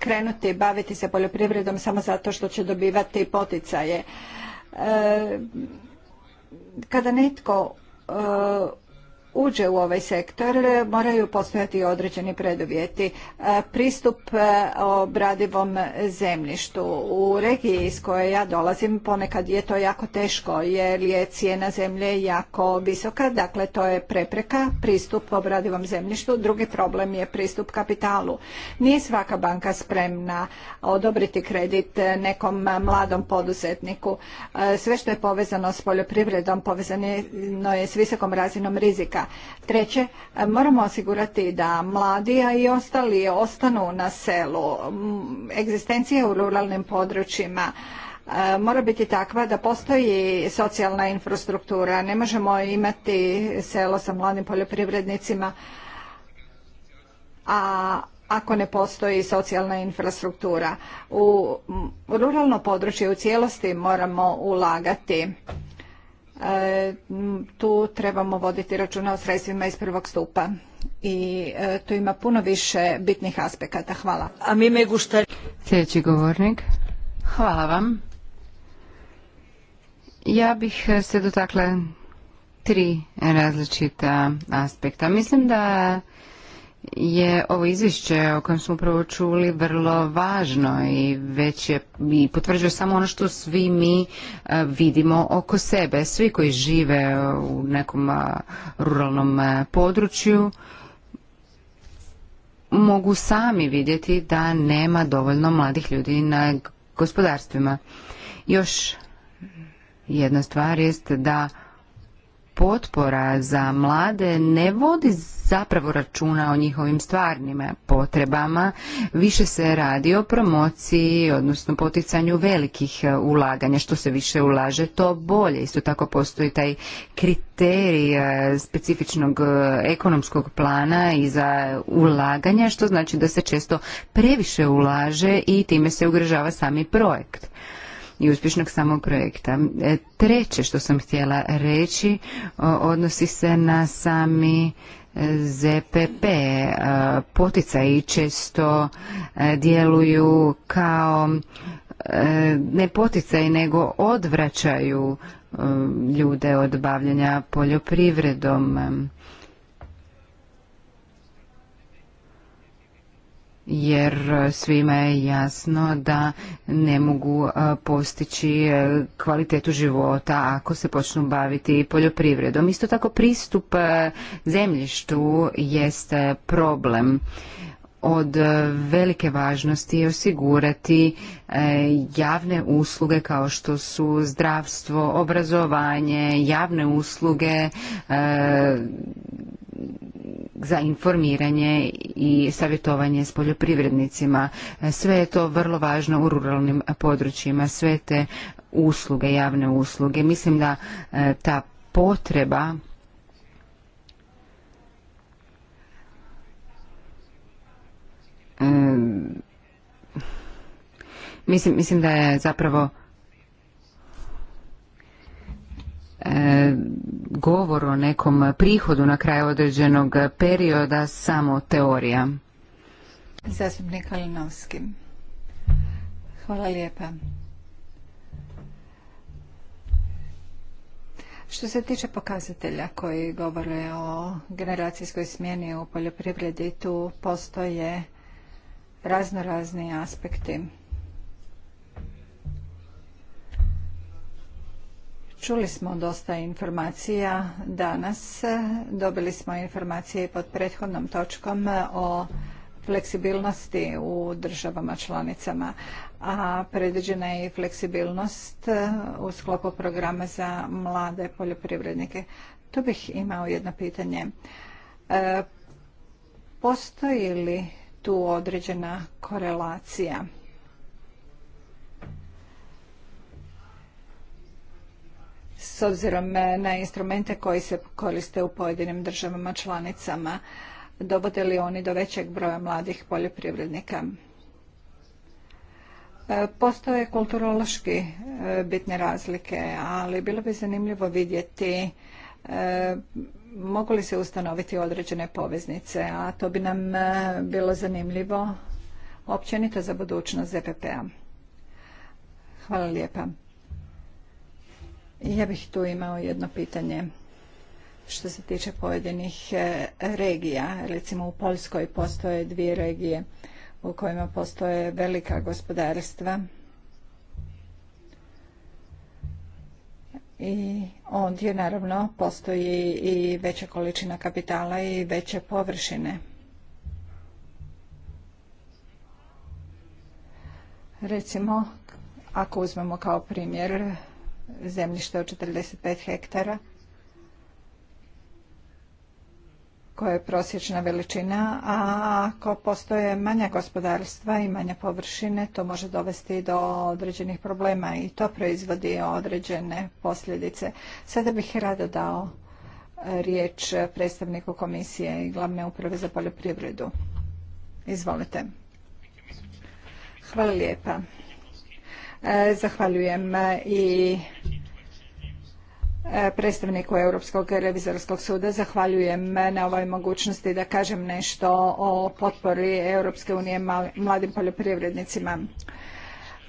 krenuti baviti se poljoprivredom samo zato što će dobivati poticaje. E, kada netko e, uđe u ovaj sektor moraju postojati određeni preduvjeti. E, pristup e, obradivom zemljištu. U regiji iz koje ja dolazim ponekad je to jako teško jer je cijena zemlje jako visoka, dakle to je prepreka pristup obradivom zemljištu. Drugi problem je pristup kapitalu. Nije svaka banka spremna odobriti kredit nekom mladom poduzetniku. E, sve što je povezano s poljoprivredom povezano je s visokom razinom rizika Treće, moramo osigurati da mladi, a i ostali ostanu na selu. Egzistencija u ruralnim područjima e, mora biti takva da postoji socijalna infrastruktura. Ne možemo imati selo sa mladim poljoprivrednicima, a ako ne postoji socijalna infrastruktura. U ruralno područje u cijelosti moramo ulagati. E, tu trebamo voditi računa o sredstvima iz prvog stupa i e, tu ima puno više bitnih aspekata. Hvala. A mi me gušta... Sljedeći govornik. Hvala vam. Ja bih e, se dotakla tri različita aspekta. Mislim da je ovo izvješće o kojem smo upravo čuli vrlo važno i već je i potvrđuje samo ono što svi mi e, vidimo oko sebe. Svi koji žive u nekom e, ruralnom e, području mogu sami vidjeti da nema dovoljno mladih ljudi na gospodarstvima. Još jedna stvar jest da potpora za mlade ne vodi zapravo računa o njihovim stvarnim potrebama, više se radi o promociji, odnosno poticanju velikih e, ulaganja. Što se više ulaže, to bolje. Isto tako postoji taj kriterij e, specifičnog e, ekonomskog plana i za ulaganja, što znači da se često previše ulaže i time se ugrožava sami projekt i uspješnog samog projekta. E, treće što sam htjela reći odnosi se na sami e, ZPP. E, poticaji često djeluju kao ne poticaj nego odvraćaju ljude od bavljanja poljoprivredom jer e, svima je jasno da ne mogu e, postići e, kvalitetu života ako se počnu baviti poljoprivredom. Isto tako pristup zemljištu jeste problem od e, velike važnosti je osigurati e, javne usluge kao što su zdravstvo, obrazovanje, javne usluge e, za informiranje i savjetovanje s poljoprivrednicima. Sve je to vrlo važno u ruralnim područjima, sve te usluge, javne usluge. Mislim da ta potreba Mm. mislim, mislim da je zapravo e, govor o nekom prihodu na kraju određenog perioda samo teorija. Zastupnik Kalinovski. Hvala lijepa. Što se tiče pokazatelja koji govore o generacijskoj smjeni u poljoprivredi, tu postoje Razno razni aspekti. Čuli smo dosta informacija danas. Dobili smo informacije pod prethodnom točkom o fleksibilnosti u državama članicama, a predviđena je i fleksibilnost u sklopu programa za mlade poljoprivrednike. Tu bih imao jedno pitanje. E, postoji li tu određena korelacija. S obzirom na instrumente koji se koriste u pojedinim državama članicama, dovode li oni do većeg broja mladih poljoprivrednika? E, postoje kulturološki e, bitne razlike, ali bilo bi zanimljivo vidjeti e, mogu li se ustanoviti određene poveznice, a to bi nam e, bilo zanimljivo općenito za budućnost ZPP-a. Hvala lijepa. Ja bih tu imao jedno pitanje što se tiče pojedinih e, regija. Recimo u Poljskoj postoje dvije regije u kojima postoje velika gospodarstva i ondje naravno postoji i veća količina kapitala i veće površine. Recimo, ako uzmemo kao primjer zemljište od 45 hektara, koja je prosječna veličina, a ako postoje manja gospodarstva i manje površine, to može dovesti do određenih problema i to proizvodi određene posljedice. Sada bih rado dao e, riječ predstavniku komisije i glavne uprave za poljoprivredu. Izvolite. Hvala lijepa. E, zahvaljujem i predstavniku Europskog revizorskog suda. Zahvaljujem na ovoj mogućnosti da kažem nešto o potpori Europske unije mladim poljoprivrednicima.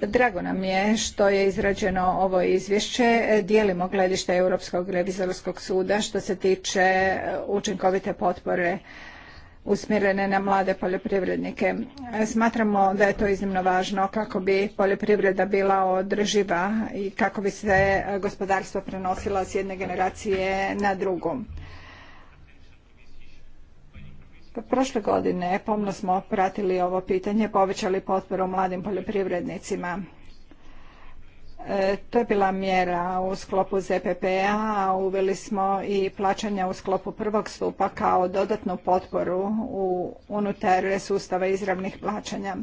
Drago nam je što je izrađeno ovo izvješće. Dijelimo gledište Europskog revizorskog suda što se tiče učinkovite potpore usmjerene na mlade poljoprivrednike. Smatramo da je to iznimno važno kako bi poljoprivreda bila održiva i kako bi se gospodarstvo prenosilo s jedne generacije na drugu. Prošle godine pomno smo pratili ovo pitanje, povećali potporu mladim poljoprivrednicima E, to je bila mjera u sklopu ZPP-a, uveli smo i plaćanja u sklopu prvog stupa kao dodatnu potporu u unutar sustava izravnih plaćanja.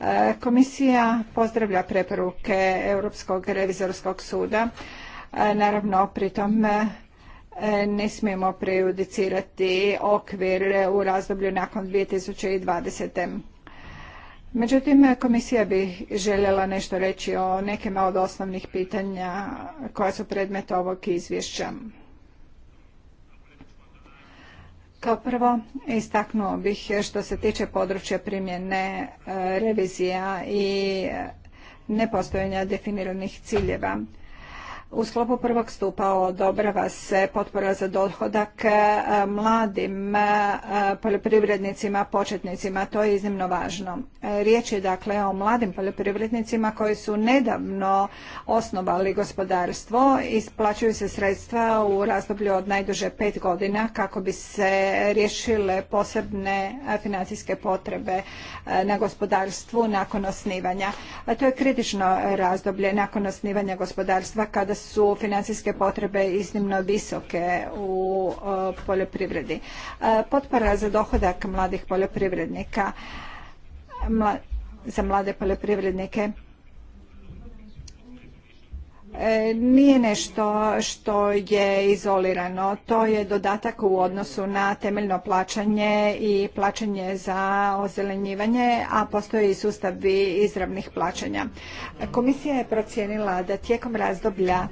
E, komisija pozdravlja preporuke Europskog revizorskog suda. E, naravno, pritom ne smijemo prejudicirati okvir u razdoblju nakon 2020. Međutim, komisija bi željela nešto reći o nekima od osnovnih pitanja koja su predmet ovog izvješća. Kao prvo, istaknuo bih što se tiče područja primjene e, revizija i nepostojanja definiranih ciljeva. U sklopu prvog stupa odobrava se potpora za dohodak e, mladim e, poljoprivrednicima, početnicima. To je iznimno važno. E, riječ je dakle o mladim poljoprivrednicima koji su nedavno osnovali gospodarstvo. Isplaćuju se sredstva u razdoblju od najduže pet godina kako bi se riješile posebne financijske potrebe na gospodarstvu nakon osnivanja. To je kritično razdoblje nakon osnivanja gospodarstva kada su financijske potrebe iznimno visoke u e, poljoprivredi. E, potpora za dohodak mladih poljoprivrednika za mlade poljoprivrednike E, nije nešto što je izolirano. To je dodatak u odnosu na temeljno plaćanje i plaćanje za ozelenjivanje, a postoje i sustavi izravnih plaćanja. Komisija je procijenila da tijekom razdoblja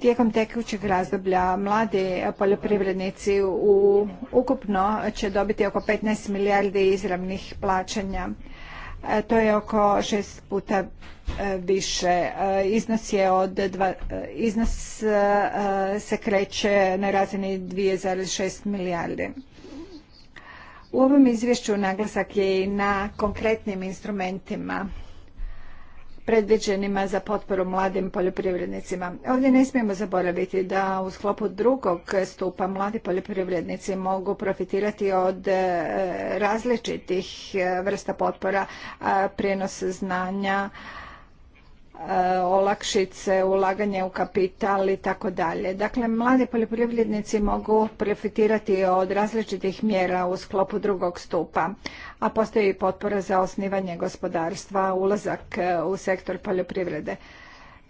Tijekom tekućeg razdoblja mladi poljoprivrednici u ukupno će dobiti oko 15 milijardi izravnih plaćanja E, to je oko šest puta e, više. E, iznos je od iznos se kreće na razini 2,6 milijarde. U ovom izvješću naglasak je i na konkretnim instrumentima predviđenima za potporu mladim poljoprivrednicima. Ovdje ne smijemo zaboraviti da u sklopu drugog stupa mladi poljoprivrednici mogu profitirati od e, različitih e, vrsta potpora, prijenos znanja, E, olakšice, ulaganje u kapital i tako dalje. Dakle, mladi poljoprivrednici mogu profitirati od različitih mjera u sklopu drugog stupa, a postoji i potpora za osnivanje gospodarstva, ulazak e, u sektor poljoprivrede.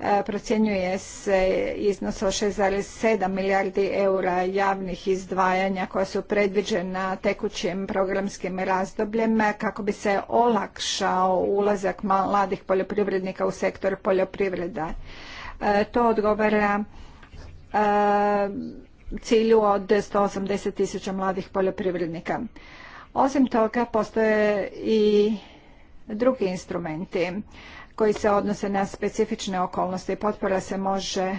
E, procjenjuje se iznos od 6,7 milijardi eura javnih izdvajanja koja su predviđena tekućim programskim razdobljem kako bi se olakšao ulazak mladih poljoprivrednika u sektor poljoprivreda. E, to odgovara e, cilju od 180 tisuća mladih poljoprivrednika. Osim toga postoje i drugi instrumenti koji se odnose na specifične okolnosti. Potpora se može e,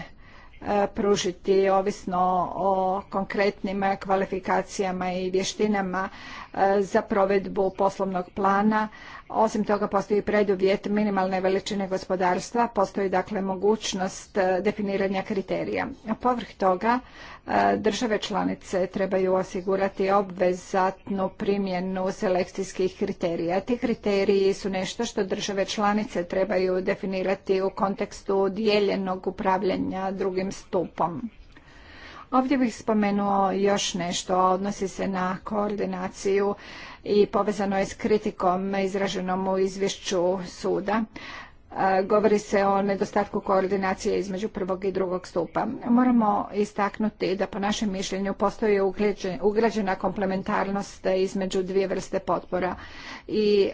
pružiti ovisno o konkretnim kvalifikacijama i vještinama e, za provedbu poslovnog plana. Osim toga postoji preduvjet minimalne veličine gospodarstva, postoji dakle mogućnost e, definiranja kriterija. Povrh toga E, države članice trebaju osigurati obvezatnu primjenu selekcijskih kriterija. Ti kriteriji su nešto što države članice trebaju definirati u kontekstu dijeljenog upravljanja drugim stupom. Ovdje bih spomenuo još nešto, odnosi se na koordinaciju i povezano je s kritikom izraženom u izvješću suda govori se o nedostatku koordinacije između prvog i drugog stupa. Moramo istaknuti da po našem mišljenju postoji ugrađena komplementarnost između dvije vrste potpora i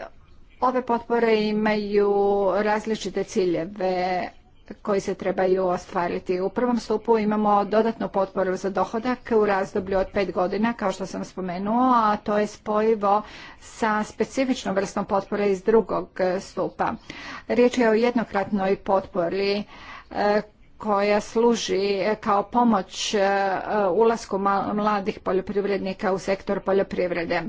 ove potpore imaju različite ciljeve koji se trebaju ostvariti. U prvom stupu imamo dodatnu potporu za dohodak u razdoblju od pet godina, kao što sam spomenuo, a to je spojivo sa specifičnom vrstom potpore iz drugog e, stupa. Riječ je o jednokratnoj potpori e, koja služi e, kao pomoć ulasku mladih poljoprivrednika u sektor poljoprivrede.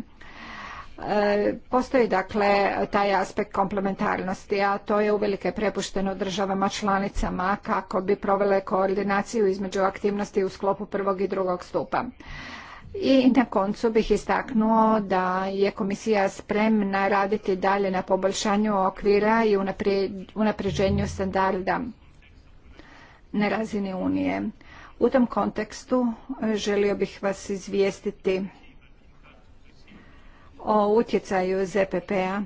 Postoji dakle taj aspekt komplementarnosti, a to je uvelike prepušteno državama članicama kako bi provele koordinaciju između aktivnosti u sklopu prvog i drugog stupa. I na koncu bih istaknuo da je komisija spremna raditi dalje na poboljšanju okvira i unapređenju standarda na razini Unije. U tom kontekstu želio bih vas izvijestiti o utjecaju ZPP-a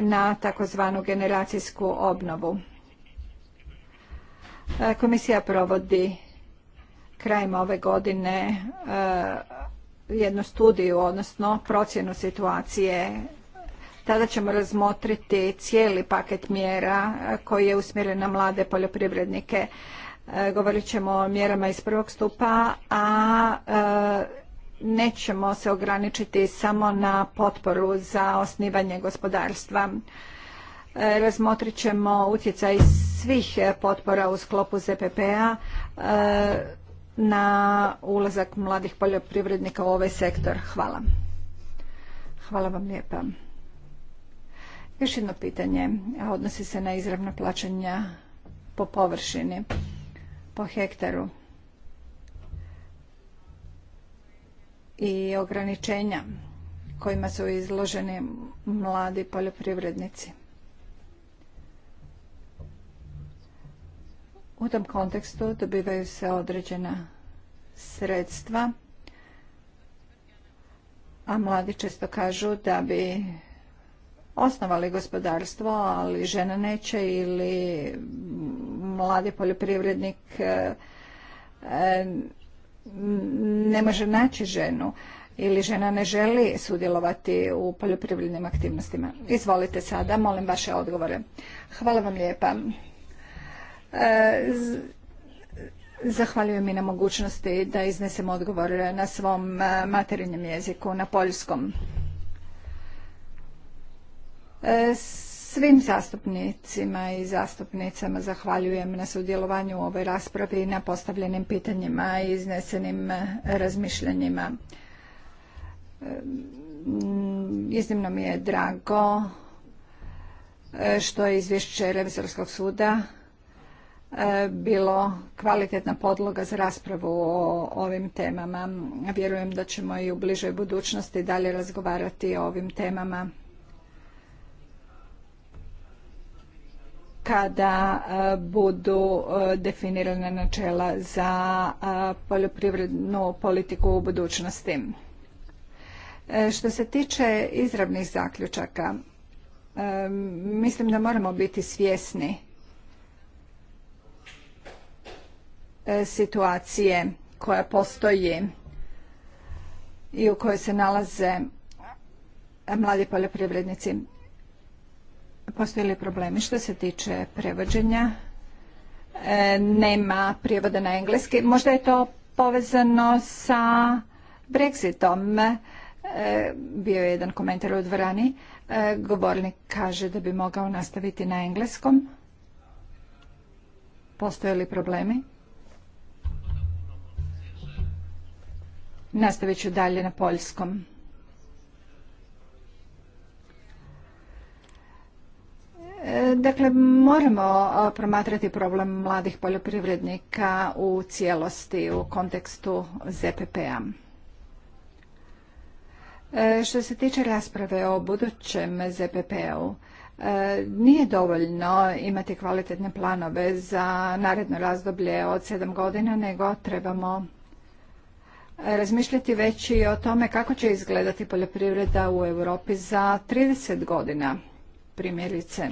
na takozvanu generacijsku obnovu. E, komisija provodi krajem ove godine e, jednu studiju, odnosno procjenu situacije. Tada ćemo razmotriti cijeli paket mjera e, koji je usmjeren na mlade poljoprivrednike. Govorit ćemo o mjerama iz prvog stupa, a nećemo se ograničiti samo na potporu za osnivanje gospodarstva. E, razmotrit ćemo utjecaj svih potpora u sklopu ZPP-a e, na ulazak mladih poljoprivrednika u ovaj sektor. Hvala. Hvala vam lijepa. Još jedno pitanje odnosi se na izravna plaćanja po površini, po hektaru. i ograničenja kojima su izloženi mladi poljoprivrednici. U tom kontekstu dobivaju se određena sredstva, a mladi često kažu da bi osnovali gospodarstvo, ali žena neće ili mladi poljoprivrednik eh, ne može naći ženu ili žena ne želi sudjelovati u poljoprivrednim aktivnostima. Izvolite sada, molim vaše odgovore. Hvala vam lijepa. E, zahvaljujem i na mogućnosti da iznesem odgovor na svom e, materinjem jeziku, na poljskom. E, Svim zastupnicima i zastupnicama zahvaljujem na sudjelovanju u ovoj raspravi i na postavljenim pitanjima i iznesenim eh, razmišljanjima. Eh, mm, iznimno mi je drago eh, što je izvješće Revizorskog suda bilo kvalitetna podloga za raspravu o ovim temama. Vjerujem da ćemo i u bližoj budućnosti dalje razgovarati o ovim temama. kada e, budu e, definirana načela za e, poljoprivrednu politiku u budućnosti. Što se tiče izravnih zaključaka, mislim da moramo biti svjesni situacije koja postoji i u kojoj se nalaze mladi poljoprivrednici. Postoje li problemi što se tiče prevođenja. E, nema prijevoda na engleski. Možda je to povezano sa Brexitom. E, bio je jedan komentar u dvorani. E, govornik kaže da bi mogao nastaviti na engleskom. Postoje li problemi? Nastavit ću dalje na poljskom. E, dakle, moramo promatrati problem mladih poljoprivrednika u cijelosti u kontekstu ZPP-a. E, što se tiče rasprave o budućem ZPP-u, e, nije dovoljno imati kvalitetne planove za naredno razdoblje od sedam godina, nego trebamo razmišljati već i o tome kako će izgledati poljoprivreda u Europi za 30 godina, primjerice.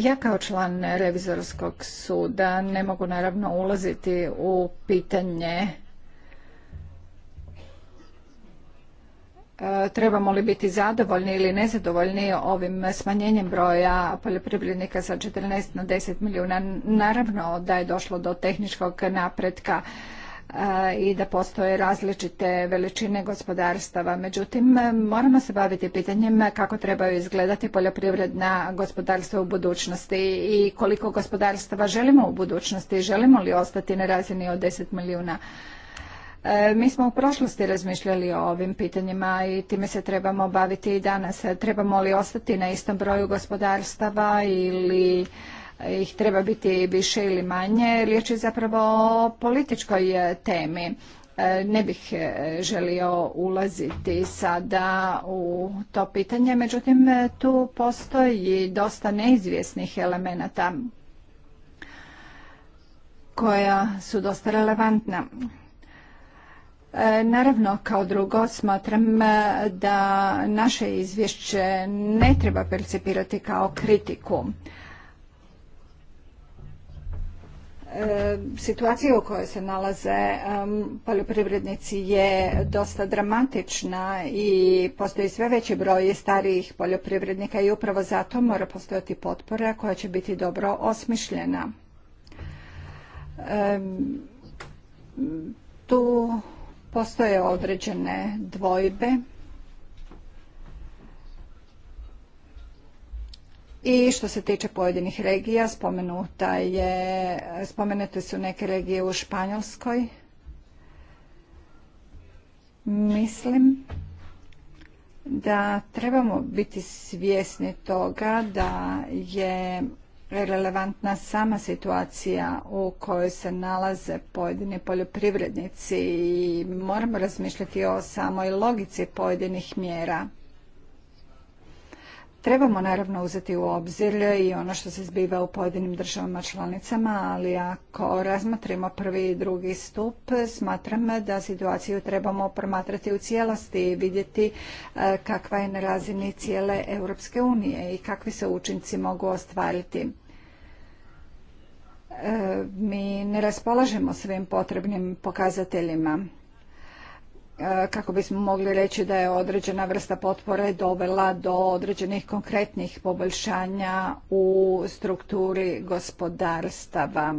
Ja kao član revizorskog suda ne mogu naravno ulaziti u pitanje e, trebamo li biti zadovoljni ili nezadovoljni ovim smanjenjem broja poljoprivrednika sa 14 na 10 milijuna. Naravno da je došlo do tehničkog napretka i da postoje različite veličine gospodarstava. Međutim, moramo se baviti pitanjem kako trebaju izgledati poljoprivredna gospodarstva u budućnosti i koliko gospodarstava želimo u budućnosti, želimo li ostati na razini od 10 milijuna. E, mi smo u prošlosti razmišljali o ovim pitanjima i time se trebamo baviti i danas. Trebamo li ostati na istom broju gospodarstava ili ih treba biti više ili manje, riječ je zapravo o političkoj e, temi. E, ne bih e, želio ulaziti sada u to pitanje, međutim tu postoji dosta neizvjesnih elemenata koja su dosta relevantna. Naravno, kao drugo, smatram da naše izvješće ne treba percipirati kao kritiku. E, situacija u kojoj se nalaze poljoprivrednici je dosta dramatična i postoji sve veći broj starijih poljoprivrednika i upravo zato mora postojati potpora koja će biti dobro osmišljena. Tu postoje određene dvojbe I što se tiče pojedinih regija, spomenuta je, spomenute su neke regije u Španjolskoj. Mislim da trebamo biti svjesni toga da je relevantna sama situacija u kojoj se nalaze pojedini poljoprivrednici i moramo razmišljati o samoj logici pojedinih mjera. Trebamo naravno uzeti u obzir i ono što se zbiva u pojedinim državama članicama, ali ako razmatrimo prvi i drugi stup, smatram da situaciju trebamo promatrati u cijelosti i vidjeti e, kakva je na razini cijele Europske unije i kakvi se učinci mogu ostvariti. E, mi ne raspolažemo svim potrebnim pokazateljima kako bismo mogli reći da je određena vrsta potpore dovela do određenih konkretnih poboljšanja u strukturi gospodarstava.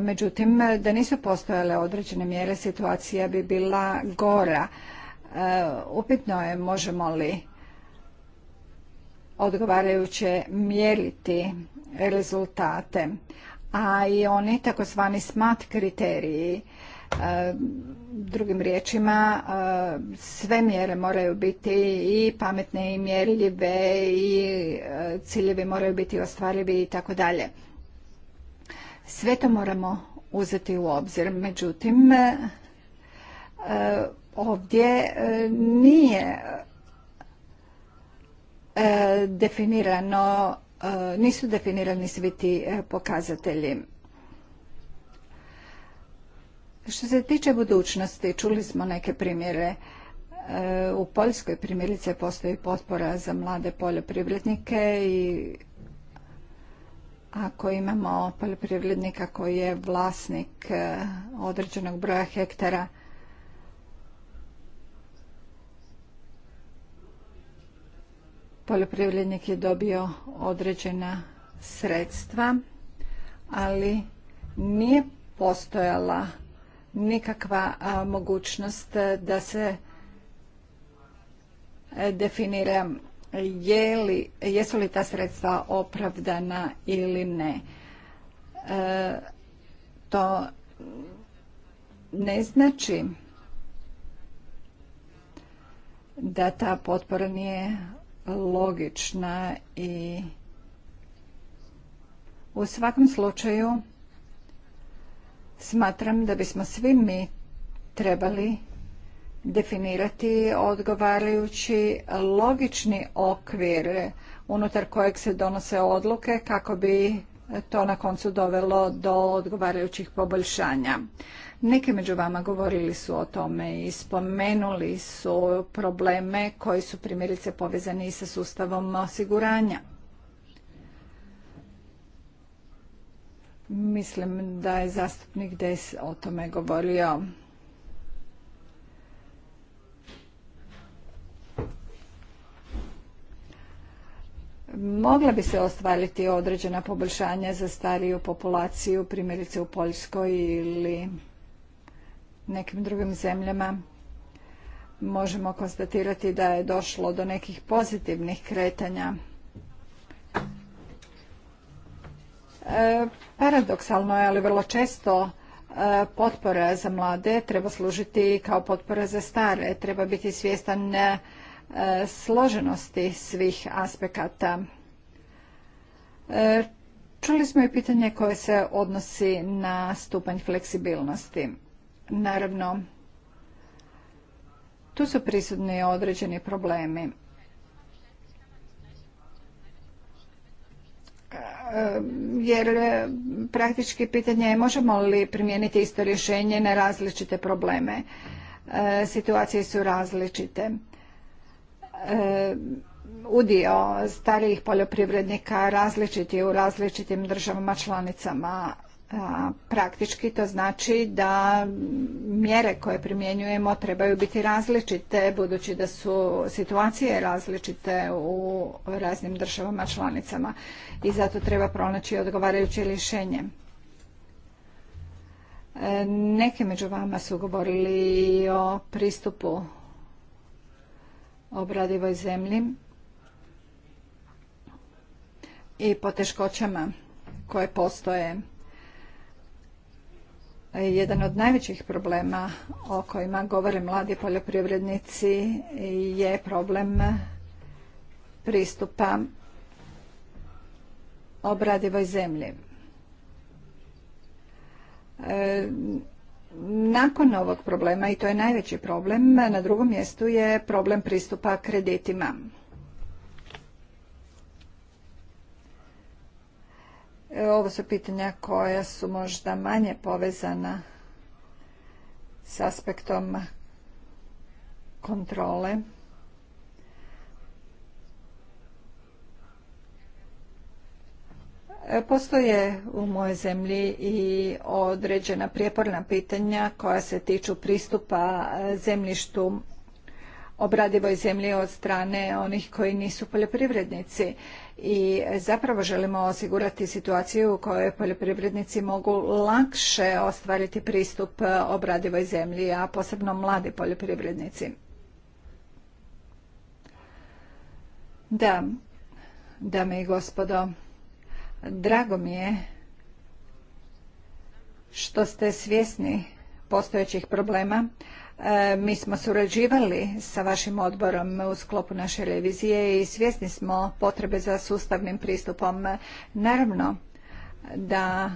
Međutim, da nisu postojale određene mjere, situacija bi bila gora. Upitno je možemo li odgovarajuće mjeriti rezultate, a i oni takozvani SMAT kriteriji Drugim riječima, sve mjere moraju biti i pametne i mjerljive i e, ciljevi moraju biti ostvarivi i tako dalje. Sve to moramo uzeti u obzir. Međutim, e, ovdje e, nije definirano, nisu definirani svi ti pokazatelji. Što se tiče budućnosti, čuli smo neke primjere. E, u Poljskoj primjerice postoji potpora za mlade poljoprivrednike i ako imamo poljoprivrednika koji je vlasnik e, određenog broja hektara, poljoprivrednik je dobio određena sredstva, ali nije postojala nikakva mogućnost e, da se e, definira jesu li ta sredstva opravdana ili ne. E, to ne znači da ta potpora nije logična i u svakom slučaju Smatram da bismo svi mi trebali definirati odgovarajući logični okvir unutar kojeg se donose odluke kako bi to na koncu dovelo do odgovarajućih poboljšanja. Neki među vama govorili su o tome i spomenuli su probleme koji su primjerice povezani i sa sustavom osiguranja. Mislim da je zastupnik Des o tome govorio. Mogla bi se ostvariti određena poboljšanja za stariju populaciju, primjerice u Poljskoj ili nekim drugim zemljama. Možemo konstatirati da je došlo do nekih pozitivnih kretanja. E, paradoksalno je, ali vrlo često e, potpora za mlade treba služiti kao potpora za stare. Treba biti svjestan e, složenosti svih aspekata. Čuli smo i pitanje koje se odnosi na stupanj fleksibilnosti. Naravno, tu su prisutni određeni problemi. Eh, jer eh, praktički pitanje je možemo li primijeniti isto rješenje na različite probleme. Eh, situacije su različite. Udio starijih poljoprivrednika različiti u različitim državama članicama praktički to znači da mjere koje primjenjujemo trebaju biti različite budući da su situacije različite u raznim državama članicama i zato treba pronaći odgovarajuće rješenje. E, Neki među vama su govorili o pristupu obradivoj zemlji i poteškoćama koje postoje jedan od najvećih problema o kojima govore mladi poljoprivrednici je problem pristupa obradivoj zemlji. E, nakon ovog problema, i to je najveći problem, na drugom mjestu je problem pristupa kreditima. E, ovo su pitanja koja su možda manje povezana s aspektom kontrole. E, postoje u mojoj zemlji i određena prijeporna pitanja koja se tiču pristupa e, zemljištu obradivoj zemlji od strane onih koji nisu poljoprivrednici i zapravo želimo osigurati situaciju u kojoj poljoprivrednici mogu lakše ostvariti pristup obradivoj zemlji, a posebno mladi poljoprivrednici. Da, dame i gospodo, drago mi je što ste svjesni postojećih problema, E, mi smo surađivali sa vašim odborom u sklopu naše revizije i svjesni smo potrebe za sustavnim pristupom. Naravno da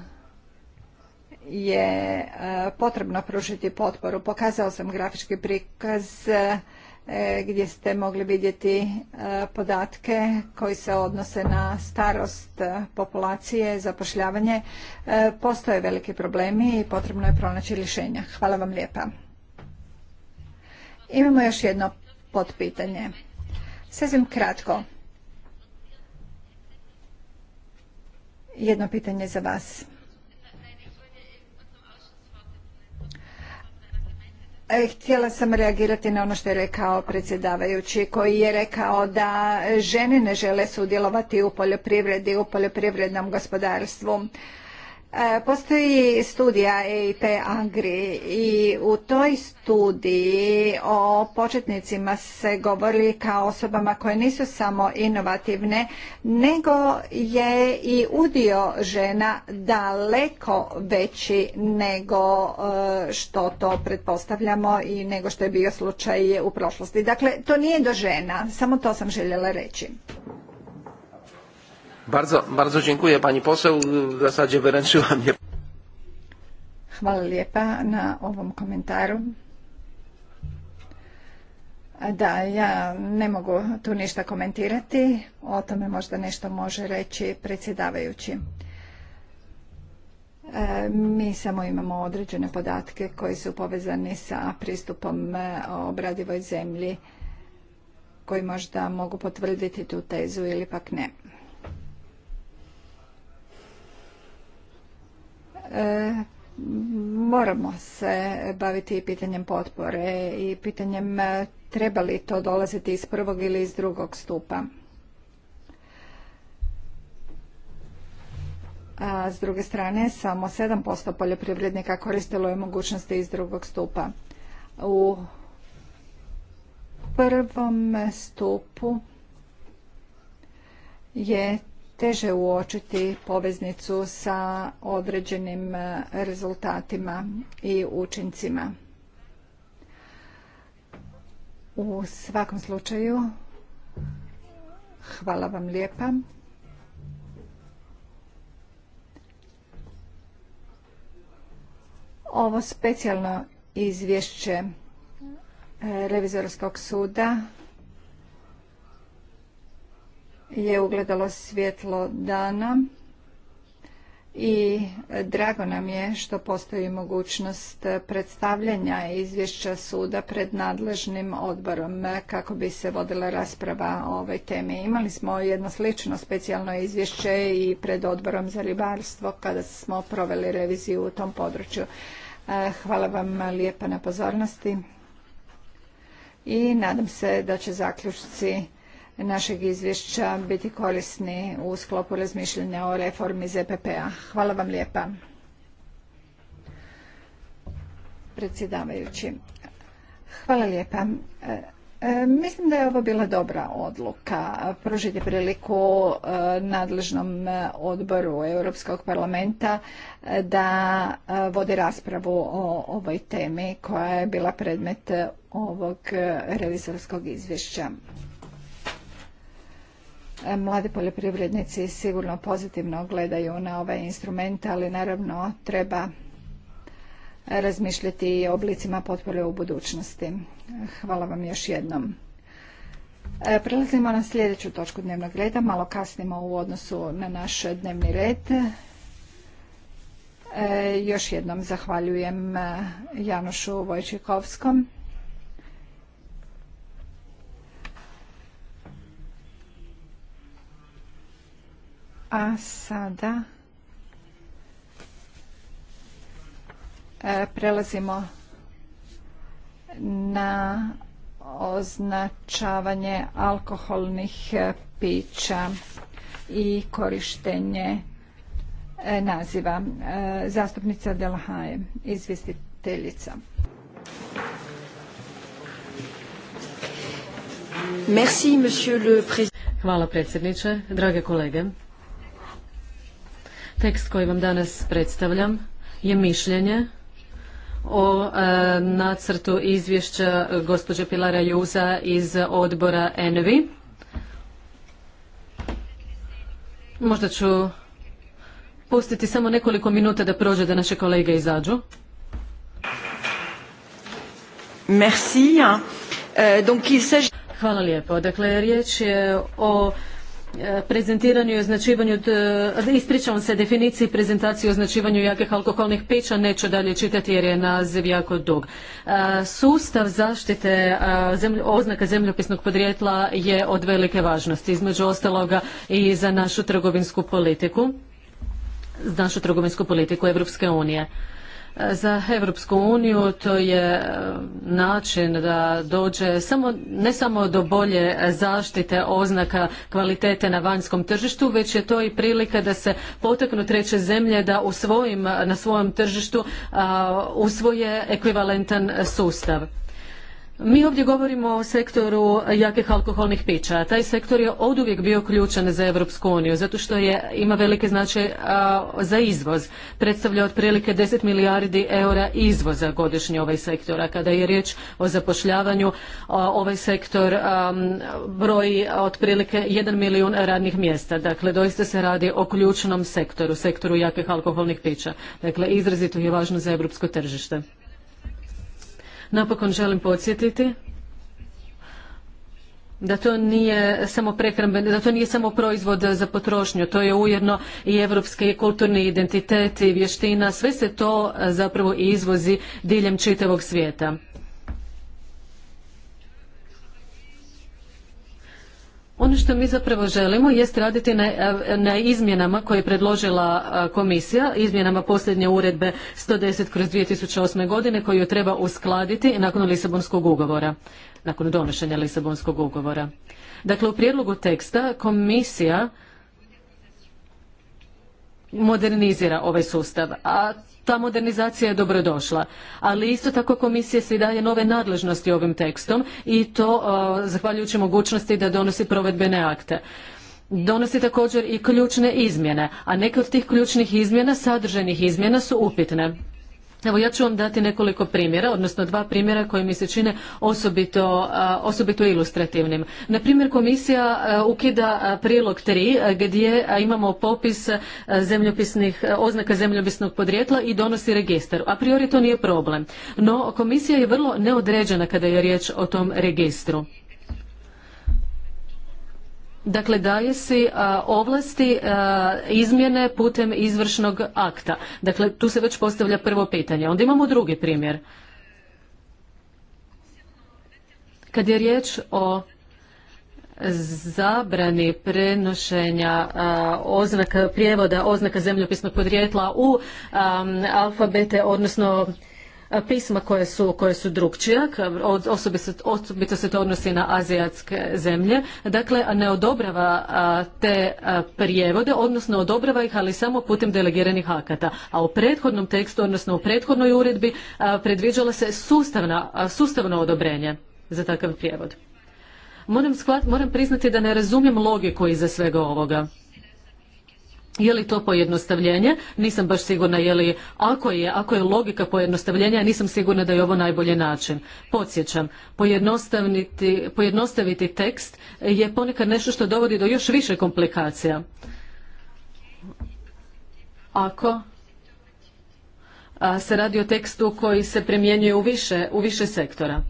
je e, potrebno pružiti potporu. Pokazao sam grafički prikaz e, gdje ste mogli vidjeti podatke koji se odnose na starost populacije, zapošljavanje. Postoje veliki problemi i potrebno je pronaći rješenja. Hvala vam lijepa. Imamo još jedno potpitanje. Sasvim kratko. Jedno pitanje za vas. E, htjela sam reagirati na ono što je rekao predsjedavajući koji je rekao da žene ne žele sudjelovati u poljoprivredi, u poljoprivrednom gospodarstvu. E, postoji studija EIP Angri i u toj studiji o početnicima se govori kao osobama koje nisu samo inovativne, nego je i udio žena daleko veći nego e, što to pretpostavljamo i nego što je bio slučaj u prošlosti. Dakle, to nije do žena, samo to sam željela reći. Bardzo, bardzo pani poseł. Hvala lijepa na ovom komentaru. Da, ja ne mogu tu ništa komentirati. O tome možda nešto može reći predsjedavajući. E, mi samo imamo određene podatke koji su povezani sa pristupom e, obradivoj zemlji koji možda mogu potvrditi tu tezu ili pak ne. moramo se baviti pitanjem potpore i pitanjem e, treba li to dolaziti iz prvog ili iz drugog stupa. A s druge strane, samo 7% poljoprivrednika koristilo je mogućnosti iz drugog stupa. U prvom stupu je teže uočiti poveznicu sa određenim e, rezultatima i učincima. U svakom slučaju, hvala vam lijepa. Ovo specijalno izvješće e, Revizorskog suda je ugledalo svjetlo dana i drago nam je što postoji mogućnost predstavljanja izvješća suda pred nadležnim odborom kako bi se vodila rasprava o ovoj temi. Imali smo jedno slično specijalno izvješće i pred odborom za ribarstvo kada smo proveli reviziju u tom području. Eh, hvala vam lijepa na pozornosti i nadam se da će zaključci našeg izvješća biti korisni u sklopu razmišljanja o reformi ZPP-a. Hvala vam lijepa. Predsjedavajući. Hvala lijepa. E, mislim da je ovo bila dobra odluka. Pružiti priliku e, nadležnom e, odboru Europskog parlamenta da vodi raspravu o ovoj temi koja je bila predmet ovog revizorskog izvješća. E, mladi poljoprivrednici sigurno pozitivno gledaju na ovaj instrumente, ali naravno treba razmišljati i o oblicima potpore u budućnosti. Hvala vam još jednom. E, prelazimo na sljedeću točku dnevnog reda. Malo kasnimo u odnosu na naš dnevni red. E, još jednom zahvaljujem Janošu Vojčikovskom. A sada e, prelazimo na označavanje alkoholnih e, pića i korištenje e, naziva. Zastupnica Delahaje, izvjestiteljica. Hvala predsjedniče, drage kolege. Tekst koji vam danas predstavljam je mišljenje o e, nacrtu izvješća gospođe Pilara Juza iz odbora ENVI. Možda ću pustiti samo nekoliko minuta da prođe da naše kolege izađu. Merci. Euh, Hvala lijepo. Dakle, riječ je o E, prezentiranju i označivanju, e, ispričavam se definiciji prezentacije i označivanju jakih alkoholnih pića, neću dalje čitati jer je naziv jako dug. E, sustav zaštite oznaka zemljopisnog podrijetla je od velike važnosti, između ostaloga i za našu trgovinsku politiku, našu trgovinsku politiku Europske unije. Za Europsku uniju to je e, način da dođe samo, ne samo do bolje zaštite oznaka kvalitete na vanjskom tržištu, već je to i prilika da se potaknu treće zemlje da u svojim, na svojem tržištu usvoje ekvivalentan sustav. Mi ovdje govorimo o sektoru jakih alkoholnih pića. Taj sektor je oduvijek bio ključan za Europsku uniju, zato što je, ima velike značaj za izvoz. Predstavlja otprilike 10 milijardi eura izvoza godišnje ovaj sektor. A kada je riječ o zapošljavanju, ovaj sektor broji otprilike 1 milijun radnih mjesta. Dakle, doista se radi o ključnom sektoru, sektoru jakih alkoholnih pića. Dakle, izrazito je važno za europsko tržište. Napokon želim podsjetiti da to nije samo prehrambeni, da to nije samo proizvod za potrošnju, to je ujedno i europski kulturni identitet i vještina, sve se to zapravo izvozi diljem čitavog svijeta. Ono što mi zapravo želimo jest raditi na, na izmjenama koje je predložila komisija, izmjenama posljednje uredbe 110 kroz 2008. godine koju treba uskladiti nakon Lisabonskog ugovora, nakon donošenja Lisabonskog ugovora. Dakle, u prijedlogu teksta komisija modernizira ovaj sustav, a ta modernizacija je dobrodošla. Ali isto tako komisija se i daje nove nadležnosti ovim tekstom i to uh, zahvaljujući mogućnosti da donosi provedbene akte. Donosi također i ključne izmjene, a neke od tih ključnih izmjena, sadržajnih izmjena su upitne. Evo ja ću vam dati nekoliko primjera, odnosno dva primjera koji mi se čine osobito, ilustrativnim. Na primjer, komisija ukida prilog 3 gdje imamo popis zemljopisnih, oznaka zemljopisnog podrijetla i donosi registar. A priori to nije problem. No, komisija je vrlo neodređena kada je riječ o tom registru. Dakle, daje si ovlasti izmjene putem izvršnog akta. Dakle, tu se već postavlja prvo pitanje. Onda imamo drugi primjer. Kad je riječ o zabrani prenošenja prijevoda oznaka zemljopisnog podrijetla u alfabete, odnosno pisma koje su, koje su osobito se to odnosi na azijatske zemlje, dakle ne odobrava te prijevode, odnosno odobrava ih ali samo putem delegiranih akata. A u prethodnom tekstu, odnosno u prethodnoj uredbi predviđala se sustavna, sustavno odobrenje za takav prijevod. moram priznati da ne razumijem logiku iza svega ovoga. Je li to pojednostavljenje? Nisam baš sigurna je li, ako je, ako je logika pojednostavljenja, nisam sigurna da je ovo najbolji način. Podsjećam, pojednostaviti tekst je ponekad nešto što dovodi do još više komplikacija. Ako se radi o tekstu koji se primjenjuje u više, u više sektora.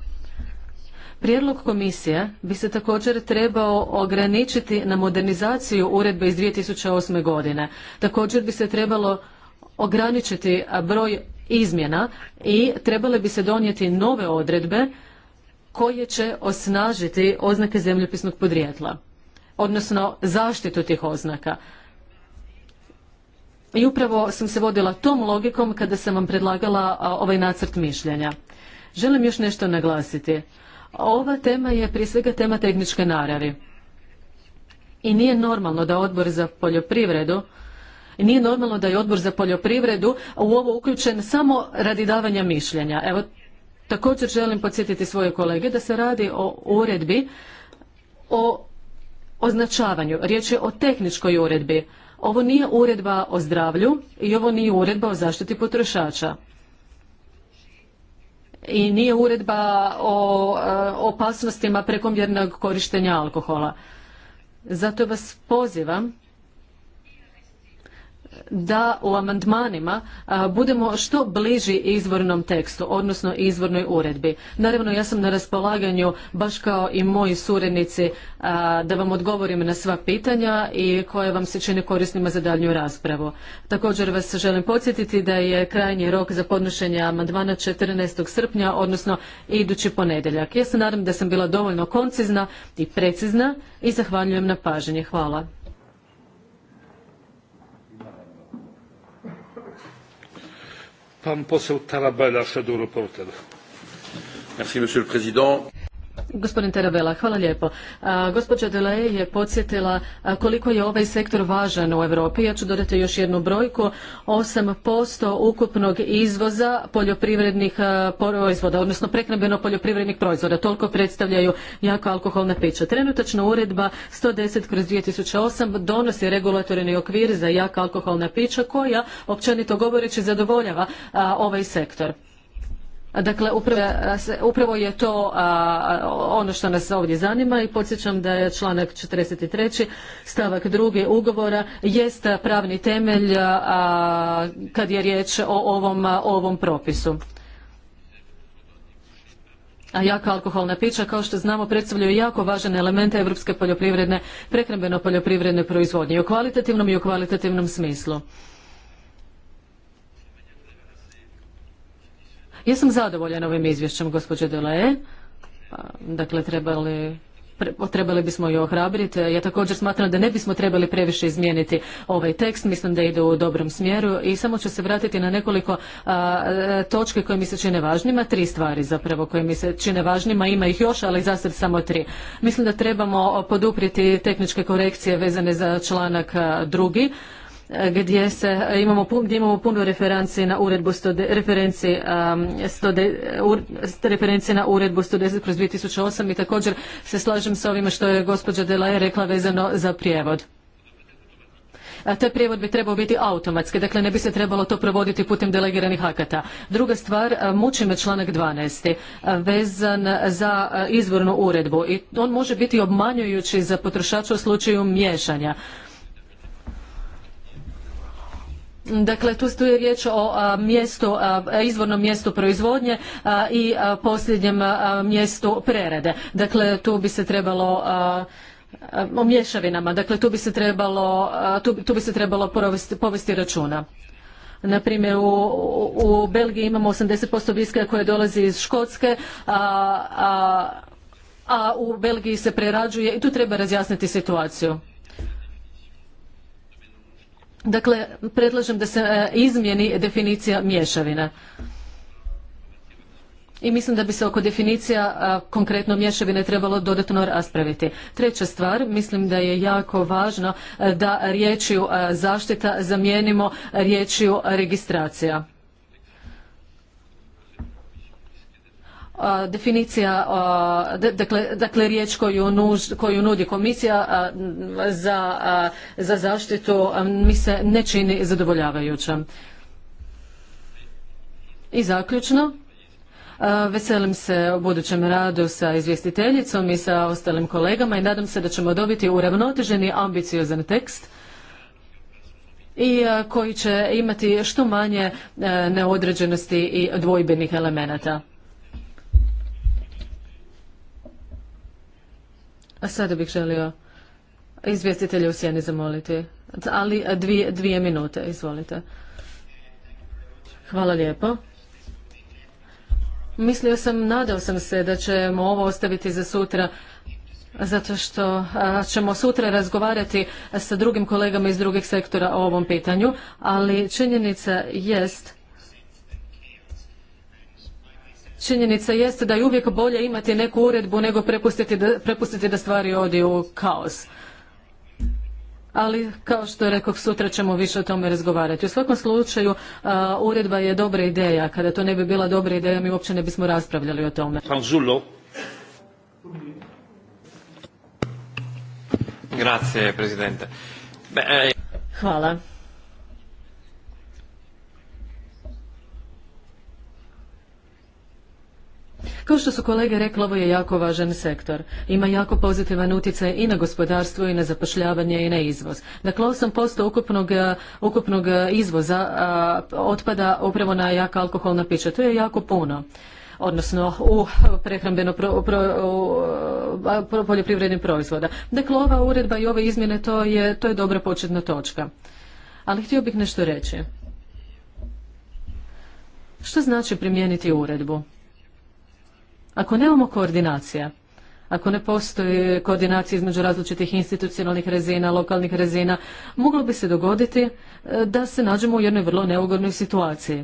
Prijedlog komisije bi se također trebao ograničiti na modernizaciju uredbe iz 2008. godine. Također bi se trebalo ograničiti broj izmjena i trebale bi se donijeti nove odredbe koje će osnažiti oznake zemljopisnog podrijetla, odnosno zaštitu tih oznaka. I upravo sam se vodila tom logikom kada sam vam predlagala ovaj nacrt mišljenja. Želim još nešto naglasiti. Ova tema je prije svega tema tehničke naravi. I nije normalno da odbor za poljoprivredu nije normalno da je odbor za poljoprivredu u ovo uključen samo radi davanja mišljenja. Evo, također želim podsjetiti svoje kolege da se radi o uredbi o označavanju. Riječ je o tehničkoj uredbi. Ovo nije uredba o zdravlju i ovo nije uredba o zaštiti potrošača i nije uredba o e, opasnostima prekomjernog korištenja alkohola. Zato vas pozivam da u amandmanima budemo što bliži izvornom tekstu, odnosno izvornoj uredbi. Naravno, ja sam na raspolaganju, baš kao i moji suradnici, da vam odgovorim na sva pitanja i koje vam se čine korisnima za daljnju raspravu. Također vas želim podsjetiti da je krajnji rok za podnošenje amandmana 14. srpnja, odnosno idući ponedjeljak. Ja se nadam da sam bila dovoljno koncizna i precizna i zahvaljujem na pažnje. Hvala. Pan poseł Tarabella, shadow reporter. Merci, monsieur le président. Gospodin Terabela, hvala lijepo. Gospođa Deleje je podsjetila koliko je ovaj sektor važan u Europi. Ja ću dodati još jednu brojku. 8% ukupnog izvoza poljoprivrednih proizvoda, odnosno prehrambeno poljoprivrednih proizvoda. Toliko predstavljaju jako alkoholna pića. Trenutačna uredba 110 kroz 2008 donosi regulatorni okvir za jaka alkoholna pića koja, općenito govoreći, zadovoljava ovaj sektor. Dakle, upravo je to ono što nas ovdje zanima i podsjećam da je članak 43. stavak 2. ugovora jest pravni temelj kad je riječ o ovom, ovom propisu. A jaka alkoholna pića, kao što znamo, predstavljaju jako važan element europske poljoprivredne, prehrambeno poljoprivredne proizvodnje i u kvalitativnom i u kvalitativnom smislu. Ja sam zadovoljan ovim izvješćem, gospođe Dele. Pa, dakle, trebali bismo ju ohrabriti. Ja također smatram da ne bismo trebali previše izmijeniti ovaj tekst. Mislim da ide u dobrom smjeru i samo ću se vratiti na nekoliko e, točke koje mi se čine važnima. Tri stvari zapravo koje mi se čine važnima. Ima ih još, ali za samo tri. Mislim da trebamo poduprijeti tehničke korekcije vezane za članak drugi gdje, se, e, imamo, gdje imamo puno referenci na uredbu referencije referenci, na uredbu 110 kroz 2008 i također se slažem sa ovime što je gospođa Delaje rekla vezano za prijevod. A taj prijevod bi trebao biti automatski, dakle ne bi se trebalo to provoditi putem delegiranih akata. Druga stvar, muči me članak 12. vezan za izvornu uredbu i on može biti obmanjujući za potrošača u slučaju miješanja. Dakle, tu, je riječ o mjestu, izvornom mjestu proizvodnje i posljednjem mjestu prerade. Dakle, tu bi se trebalo o mješavinama, dakle tu bi se trebalo, tu, bi se trebalo povesti, računa. Na primjer, u, Belgiji imamo 80% viske koje dolazi iz Škotske, a u Belgiji se prerađuje i tu treba razjasniti situaciju. Dakle, predlažem da se e, izmijeni definicija mješavina. I mislim da bi se oko definicija e, konkretno mješavine trebalo dodatno raspraviti. Treća stvar, mislim da je jako važno e, da riječju zaštita zamijenimo riječju registracija. definicija, dakle, dakle, riječ koju, nudi komisija za, zaštitu mi se ne čini zadovoljavajućom. I zaključno, veselim se u budućem radu sa izvjestiteljicom i sa ostalim kolegama i nadam se da ćemo dobiti uravnoteženi ambiciozan tekst i koji će imati što manje neodređenosti i dvojbenih elemenata. A sada bih želio izvjestitelje u sjeni zamoliti, ali e, dvije, dvije minute, izvolite. Hvala lijepo. Mislio sam, nadao sam se da ćemo ovo ostaviti za sutra, zato što ćemo sutra razgovarati sa drugim kolegama iz drugih sektora o ovom pitanju, ali činjenica jest Činjenica jeste da je uvijek bolje imati neku uredbu nego prepustiti da, stvari ode u kaos. Ali, kao što rekao sutra ćemo više o tome razgovarati. U svakom slučaju, uredba je dobra ideja. Kada to ne bi bila dobra ideja, mi uopće ne bismo raspravljali o tome. Eh, Hvala. Kao što su kolege rekli, ovo je jako važan sektor. Ima jako pozitivan utjecaj i na gospodarstvo i na zapošljavanje i na izvoz. Dakle, 8% ukupnog, e, ukupnog e, izvoza otpada upravo na jaka alkoholna pića. To je jako puno odnosno u prehrambeno pro, poljoprivrednim proizvoda. Dakle, ova uredba i ove izmjene to je, to je dobra početna točka. Ali htio bih nešto reći. Što znači primijeniti uredbu? Ako nemamo koordinacija, ako ne postoji koordinacija između različitih institucionalnih razina, lokalnih razina, moglo bi se dogoditi e, da se nađemo u jednoj vrlo neugodnoj situaciji.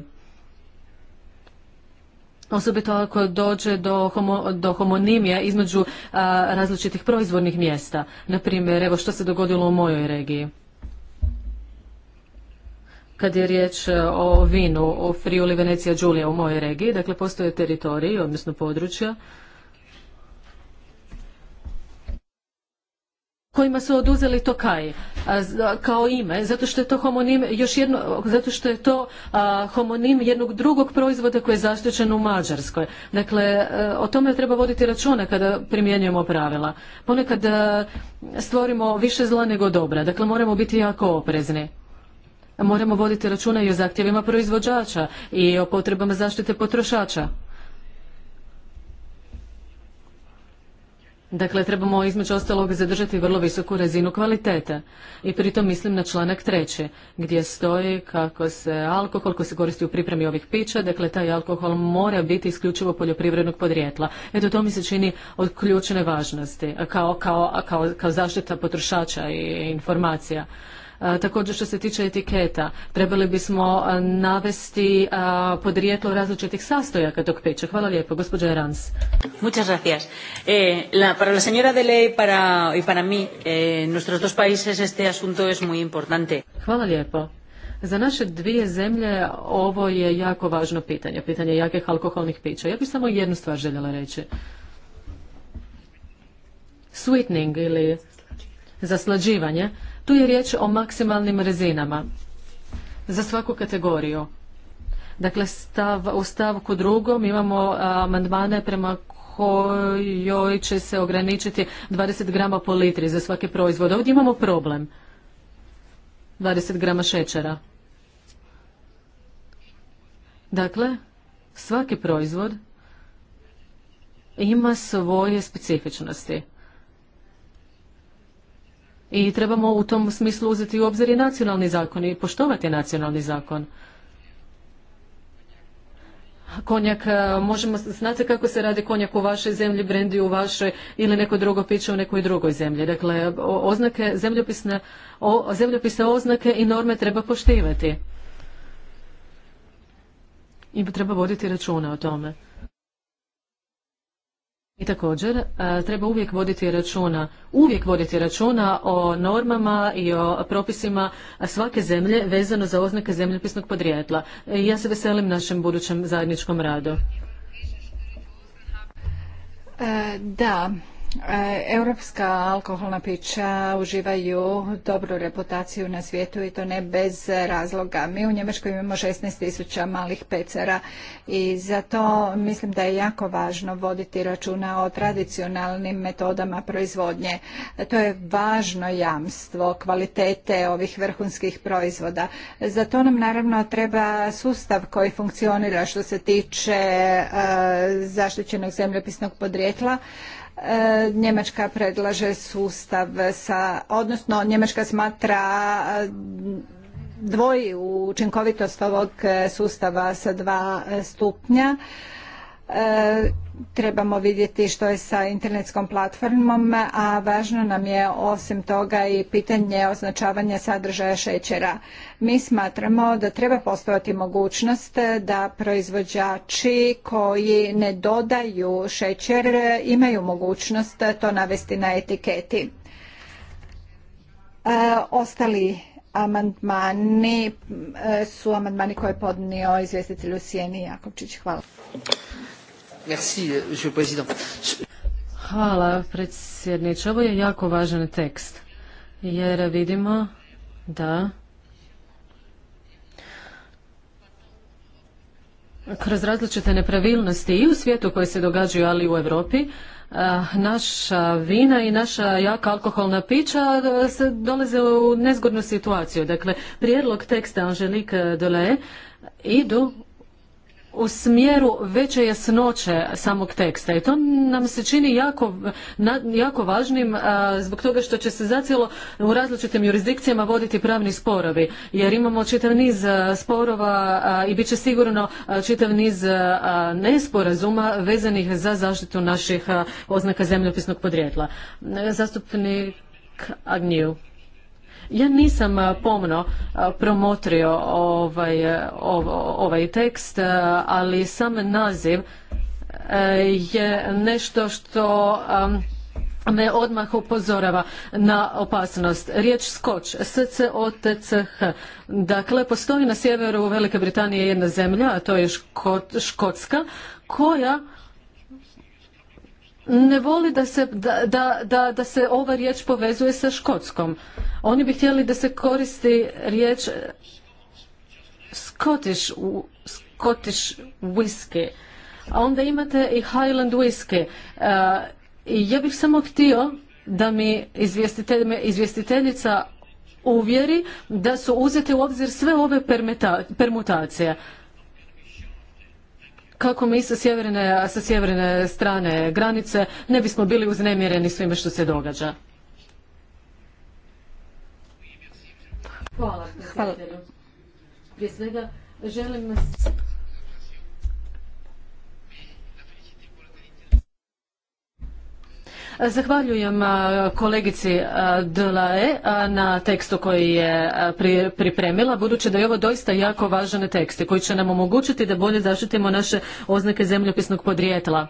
Osobito ako dođe do, do homonimija između različitih proizvodnih mjesta. Naprimjer, evo što se dogodilo u mojoj regiji kad je riječ e, o vinu, o Friuli, Venecija, Đulija u mojoj regiji. Dakle, postoje teritoriji, odnosno područja, kojima su oduzeli Tokaj kao ime, zato što je to homonim, još jedno, zato što je to homonim jednog drugog proizvoda koji je zaštićen u Mađarskoj. Dakle, e, o tome treba voditi računa kada primjenjujemo pravila. Ponekad e, stvorimo više zla nego dobra, dakle moramo biti jako oprezni moramo voditi računa i o zahtjevima proizvođača i o potrebama zaštite potrošača. Dakle, trebamo između ostalog zadržati vrlo visoku razinu kvalitete. I pritom mislim na članak treći, gdje stoji kako se alkohol koji se koristi u pripremi ovih pića, dakle taj alkohol mora biti isključivo poljoprivrednog podrijetla. Eto, to mi se čini od ključne važnosti, kao, kao zaštita potrošača i informacija. Također što se tiče etiketa, trebali bismo navesti podrijetlo različitih sastojaka tog pića. Hvala lijepo, gospođa Rans. Muchas gracias. Eh, la, para la señora Dele para, y para mí, eh, nuestros dos países este asunto es muy importante. Hvala lijepo. Za naše dvije zemlje ovo je jako važno pitanje, pitanje jakih alkoholnih pića. Ja bih samo jednu stvar željela reći. Sweetening ili zaslađivanje tu je riječ o maksimalnim razinama za svaku kategoriju. Dakle, stav, u stavku drugom imamo amandmane prema kojoj će se ograničiti 20 grama po litri za svaki proizvod. Ovdje imamo problem. 20 grama šećera. Dakle, svaki proizvod ima svoje specifičnosti i trebamo u tom smislu uzeti u obzir i nacionalni zakon i poštovati nacionalni zakon. Konjak, e, možemo, znate kako se radi konjak u vašoj zemlji, brendi u vašoj ili neko drugo piće u nekoj drugoj zemlji. Dakle, oznake, zemljopisne, zemljopisne oznake i norme treba poštivati. I treba voditi računa o tome. I također e, treba uvijek voditi računa, uvijek voditi računa o normama i o propisima svake zemlje vezano za oznake zemljopisnog podrijetla. E, ja se veselim našem budućem zajedničkom radu. E, da, E, europska alkoholna pića uživaju dobru reputaciju na svijetu i to ne bez razloga. Mi u Njemačkoj imamo 16.000 tisuća malih pecara i zato mislim da je jako važno voditi računa o tradicionalnim metodama proizvodnje. To je važno jamstvo kvalitete ovih vrhunskih proizvoda. Za to nam naravno treba sustav koji funkcionira što se tiče e, zaštićenog zemljopisnog podrijetla Njemačka predlaže sustav sa, odnosno Njemačka smatra e, dvoji učinkovitost ovog e, sustava sa dva e, stupnja. E, trebamo vidjeti što je sa internetskom platformom, a važno nam je osim toga i pitanje označavanja sadržaja šećera. Mi smatramo da treba postojati mogućnost da proizvođači koji ne dodaju šećer imaju mogućnost to navesti na etiketi. E, ostali amandmani e, su amandmani koje je podnio izvjestitelj u Sijeni Jakovčić. Hvala. Euh, Hvala, predsjedniče. Ovo je jako važan tekst, jer vidimo da kroz različite nepravilnosti i u svijetu koje se događaju, ali i u Europi, eh, naša vina i naša jaka alkoholna pića eh, se dolaze u nezgodnu situaciju. Dakle, prijedlog teksta Angelique Dole idu u smjeru veće jasnoće samog teksta i to nam se čini jako, važnim zbog toga što će se zacijelo u različitim jurisdikcijama voditi pravni sporovi jer imamo čitav niz sporova i bit će sigurno čitav niz nesporazuma vezanih za zaštitu naših oznaka zemljopisnog podrijetla. Zastupnik Agniju. Ja nisam pomno promotrio ovaj, ovaj tekst, ali sam naziv je nešto što me odmah upozorava na opasnost. Riječ skoč, SCOTCH. Dakle, postoji na sjeveru Velike Britanije jedna zemlja, a to je Škotska, koja ne voli da se, da, da, da, se ova riječ povezuje sa škotskom. Oni bi htjeli da se koristi riječ Scottish, Scottish whisky. A onda imate i Highland whisky. Uh, ja bih samo htio da mi izvjestitelj, izvjestiteljica uvjeri da su uzete u obzir sve ove permutacije kako mi sa sjeverne, sa sjeverne strane granice ne bismo bili uznemireni svime što se događa. Hvala. Hvala. Prije svega želim Zahvaljujem kolegici Dlae na tekstu koji je pripremila, budući da je ovo doista jako važan tekst koji će nam omogućiti da bolje zaštitimo naše oznake zemljopisnog podrijetla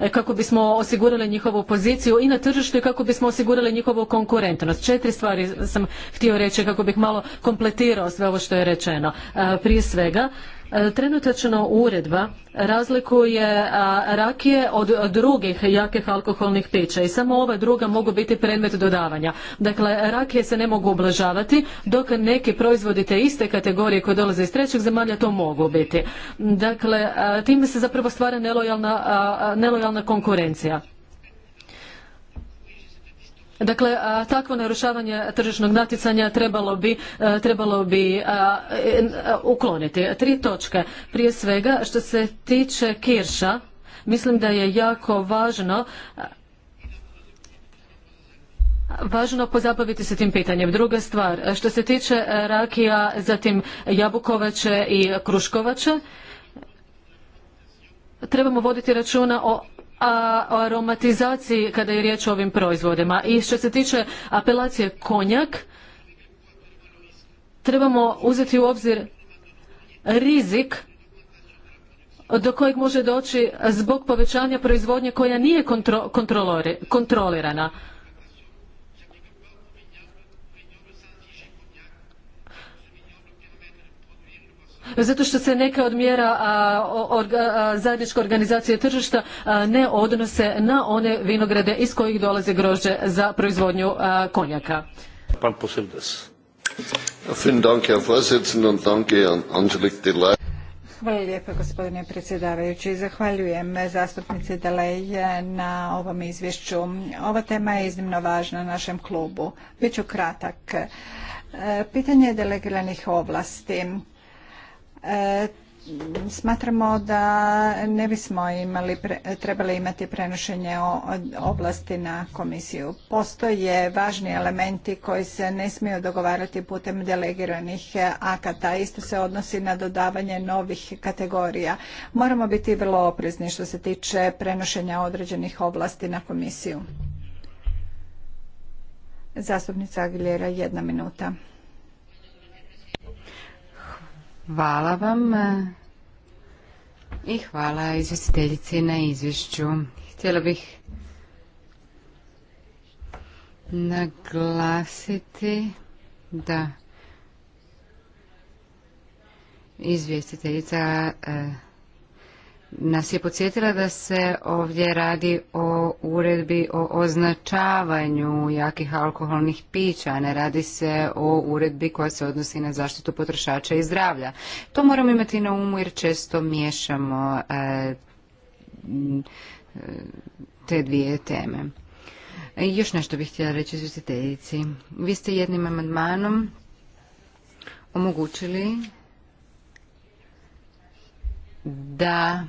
e, kako bismo osigurali njihovu poziciju i na tržištu i kako bismo osigurali njihovu konkurentnost. Četiri stvari sam htio reći kako bih malo kompletirao sve ovo što je rečeno. E, prije svega, E, trenutačno uredba razlikuje rakije od drugih jakih alkoholnih pića i samo ova druga mogu biti predmet dodavanja. Dakle, rakije se ne mogu oblažavati dok neki proizvodi te iste kategorije koje dolaze iz trećeg zemalja to mogu biti. Dakle, time se zapravo stvara nelojalna konkurencija. Dakle, takvo narušavanje tržišnog natjecanja trebalo bi, ukloniti. Tri točke. Prije svega, što se tiče kirša, mislim da je jako važno važno pozabaviti se tim pitanjem. Druga stvar, što se tiče rakija, zatim jabukovače i kruškovače, trebamo voditi računa o a aromatizaciji kada je riječ o ovim proizvodima. I što se tiče apelacije konjak, trebamo uzeti u obzir rizik do kojeg može doći zbog povećanja proizvodnje koja nije kontrolirana. zato što se neke od mjera zajedničke organizacije tržišta ne odnose na one vinograde iz kojih dolaze grožđe za proizvodnju konjaka. Pan Hvala lijepa gospodine predsjedavajući. Zahvaljujem zastupnici Delej na ovom izvješću. Ova tema je iznimno važna našem klubu. Biću kratak. E, pitanje delegiranih ovlasti E, smatramo da ne bismo imali, trebali imati prenošenje oblasti na komisiju. Postoje važni elementi koji se ne smiju dogovarati putem delegiranih akata. Isto se odnosi na dodavanje novih kategorija. Moramo biti vrlo oprezni što se tiče prenošenja određenih oblasti na komisiju. Zastupnica Aguilera, jedna minuta. Hvala vam i hvala izvjestiteljici na izvješću. Htjela bih naglasiti da izvjestiteljica eh, nas je podsjetila da se ovdje radi o uredbi o označavanju jakih alkoholnih pića, a ne radi se o uredbi koja se odnosi na zaštitu potrošača i zdravlja. To moramo imati na umu jer često miješamo e, e, te dvije teme. E, još nešto bih htjela reći izvjestiteljici. Vi ste jednim amandmanom omogućili da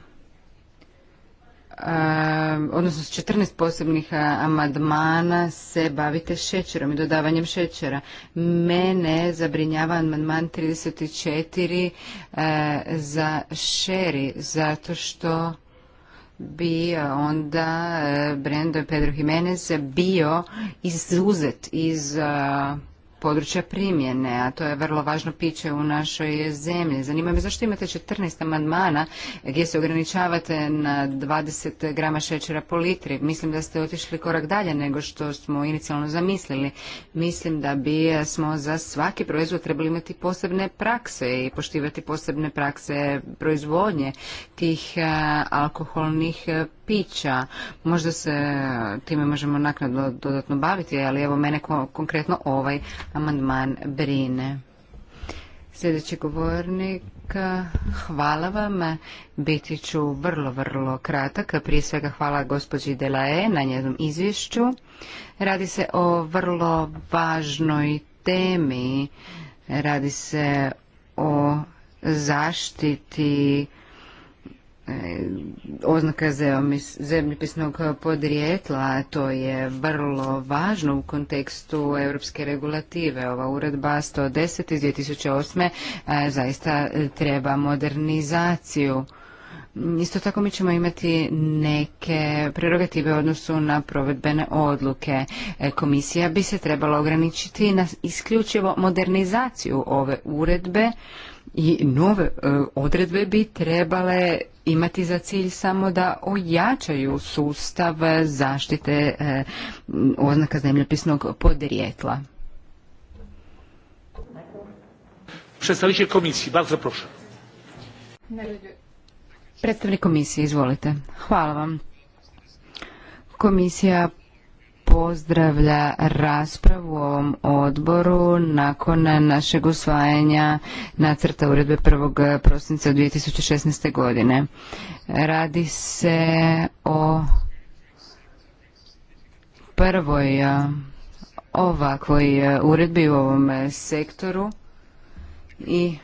Ehm, odnosno s 14 posebnih amandmana se bavite šećerom i dodavanjem šećera. Mene zabrinjava amandman 34 e, za šeri, zato što bi onda e, Brendo Pedro Jimenez bio izuzet iz područja primjene, a to je vrlo važno piće u našoj zemlji. Zanima me zašto imate 14 amandmana gdje se ograničavate na 20 grama šećera po litri. Mislim da ste otišli korak dalje nego što smo inicijalno zamislili. Mislim da bi e, smo za svaki proizvod trebali imati posebne prakse i poštivati posebne prakse proizvodnje tih e, alkoholnih e, pića. Možda se time možemo naknadno dodatno baviti, ali evo mene konkretno ovaj amandman brine. Sljedeći govornik, hvala vam. Biti ću vrlo, vrlo kratak. Prije svega hvala gospođi Delae na njenom izvješću. Radi se o vrlo važnoj temi. Radi se o zaštiti E, oznaka zemljepisnog podrijetla, to je vrlo važno u kontekstu europske regulative. Ova uredba 110 iz 2008. E, zaista treba modernizaciju. Isto tako mi ćemo imati neke prerogative u odnosu na provedbene odluke. E, komisija bi se trebala ograničiti na isključivo modernizaciju ove uredbe i nove e, odredbe bi trebale imati za cilj samo da ojačaju sustav zaštite e, oznaka zemljopisnog podrijetla. Predstavniče komisije, bardzo Predstavnik komisije, izvolite. Hvala vam. Komisija pozdravlja raspravu u ovom odboru nakon našeg usvajanja nacrta uredbe 1. prosinca 2016. godine. Radi se o prvoj ovakvoj uredbi u ovom sektoru i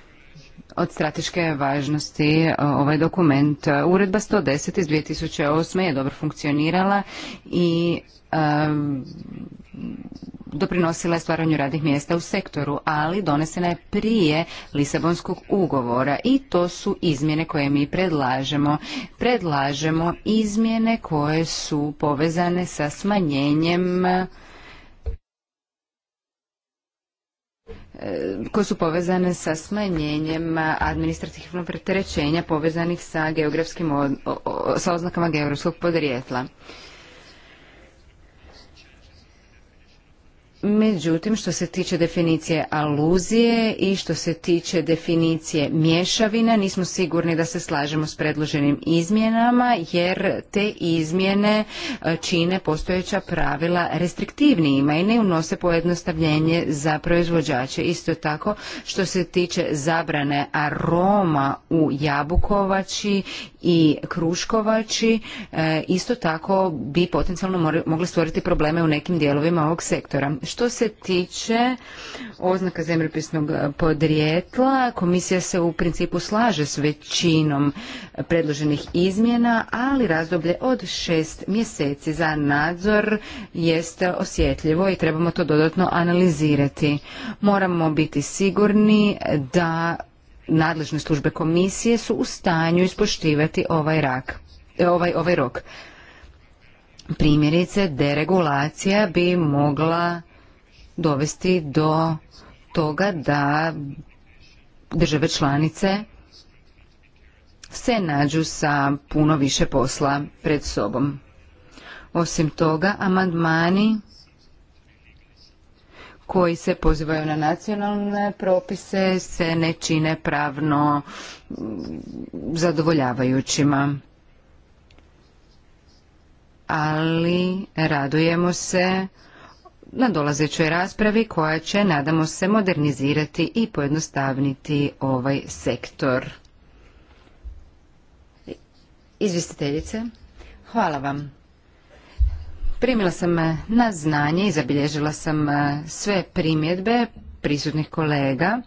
od strateške važnosti ovaj dokument. Uredba 110 iz 2008. je dobro funkcionirala i doprinosila je stvaranju radnih mjesta u sektoru, ali donesena je prije Lisabonskog ugovora i to su izmjene koje mi predlažemo. Predlažemo izmjene koje su povezane sa smanjenjem koje su povezane sa smanjenjem administrativnog preterećenja povezanih sa geografskim, sa oznakama geografskog podrijetla. Međutim, što se tiče definicije aluzije i što se tiče definicije mješavina, nismo sigurni da se slažemo s predloženim izmjenama, jer te izmjene e, čine postojeća pravila restriktivnijima i ne unose pojednostavljenje za proizvođače. Isto tako, što se tiče zabrane aroma u jabukovači i kruškovači, e, isto tako bi potencijalno mogli stvoriti probleme u nekim dijelovima ovog sektora što se tiče oznaka zemljopisnog podrijetla, komisija se u principu slaže s većinom predloženih izmjena, ali razdoblje od šest mjeseci za nadzor jeste osjetljivo i trebamo to dodatno analizirati. Moramo biti sigurni da nadležne službe komisije su u stanju ispoštivati ovaj, ovaj, ovaj rok. Primjerice, deregulacija bi mogla dovesti do toga da države članice se nađu sa puno više posla pred sobom. Osim toga, amandmani koji se pozivaju na nacionalne propise se ne čine pravno zadovoljavajućima. Ali radujemo se na nadolazećoj raspravi koja će, nadamo se, modernizirati i pojednostavniti ovaj sektor. Izvjestiteljice, hvala vam. Primila sam eh, na znanje i zabilježila sam eh, sve primjedbe prisutnih kolega.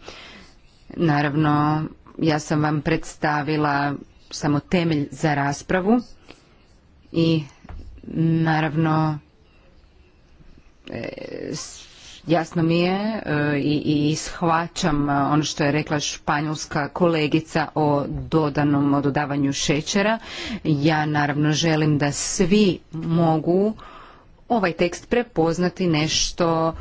Naravno, ja sam vam predstavila samo temelj za raspravu i naravno E, jasno mi je e, i, shvaćam e, ono što je rekla španjolska kolegica o dodanom dodavanju šećera. Ja naravno želim da svi mogu ovaj tekst prepoznati nešto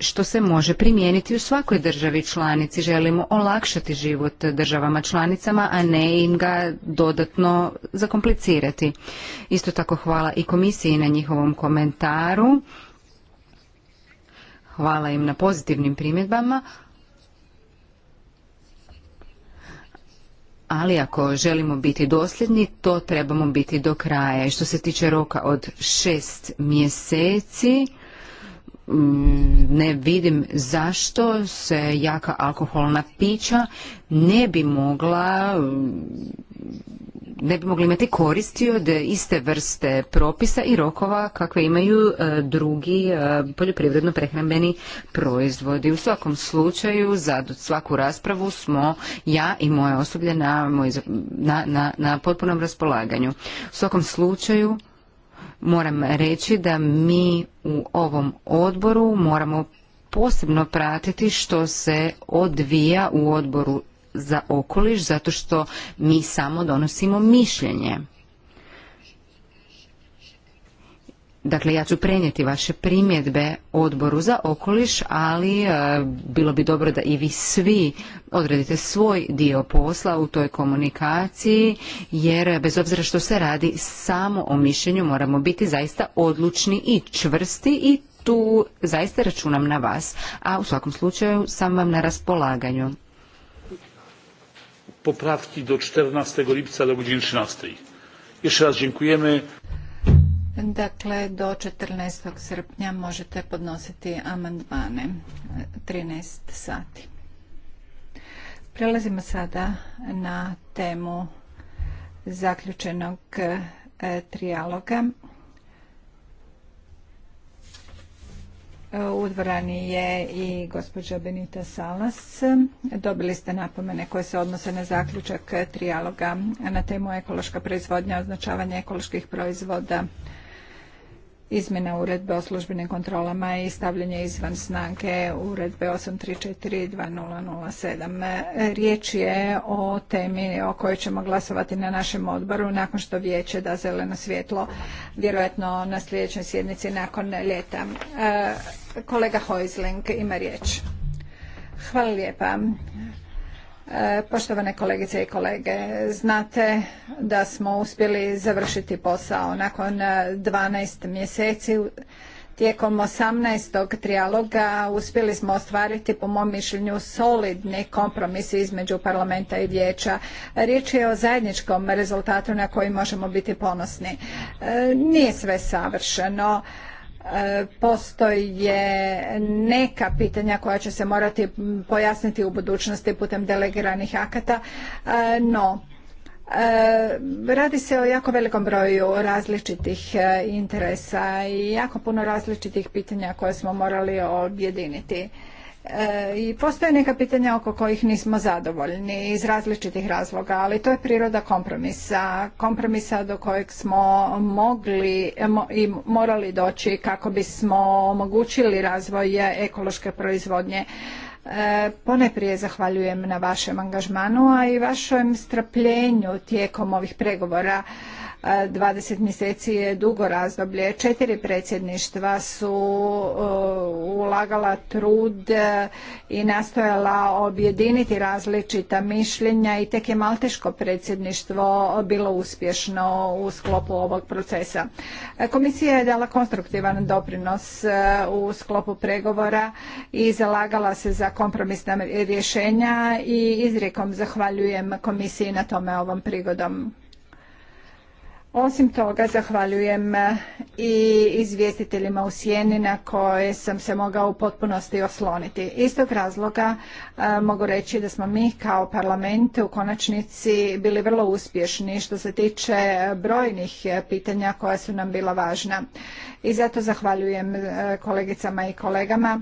što se može primijeniti u svakoj državi članici. Želimo olakšati život državama članicama, a ne im ga dodatno zakomplicirati. Isto tako hvala i komisiji na njihovom komentaru Hvala im na pozitivnim primjedbama. Ali ako želimo biti dosljedni, to trebamo biti do kraja. I što se tiče roka od šest mjeseci, Mm, ne vidim zašto se jaka alkoholna pića ne bi mogla mm, ne bi mogli imati koristi od iste vrste propisa i rokova kakve imaju e, drugi e, poljoprivredno prehrambeni proizvodi. U svakom slučaju za svaku raspravu smo ja i moje osoblje na, na potpunom raspolaganju. U svakom slučaju moram reći da mi u ovom odboru moramo posebno pratiti što se odvija u odboru za okoliš zato što mi samo donosimo mišljenje Dakle, ja ću prenijeti vaše primjedbe odboru za okoliš, ali e, bilo bi dobro da i vi svi odredite svoj dio posla u toj komunikaciji, jer bez obzira što se radi samo o mišljenju, moramo biti zaista odlučni i čvrsti i tu zaista računam na vas. A u svakom slučaju sam vam na raspolaganju. Popravki do 14. lipca do godine 13. raz dziękujemy. Dakle, do 14. srpnja možete podnositi amandmane 13 sati. Prelazimo sada na temu zaključenog e, trijaloga. E, u dvorani je i gospođa Benita Salas. Dobili ste napomene koje se odnose na zaključak trijaloga na temu ekološka proizvodnja, označavanje ekoloških proizvoda, izmjena uredbe o službenim kontrolama i stavljanje izvan snage uredbe 834-2007. Riječ je o temi o kojoj ćemo glasovati na našem odboru nakon što vijeće da zeleno svjetlo, vjerojatno na sljedećoj sjednici nakon ljeta. E, kolega Hojzling ima riječ. Hvala lijepa. E, poštovane kolegice i kolege, znate da smo uspjeli završiti posao nakon 12 e, mjeseci Tijekom 18. trijaloga uspjeli smo ostvariti, po mom mišljenju, solidni kompromis između parlamenta i vijeća. Riječ je o zajedničkom rezultatu na koji možemo biti ponosni. E, nije sve savršeno postoje neka pitanja koja će se morati pojasniti u budućnosti putem delegiranih akata, e, no e, Radi se o jako velikom broju različitih e, interesa i jako puno različitih pitanja koje smo morali objediniti. E, I postoje neka pitanja oko kojih nismo zadovoljni iz različitih razloga, ali to je priroda kompromisa, kompromisa do kojeg smo mogli i morali doći kako bismo omogućili razvoj ekološke proizvodnje. E, Poneprije zahvaljujem na vašem angažmanu, a i vašem strpljenju tijekom ovih pregovora 20 mjeseci je dugo razdoblje. Četiri predsjedništva su ulagala trud e, i nastojala objediniti različita mišljenja i tek je malteško predsjedništvo bilo uspješno u sklopu ovog procesa. E, komisija je dala konstruktivan doprinos e, u sklopu pregovora i zalagala se za kompromisna rješenja i izrijekom zahvaljujem komisiji na tome ovom prigodom. Osim toga, zahvaljujem e, i izvjestiteljima u Sjeni na koje sam se mogao u potpunosti osloniti. Istog razloga e, mogu reći da smo mi kao parlament u konačnici bili vrlo uspješni što se tiče brojnih pitanja koja su nam bila važna. I zato zahvaljujem e, kolegicama i kolegama.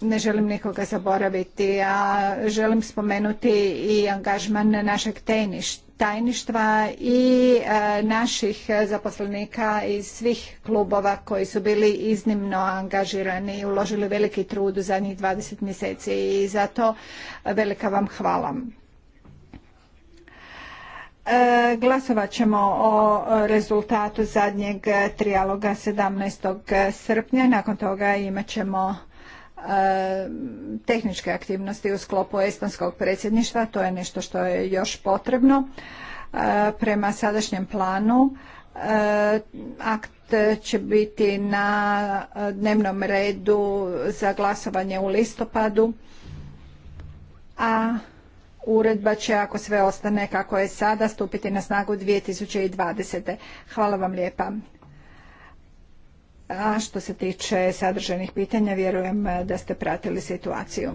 ne želim nikoga zaboraviti, a želim spomenuti i angažman našeg teništa tajništva i e, naših zaposlenika iz svih klubova koji su bili iznimno angažirani i uložili veliki trud u zadnjih 20 mjeseci i zato velika vam hvala. E, glasovat ćemo o rezultatu zadnjeg trijaloga 17. srpnja. Nakon toga imat ćemo E, tehničke aktivnosti u sklopu estonskog predsjedništva. To je nešto što je još potrebno. E, prema sadašnjem planu e, akt će biti na dnevnom redu za glasovanje u listopadu, a uredba će, ako sve ostane kako je sada, stupiti na snagu 2020. Hvala vam lijepa. A što se tiče sadržajnih pitanja, vjerujem da ste pratili situaciju.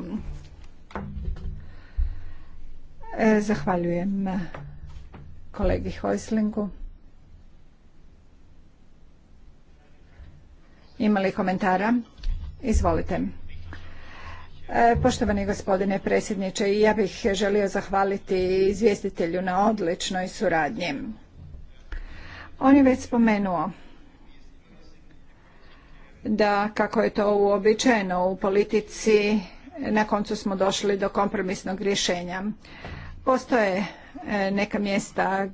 E, zahvaljujem kolegi Hojslingu. Ima li komentara? Izvolite. E, poštovani gospodine predsjedniče, ja bih želio zahvaliti izvjestitelju na odličnoj suradnji. On je već spomenuo da kako je to uobičajeno u politici na koncu smo došli do kompromisnog rješenja. Postoje e, neka mjesta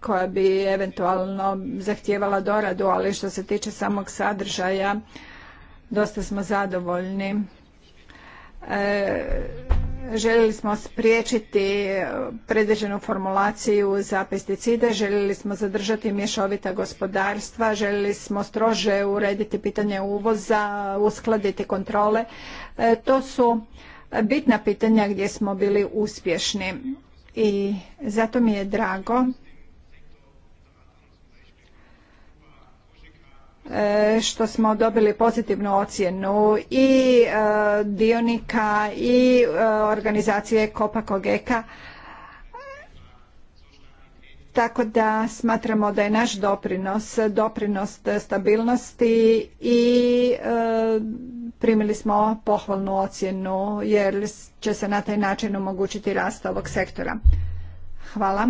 koja bi eventualno zahtijevala doradu, ali što se tiče samog sadržaja dosta smo zadovoljni. E, Željeli smo spriječiti predviđenu formulaciju za pesticide, željeli smo zadržati mješovita gospodarstva, željeli smo strože urediti pitanje uvoza, uskladiti kontrole. E, to su bitna pitanja gdje smo bili uspješni i zato mi je drago E, što smo dobili pozitivnu ocjenu i e, dionika i e, organizacije Kopa Kogeka. Tako da smatramo da je naš doprinos, doprinos stabilnosti i primili smo pohvalnu ocjenu jer će se na taj način omogućiti rast ovog sektora. Hvala.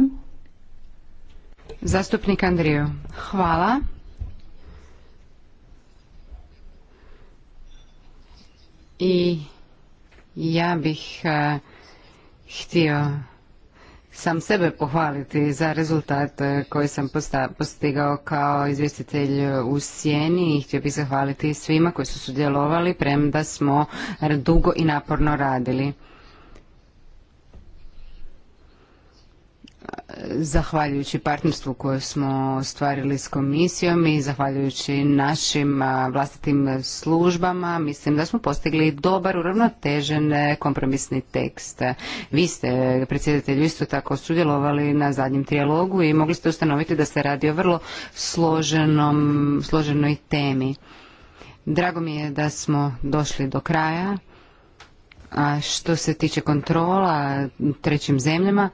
Zastupnik Andriju. Hvala. I ja bih e, htio sam sebe pohvaliti za rezultat e, koji sam postigao kao izvjestitelj u sjeni i htio bih zahvaliti svima koji su sudjelovali premda smo dugo i naporno radili. zahvaljujući partnerstvu koje smo ostvarili s komisijom i zahvaljujući našim vlastitim službama, mislim da smo postigli dobar, uravnotežen e, kompromisni tekst. Vi ste, predsjedatelju, isto tako sudjelovali na zadnjem trijalogu i mogli ste ustanoviti da se radi o vrlo složenoj temi. Drago mi je da smo došli do kraja. A što se tiče kontrola trećim zemljama,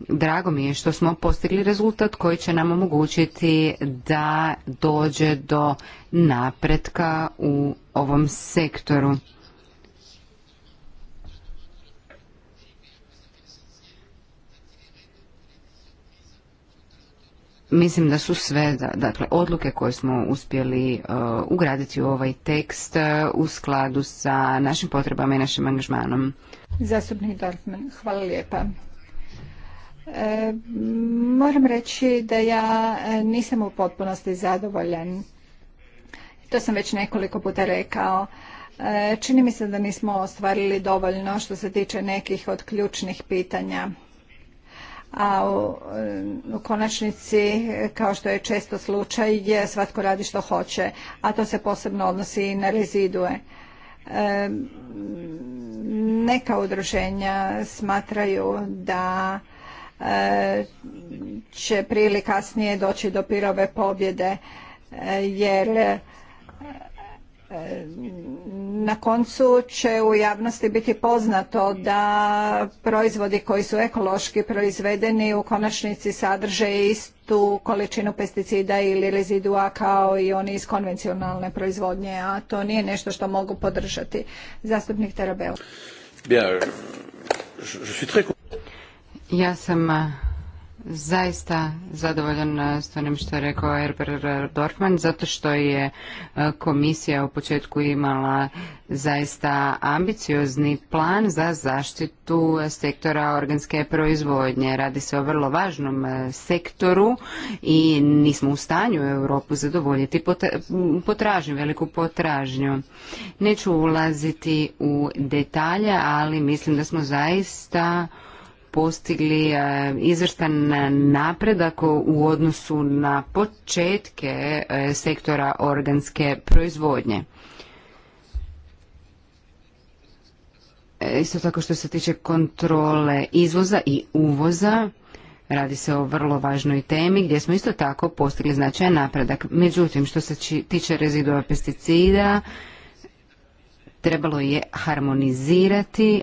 Drago mi je što smo postigli rezultat koji će nam omogućiti da dođe do napretka u ovom sektoru. Mislim da su sve dakle odluke koje smo uspjeli uh, ugraditi u ovaj tekst uh, u skladu sa našim potrebama i našim angažmanom. Zasobni Dorfman, hvala lijepa. E, moram reći da ja e, nisam u potpunosti zadovoljan. To sam već nekoliko puta rekao. E, čini mi se da nismo ostvarili dovoljno što se tiče nekih od ključnih pitanja. A u, konačnici, kao što je često slučaj, svatko radi što hoće, a to se posebno odnosi i na rezidue. Neka udruženja smatraju da će prije ili kasnije doći do pirove pobjede e, jer e, na koncu će u javnosti biti poznato da proizvodi koji su ekološki proizvedeni u konačnici sadrže istu količinu pesticida ili rezidua kao i oni iz konvencionalne proizvodnje, a to nije nešto što mogu podržati. Zastupnik Terabel. Ja sam zaista zadovoljan s onim što je rekao Herbert Dorfman zato što je komisija u početku imala zaista ambiciozni plan za zaštitu sektora organske proizvodnje. Radi se o vrlo važnom sektoru i nismo u stanju Europu zadovoljiti potražnju, veliku potražnju. Neću ulaziti u detalje, ali mislim da smo zaista postigli e, izvrstan napredak u odnosu na početke e, sektora organske proizvodnje. E, isto tako što se tiče kontrole izvoza i uvoza, Radi se o vrlo važnoj temi gdje smo isto tako postigli značajan napredak. Međutim, što se tiče rezidova pesticida, trebalo je harmonizirati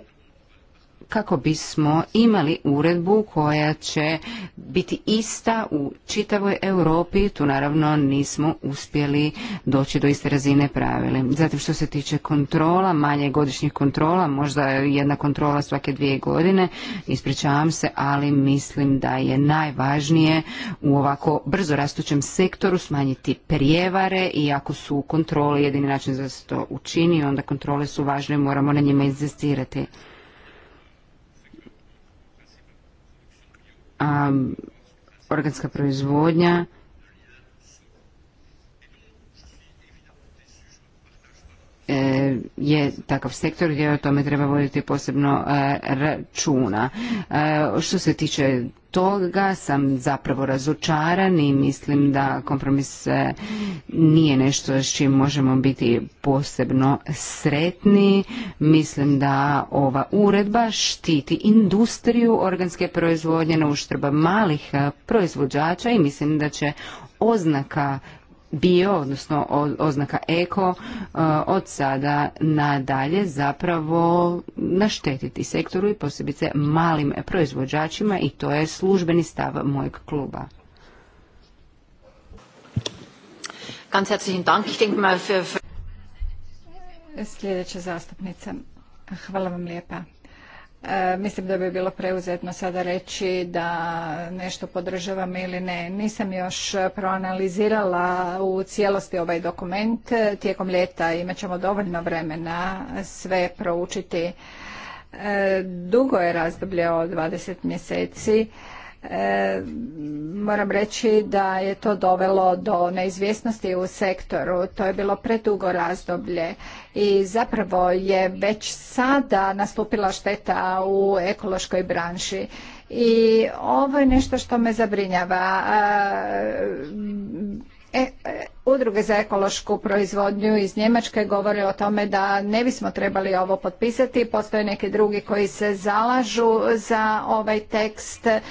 kako bismo imali uredbu koja će biti ista u čitavoj Europi. Tu naravno nismo uspjeli doći do iste razine pravili. Zatim što se tiče kontrola, manje godišnjih kontrola, možda jedna kontrola svake dvije godine, ispričavam se, ali mislim da je najvažnije u ovako brzo rastućem sektoru smanjiti prijevare i ako su kontrole jedini način da se to učini, onda kontrole su važne, moramo na njima inzistirati. organska proizvodnja E, je takav sektor gdje o tome treba voditi posebno e, računa. E, što se tiče toga sam zapravo razočaran i mislim da kompromis nije nešto s čim možemo biti posebno sretni. Mislim da ova uredba štiti industriju organske proizvodnje na uštrba malih proizvođača i mislim da će oznaka bio, odnosno oznaka eko, e, od sada nadalje zapravo naštetiti sektoru i posebice malim proizvođačima i to je službeni stav mojeg kluba. Ganz herzlichen Sljedeća zastupnica. Hvala vam lijepa. E, mislim da bi bilo preuzetno sada reći da nešto podržavam ili ne. Nisam još proanalizirala u cijelosti ovaj dokument. Tijekom ljeta imat ćemo dovoljno vremena sve proučiti. E, dugo je razdoblje od 20 mjeseci E, moram reći da je to dovelo do neizvjesnosti u sektoru. To je bilo predugo razdoblje i zapravo je već sada nastupila šteta u ekološkoj branši. I ovo je nešto što me zabrinjava. E, e, udruge za ekološku proizvodnju iz Njemačke govore o tome da ne bismo trebali ovo potpisati. Postoje neki drugi koji se zalažu za ovaj tekst. E,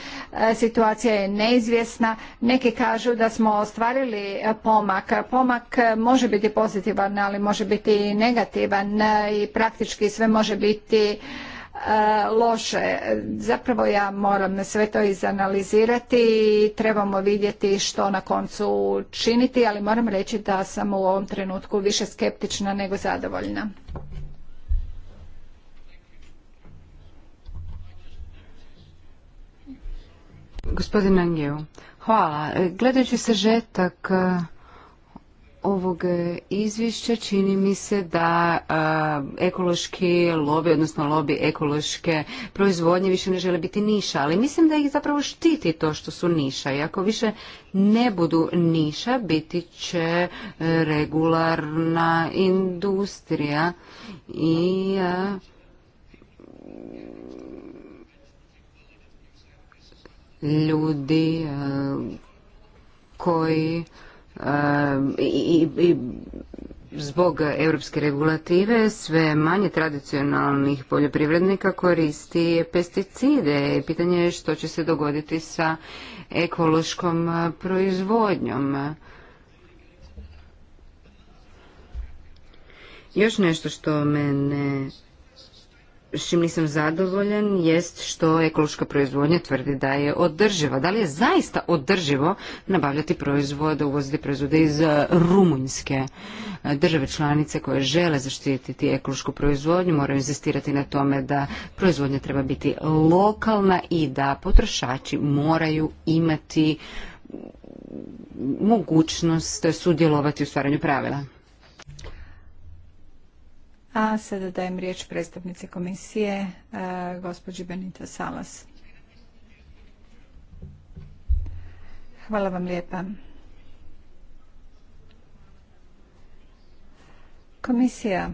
situacija je neizvjesna. Neki kažu da smo ostvarili pomak. Pomak može biti pozitivan, ali može biti i negativan e, i praktički sve može biti E, loše. Zapravo ja moram sve to izanalizirati i trebamo vidjeti što na koncu činiti, ali moram reći da sam u ovom trenutku više skeptična nego zadovoljna. Gospodin Angiju, hvala. E, gledajući sažetak e, ovog izvješća čini mi se da ekološki lobi, odnosno lobi ekološke proizvodnje više ne žele biti niša, ali mislim da ih zapravo štiti to što su niša i ako više ne budu niša biti će e, regularna industrija i ljudi koji i, zbog europske regulative sve manje tradicionalnih poljoprivrednika koristi pesticide. Pitanje je što će se dogoditi sa ekološkom proizvodnjom. Još nešto što mene s čim nisam zadovoljan jest što ekološka proizvodnja tvrdi da je održiva. Da li je zaista održivo nabavljati proizvode, uvoziti proizvode iz e, Rumunjske? E, države članice koje žele zaštititi ekološku proizvodnju moraju insistirati na tome da proizvodnja treba biti lokalna i da potrošači moraju imati mogućnost sudjelovati u stvaranju pravila. A sada dajem riječ predstavnici komisije, e, gospođi Benita Salas. Hvala vam lijepa. Komisija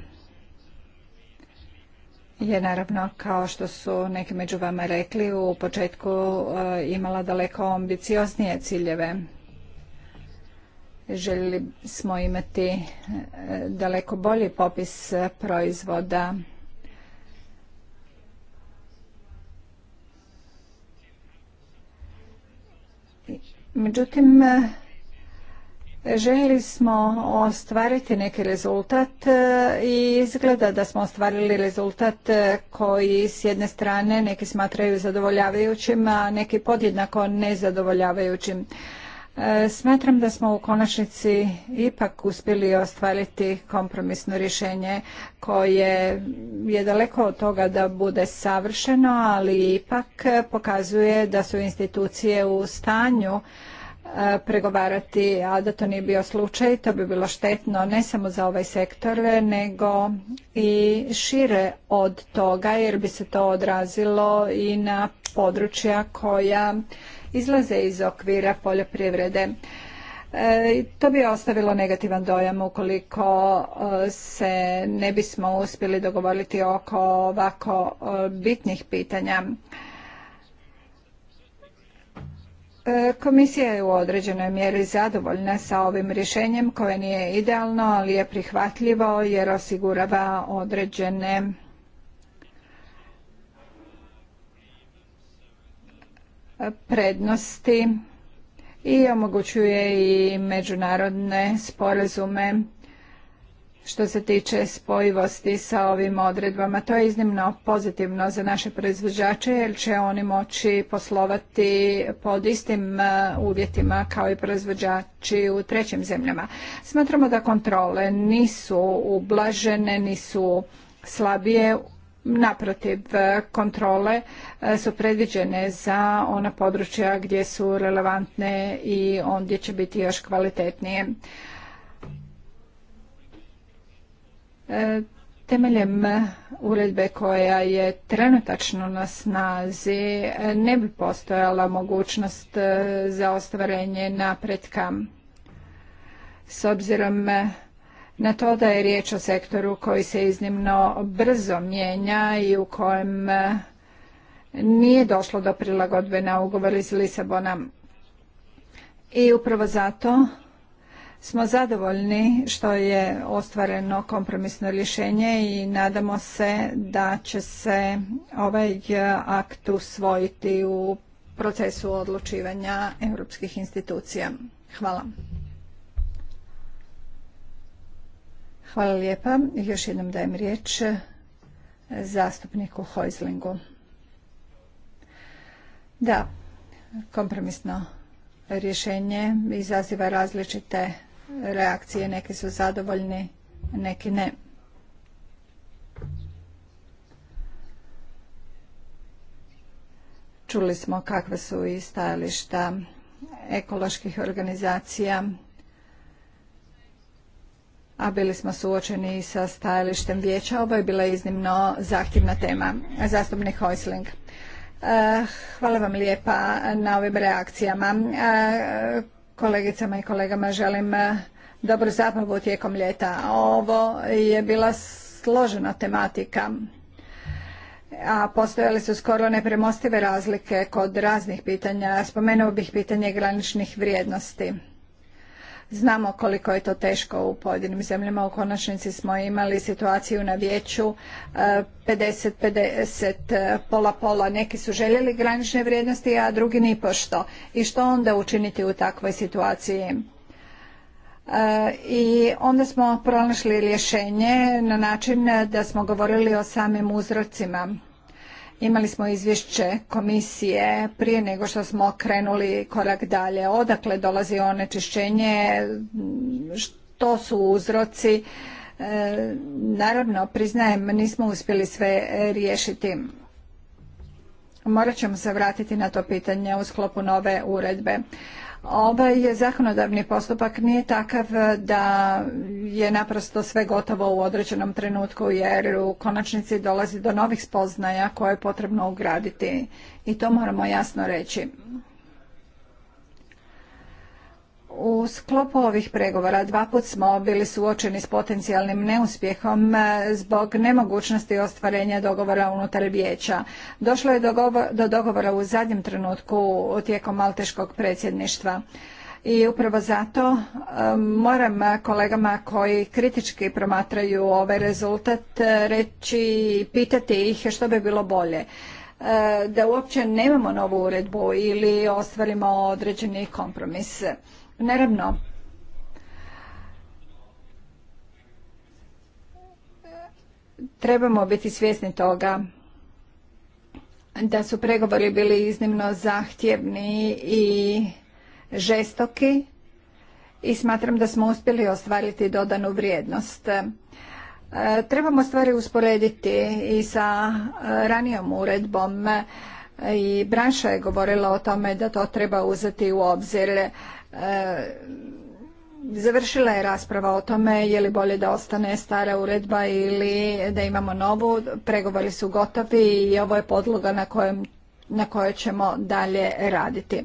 je naravno kao što su neki među vama rekli u početku e, imala daleko ambicioznije ciljeve Željeli smo imati e, daleko bolji popis e, proizvoda Međutim, e, željeli smo ostvariti neki rezultat i izgleda da smo ostvarili rezultat koji s jedne strane neki smatraju zadovoljavajućim, a neki podjednako nezadovoljavajućim. E, smatram da smo u konačnici ipak uspjeli ostvariti kompromisno rješenje koje je daleko od toga da bude savršeno, ali ipak pokazuje da su institucije u stanju e, pregovarati, a da to nije bio slučaj, to bi bilo štetno ne samo za ovaj sektor, nego i šire od toga, jer bi se to odrazilo i na područja koja izlaze iz okvira poljoprivrede. E, to bi ostavilo negativan dojam ukoliko e, se ne bismo uspjeli dogovoriti oko ovako e, bitnih pitanja. komisija je u određenoj mjeri zadovoljna sa ovim rješenjem koje nije idealno, ali je prihvatljivo jer osigurava određene prednosti i omogućuje i međunarodne sporazume što se tiče spojivosti sa ovim odredbama. To je iznimno pozitivno za naše proizvođače jer će oni moći poslovati pod istim e, uvjetima kao i proizvođači u trećim zemljama. Smatramo da kontrole nisu ublažene, nisu slabije Naprotiv, e, kontrole e, su predviđene za ona područja gdje su relevantne i ondje će biti još kvalitetnije. E, temeljem uredbe koja je trenutačno na snazi ne bi postojala mogućnost za ostvarenje napretka s obzirom na to da je riječ o sektoru koji se iznimno brzo mijenja i u kojem e, nije došlo do prilagodbe na ugovor iz Lisabona. I upravo zato smo zadovoljni što je ostvareno kompromisno rješenje i nadamo se da će se ovaj e, akt usvojiti u procesu odlučivanja europskih institucija. Hvala. Hvala lijepa. Još jednom dajem riječ e, zastupniku Hojzlingu. Da, kompromisno rješenje izaziva različite reakcije. Neki su zadovoljni, neki ne. Čuli smo kakve su i stajališta ekoloških organizacija a bili smo suočeni sa stajalištem vijeća. Ovo je bila iznimno zahtjevna tema. Zastupnik Hojsling. Eh, hvala vam lijepa na ovim reakcijama. Eh, kolegicama i kolegama želim eh, dobru zabavu tijekom ljeta. Ovo je bila složena tematika a postojali su skoro nepremostive razlike kod raznih pitanja. Spomenuo bih pitanje graničnih vrijednosti. Znamo koliko je to teško u pojedinim zemljama. U konačnici smo imali situaciju na vijeću 50-50, e, e, pola-pola. Neki su željeli granične vrijednosti, a drugi nipošto. I što onda učiniti u takvoj situaciji? E, I onda smo pronašli rješenje na način da smo govorili o samim uzrocima Imali smo izvješće komisije prije nego što smo krenuli korak dalje. Odakle dolazi onečišćenje, što su uzroci. E, naravno, priznajem, nismo uspjeli sve riješiti. Morat ćemo se vratiti na to pitanje u sklopu nove uredbe. Ovaj zakonodavni postupak nije takav da je naprosto sve gotovo u određenom trenutku jer u konačnici dolazi do novih spoznaja koje je potrebno ugraditi i to moramo jasno reći. U sklopu ovih pregovora dva put smo bili suočeni s potencijalnim neuspjehom e, zbog nemogućnosti ostvarenja dogovora unutar vijeća. Došlo je do dogovora u zadnjem trenutku tijekom malteškog predsjedništva. I upravo zato e, moram kolegama koji kritički promatraju ovaj rezultat reći i pitati ih što bi bilo bolje e, da uopće nemamo novu uredbu ili ostvarimo određeni kompromis. Naravno, trebamo biti svjesni toga da su pregovori bili iznimno zahtjevni i žestoki i smatram da smo uspjeli ostvariti dodanu vrijednost. E, trebamo stvari usporediti i sa e, ranijom uredbom e, i branša je govorila o tome da to treba uzeti u obzir E, završila je rasprava o tome je li bolje da ostane stara uredba ili da imamo novu. Pregovori su gotovi i ovo je podloga na, kojem, na kojoj ćemo dalje raditi.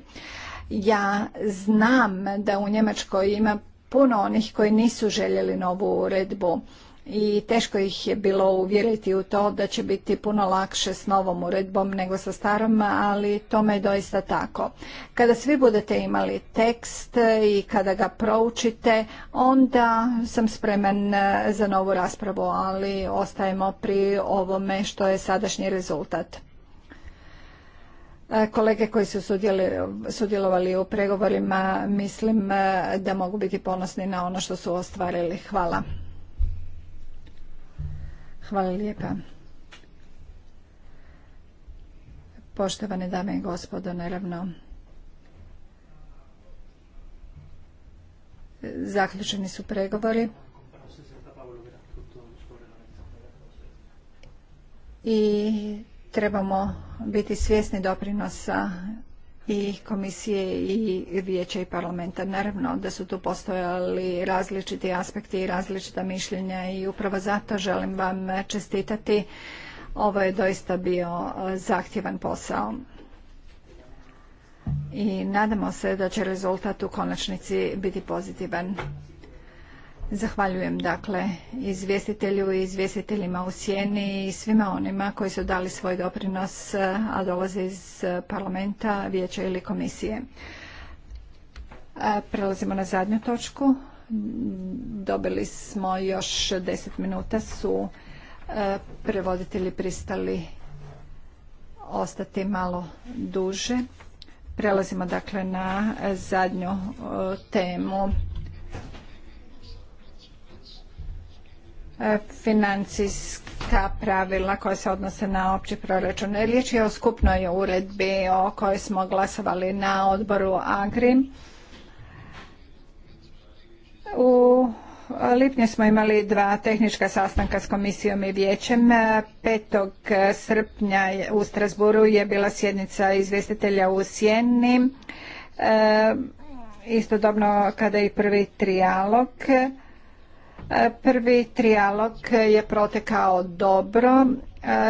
Ja znam da u Njemačkoj ima puno onih koji nisu željeli novu uredbu i teško ih je bilo uvjeriti u to da će biti puno lakše s novom uredbom nego sa starom, ali tome je doista tako. Kada svi budete imali tekst i kada ga proučite, onda sam spremen e, za novu raspravu, ali ostajemo pri ovome što je sadašnji rezultat. E, kolege koji su sudjelovali u pregovorima mislim e, da mogu biti ponosni na ono što su ostvarili. Hvala. Hvala lijepa. Poštovane dame i gospodo, naravno, zaključeni su pregovori. I trebamo biti svjesni doprinosa i komisije i vijeća i parlamenta. Naravno da su tu postojali različiti aspekti i različita mišljenja i upravo zato želim vam čestitati. Ovo je doista bio e, zahtjevan posao. I nadamo se da će rezultat u konačnici biti pozitivan. Zahvaljujem dakle izvjestitelju i izvjestiteljima u sjeni i svima onima koji su dali svoj doprinos, a dolaze iz parlamenta, vijeća ili komisije. Prelazimo na zadnju točku. Dobili smo još deset minuta, su e, prevoditelji pristali ostati malo duže. Prelazimo dakle na zadnju e, temu E, financijska pravila koja se odnose na opći proračun. Riječ je o skupnoj uredbi o kojoj smo glasovali na odboru AGRI. U lipnju smo imali dva tehnička sastanka s komisijom i vijećem. 5. srpnja u Strasburu je bila sjednica izvjestitelja u Sjeni. E, istodobno kada i prvi trijalog. E, prvi trijalog je protekao dobro.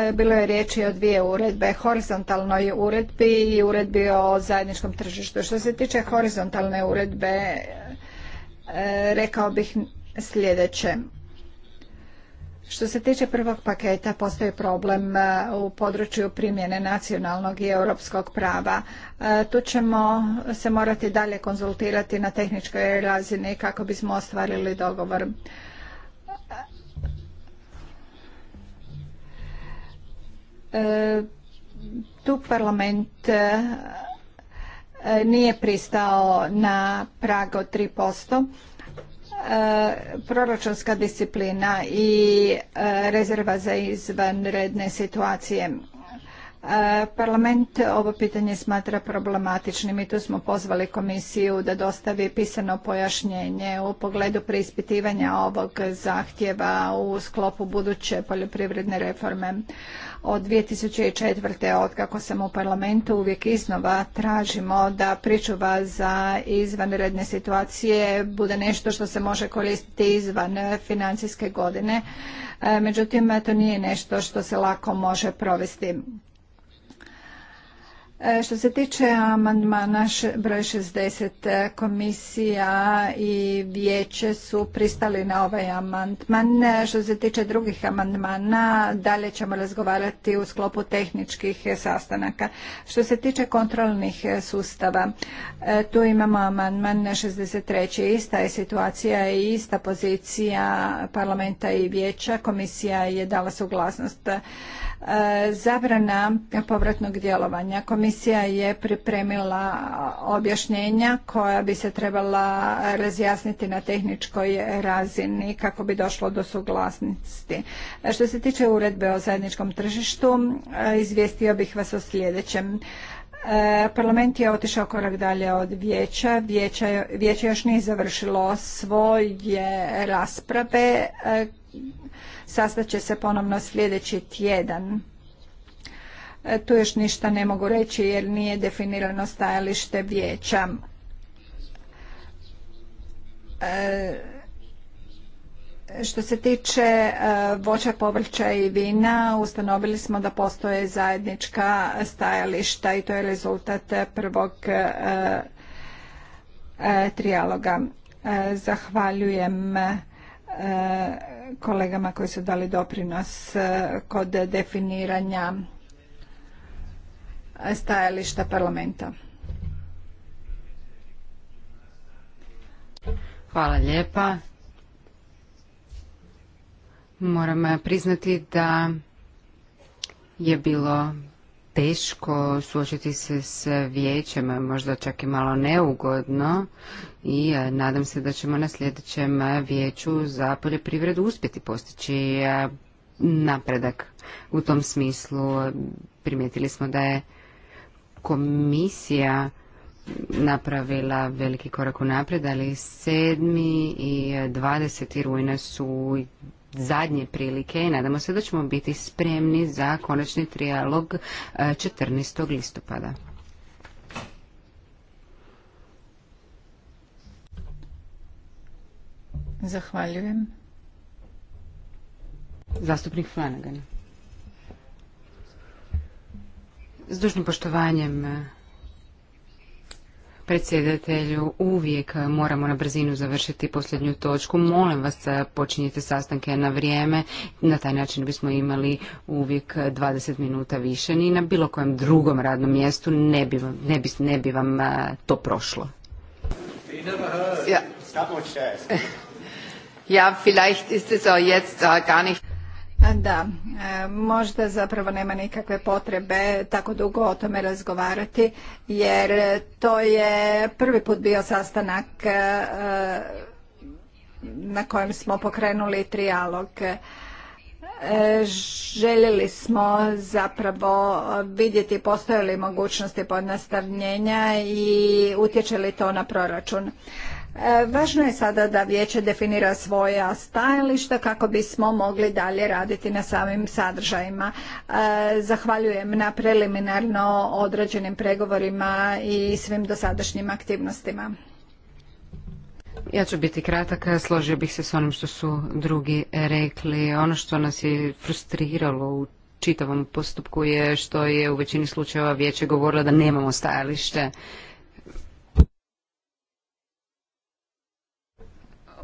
E, bilo je riječi o dvije uredbe, horizontalnoj uredbi i uredbi o zajedničkom tržištu. Što se tiče horizontalne uredbe, e, rekao bih sljedeće. Što se tiče prvog paketa, postoji problem e, u području primjene nacionalnog i europskog prava. E, tu ćemo se morati dalje konzultirati na tehničkoj razini kako bismo ostvarili dogovor. E, tu parlament nije pristao na prag od 3% proračunska disciplina i e, rezerva za izvanredne situacije. E, parlament ovo pitanje smatra problematičnim i tu smo pozvali komisiju da dostavi pisano pojašnjenje u pogledu preispitivanja ovog zahtjeva u sklopu buduće poljoprivredne reforme od 2004. od kako sam u parlamentu uvijek iznova tražimo da pričuva za izvanredne situacije bude nešto što se može koristiti izvan financijske godine. E, međutim, to nije nešto što se lako može provesti. E, što se tiče amandmana broj 60, e, komisija i vijeće su pristali na ovaj amandman. E, što se tiče drugih amandmana, dalje ćemo razgovarati u sklopu tehničkih sastanaka. Što se tiče kontrolnih sustava, tu imamo amandman 63. Ista je situacija i ista pozicija parlamenta i vijeća. Komisija je dala suglasnost zabrana povratnog djelovanja. Komisija je pripremila objašnjenja koja bi se trebala razjasniti na tehničkoj razini kako bi došlo do suglasnosti. Što se tiče uredbe o zajedničkom tržištu, izvijestio bih vas o sljedećem. E, Parlament je otišao korak dalje od vijeća. Vijeće još nije završilo svoje rasprave e, će se ponovno sljedeći tjedan. E, tu još ništa ne mogu reći jer nije definirano stajalište vijeća. E, što se tiče e, voća, povrća i vina, ustanovili smo da postoje zajednička stajališta i to je rezultat prvog trijaloga. Zahvaljujem E, kolegama koji su dali doprinos e, kod definiranja stajališta parlamenta. Hvala lijepa. Moram priznati da je bilo teško suočiti se s vijećem, možda čak i malo neugodno i e, nadam se da ćemo na sljedećem e, vijeću za poljoprivredu uspjeti postići e, napredak. U tom smislu primijetili smo da je komisija napravila veliki korak u napred, ali 7. i 20. rujna su zadnje prilike i nadamo se da ćemo biti spremni za konačni trijalog 14. E, listopada. Zahvaljujem. Zastupnik Flanagan. S dužnim poštovanjem Predsjedatelju, uvijek moramo na brzinu završiti posljednju točku. Molim vas, počinjete sastanke na vrijeme. Na taj način bismo imali uvijek 20 minuta više. Ni na bilo kojem drugom radnom mjestu ne bi, ne bi, ne bi vam to prošlo. Ja, da, e, možda zapravo nema nikakve potrebe tako dugo o tome razgovarati, jer to je prvi put bio sastanak e, na kojem smo pokrenuli trialog. E, željeli smo zapravo vidjeti postoje li mogućnosti podnastavljenja i utječe li to na proračun. E, važno je sada da vijeće definira svoja stajališta kako bismo mogli dalje raditi na samim sadržajima. E, zahvaljujem na preliminarno odrađenim pregovorima i svim dosadašnjim aktivnostima. Ja ću biti kratak, složio bih se s onim što su drugi rekli. Ono što nas je frustriralo u čitavom postupku je što je u većini slučajeva vijeće govorilo da nemamo stajalište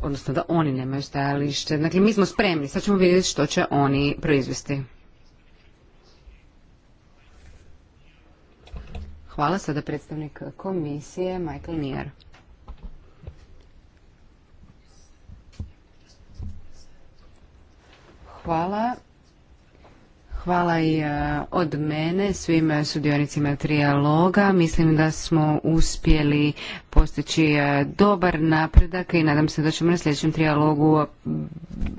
odnosno da oni nemaju stajalište. Dakle, mi smo spremni, sad ćemo vidjeti što će oni proizvesti. Hvala, sada predstavnik komisije, Michael Nier. Hvala. Hvala i e, od mene svim sudionicima trijaloga. Mislim da smo uspjeli postići e, dobar napredak i nadam se da ćemo na sljedećem trijalogu e,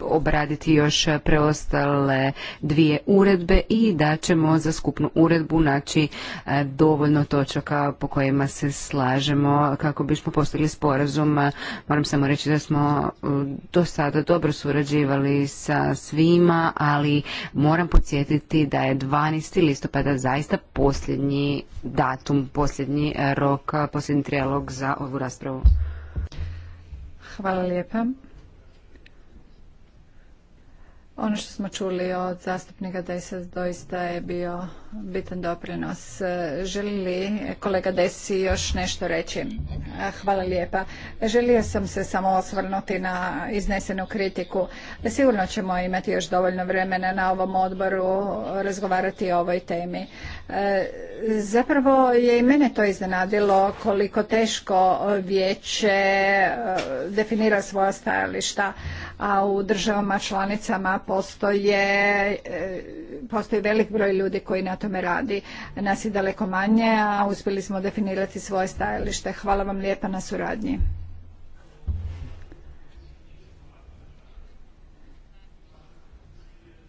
obraditi još preostale dvije uredbe i da ćemo za skupnu uredbu naći dovoljno točaka po kojima se slažemo kako bismo postigli sporazum. Moram samo reći da smo do sada dobro surađivali sa svima, ali moram podsjetiti podsjetiti da je 12. listopada zaista posljednji datum, posljednji eh, rok, eh, posljednji trijalog za ovu raspravu. Hvala lijepa. Ono što smo čuli od zastupnika sad doista je bio bitan doprinos. Želi li kolega Desi još nešto reći? Hvala lijepa. Želio sam se samo osvrnuti na iznesenu kritiku. Sigurno ćemo imati još dovoljno vremena na ovom odboru razgovarati o ovoj temi. Zapravo je i mene to iznenadilo koliko teško vijeće definira svoja stajališta a u državama članicama e, postoji velik broj ljudi koji na tome radi. Nas je daleko manje, a uspjeli smo definirati svoje stajalište. Hvala vam lijepa na suradnji.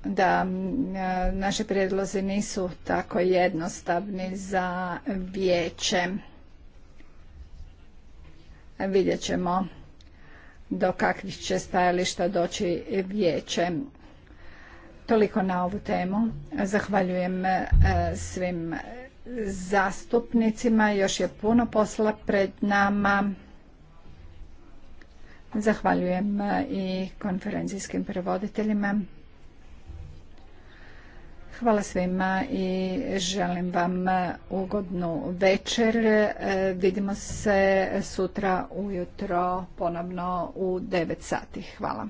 da e, naši prijedlozi nisu tako jednostavni za vijeće. Vidjet ćemo do kakvih će stajališta doći vijeće. Toliko na ovu temu. Zahvaljujem e, svim zastupnicima. Još je puno posla pred nama. Zahvaljujem e, i konferencijskim prevoditeljima. Hvala svima i želim vam ugodnu večer. E, vidimo se sutra ujutro ponovno u 9 sati. Hvala.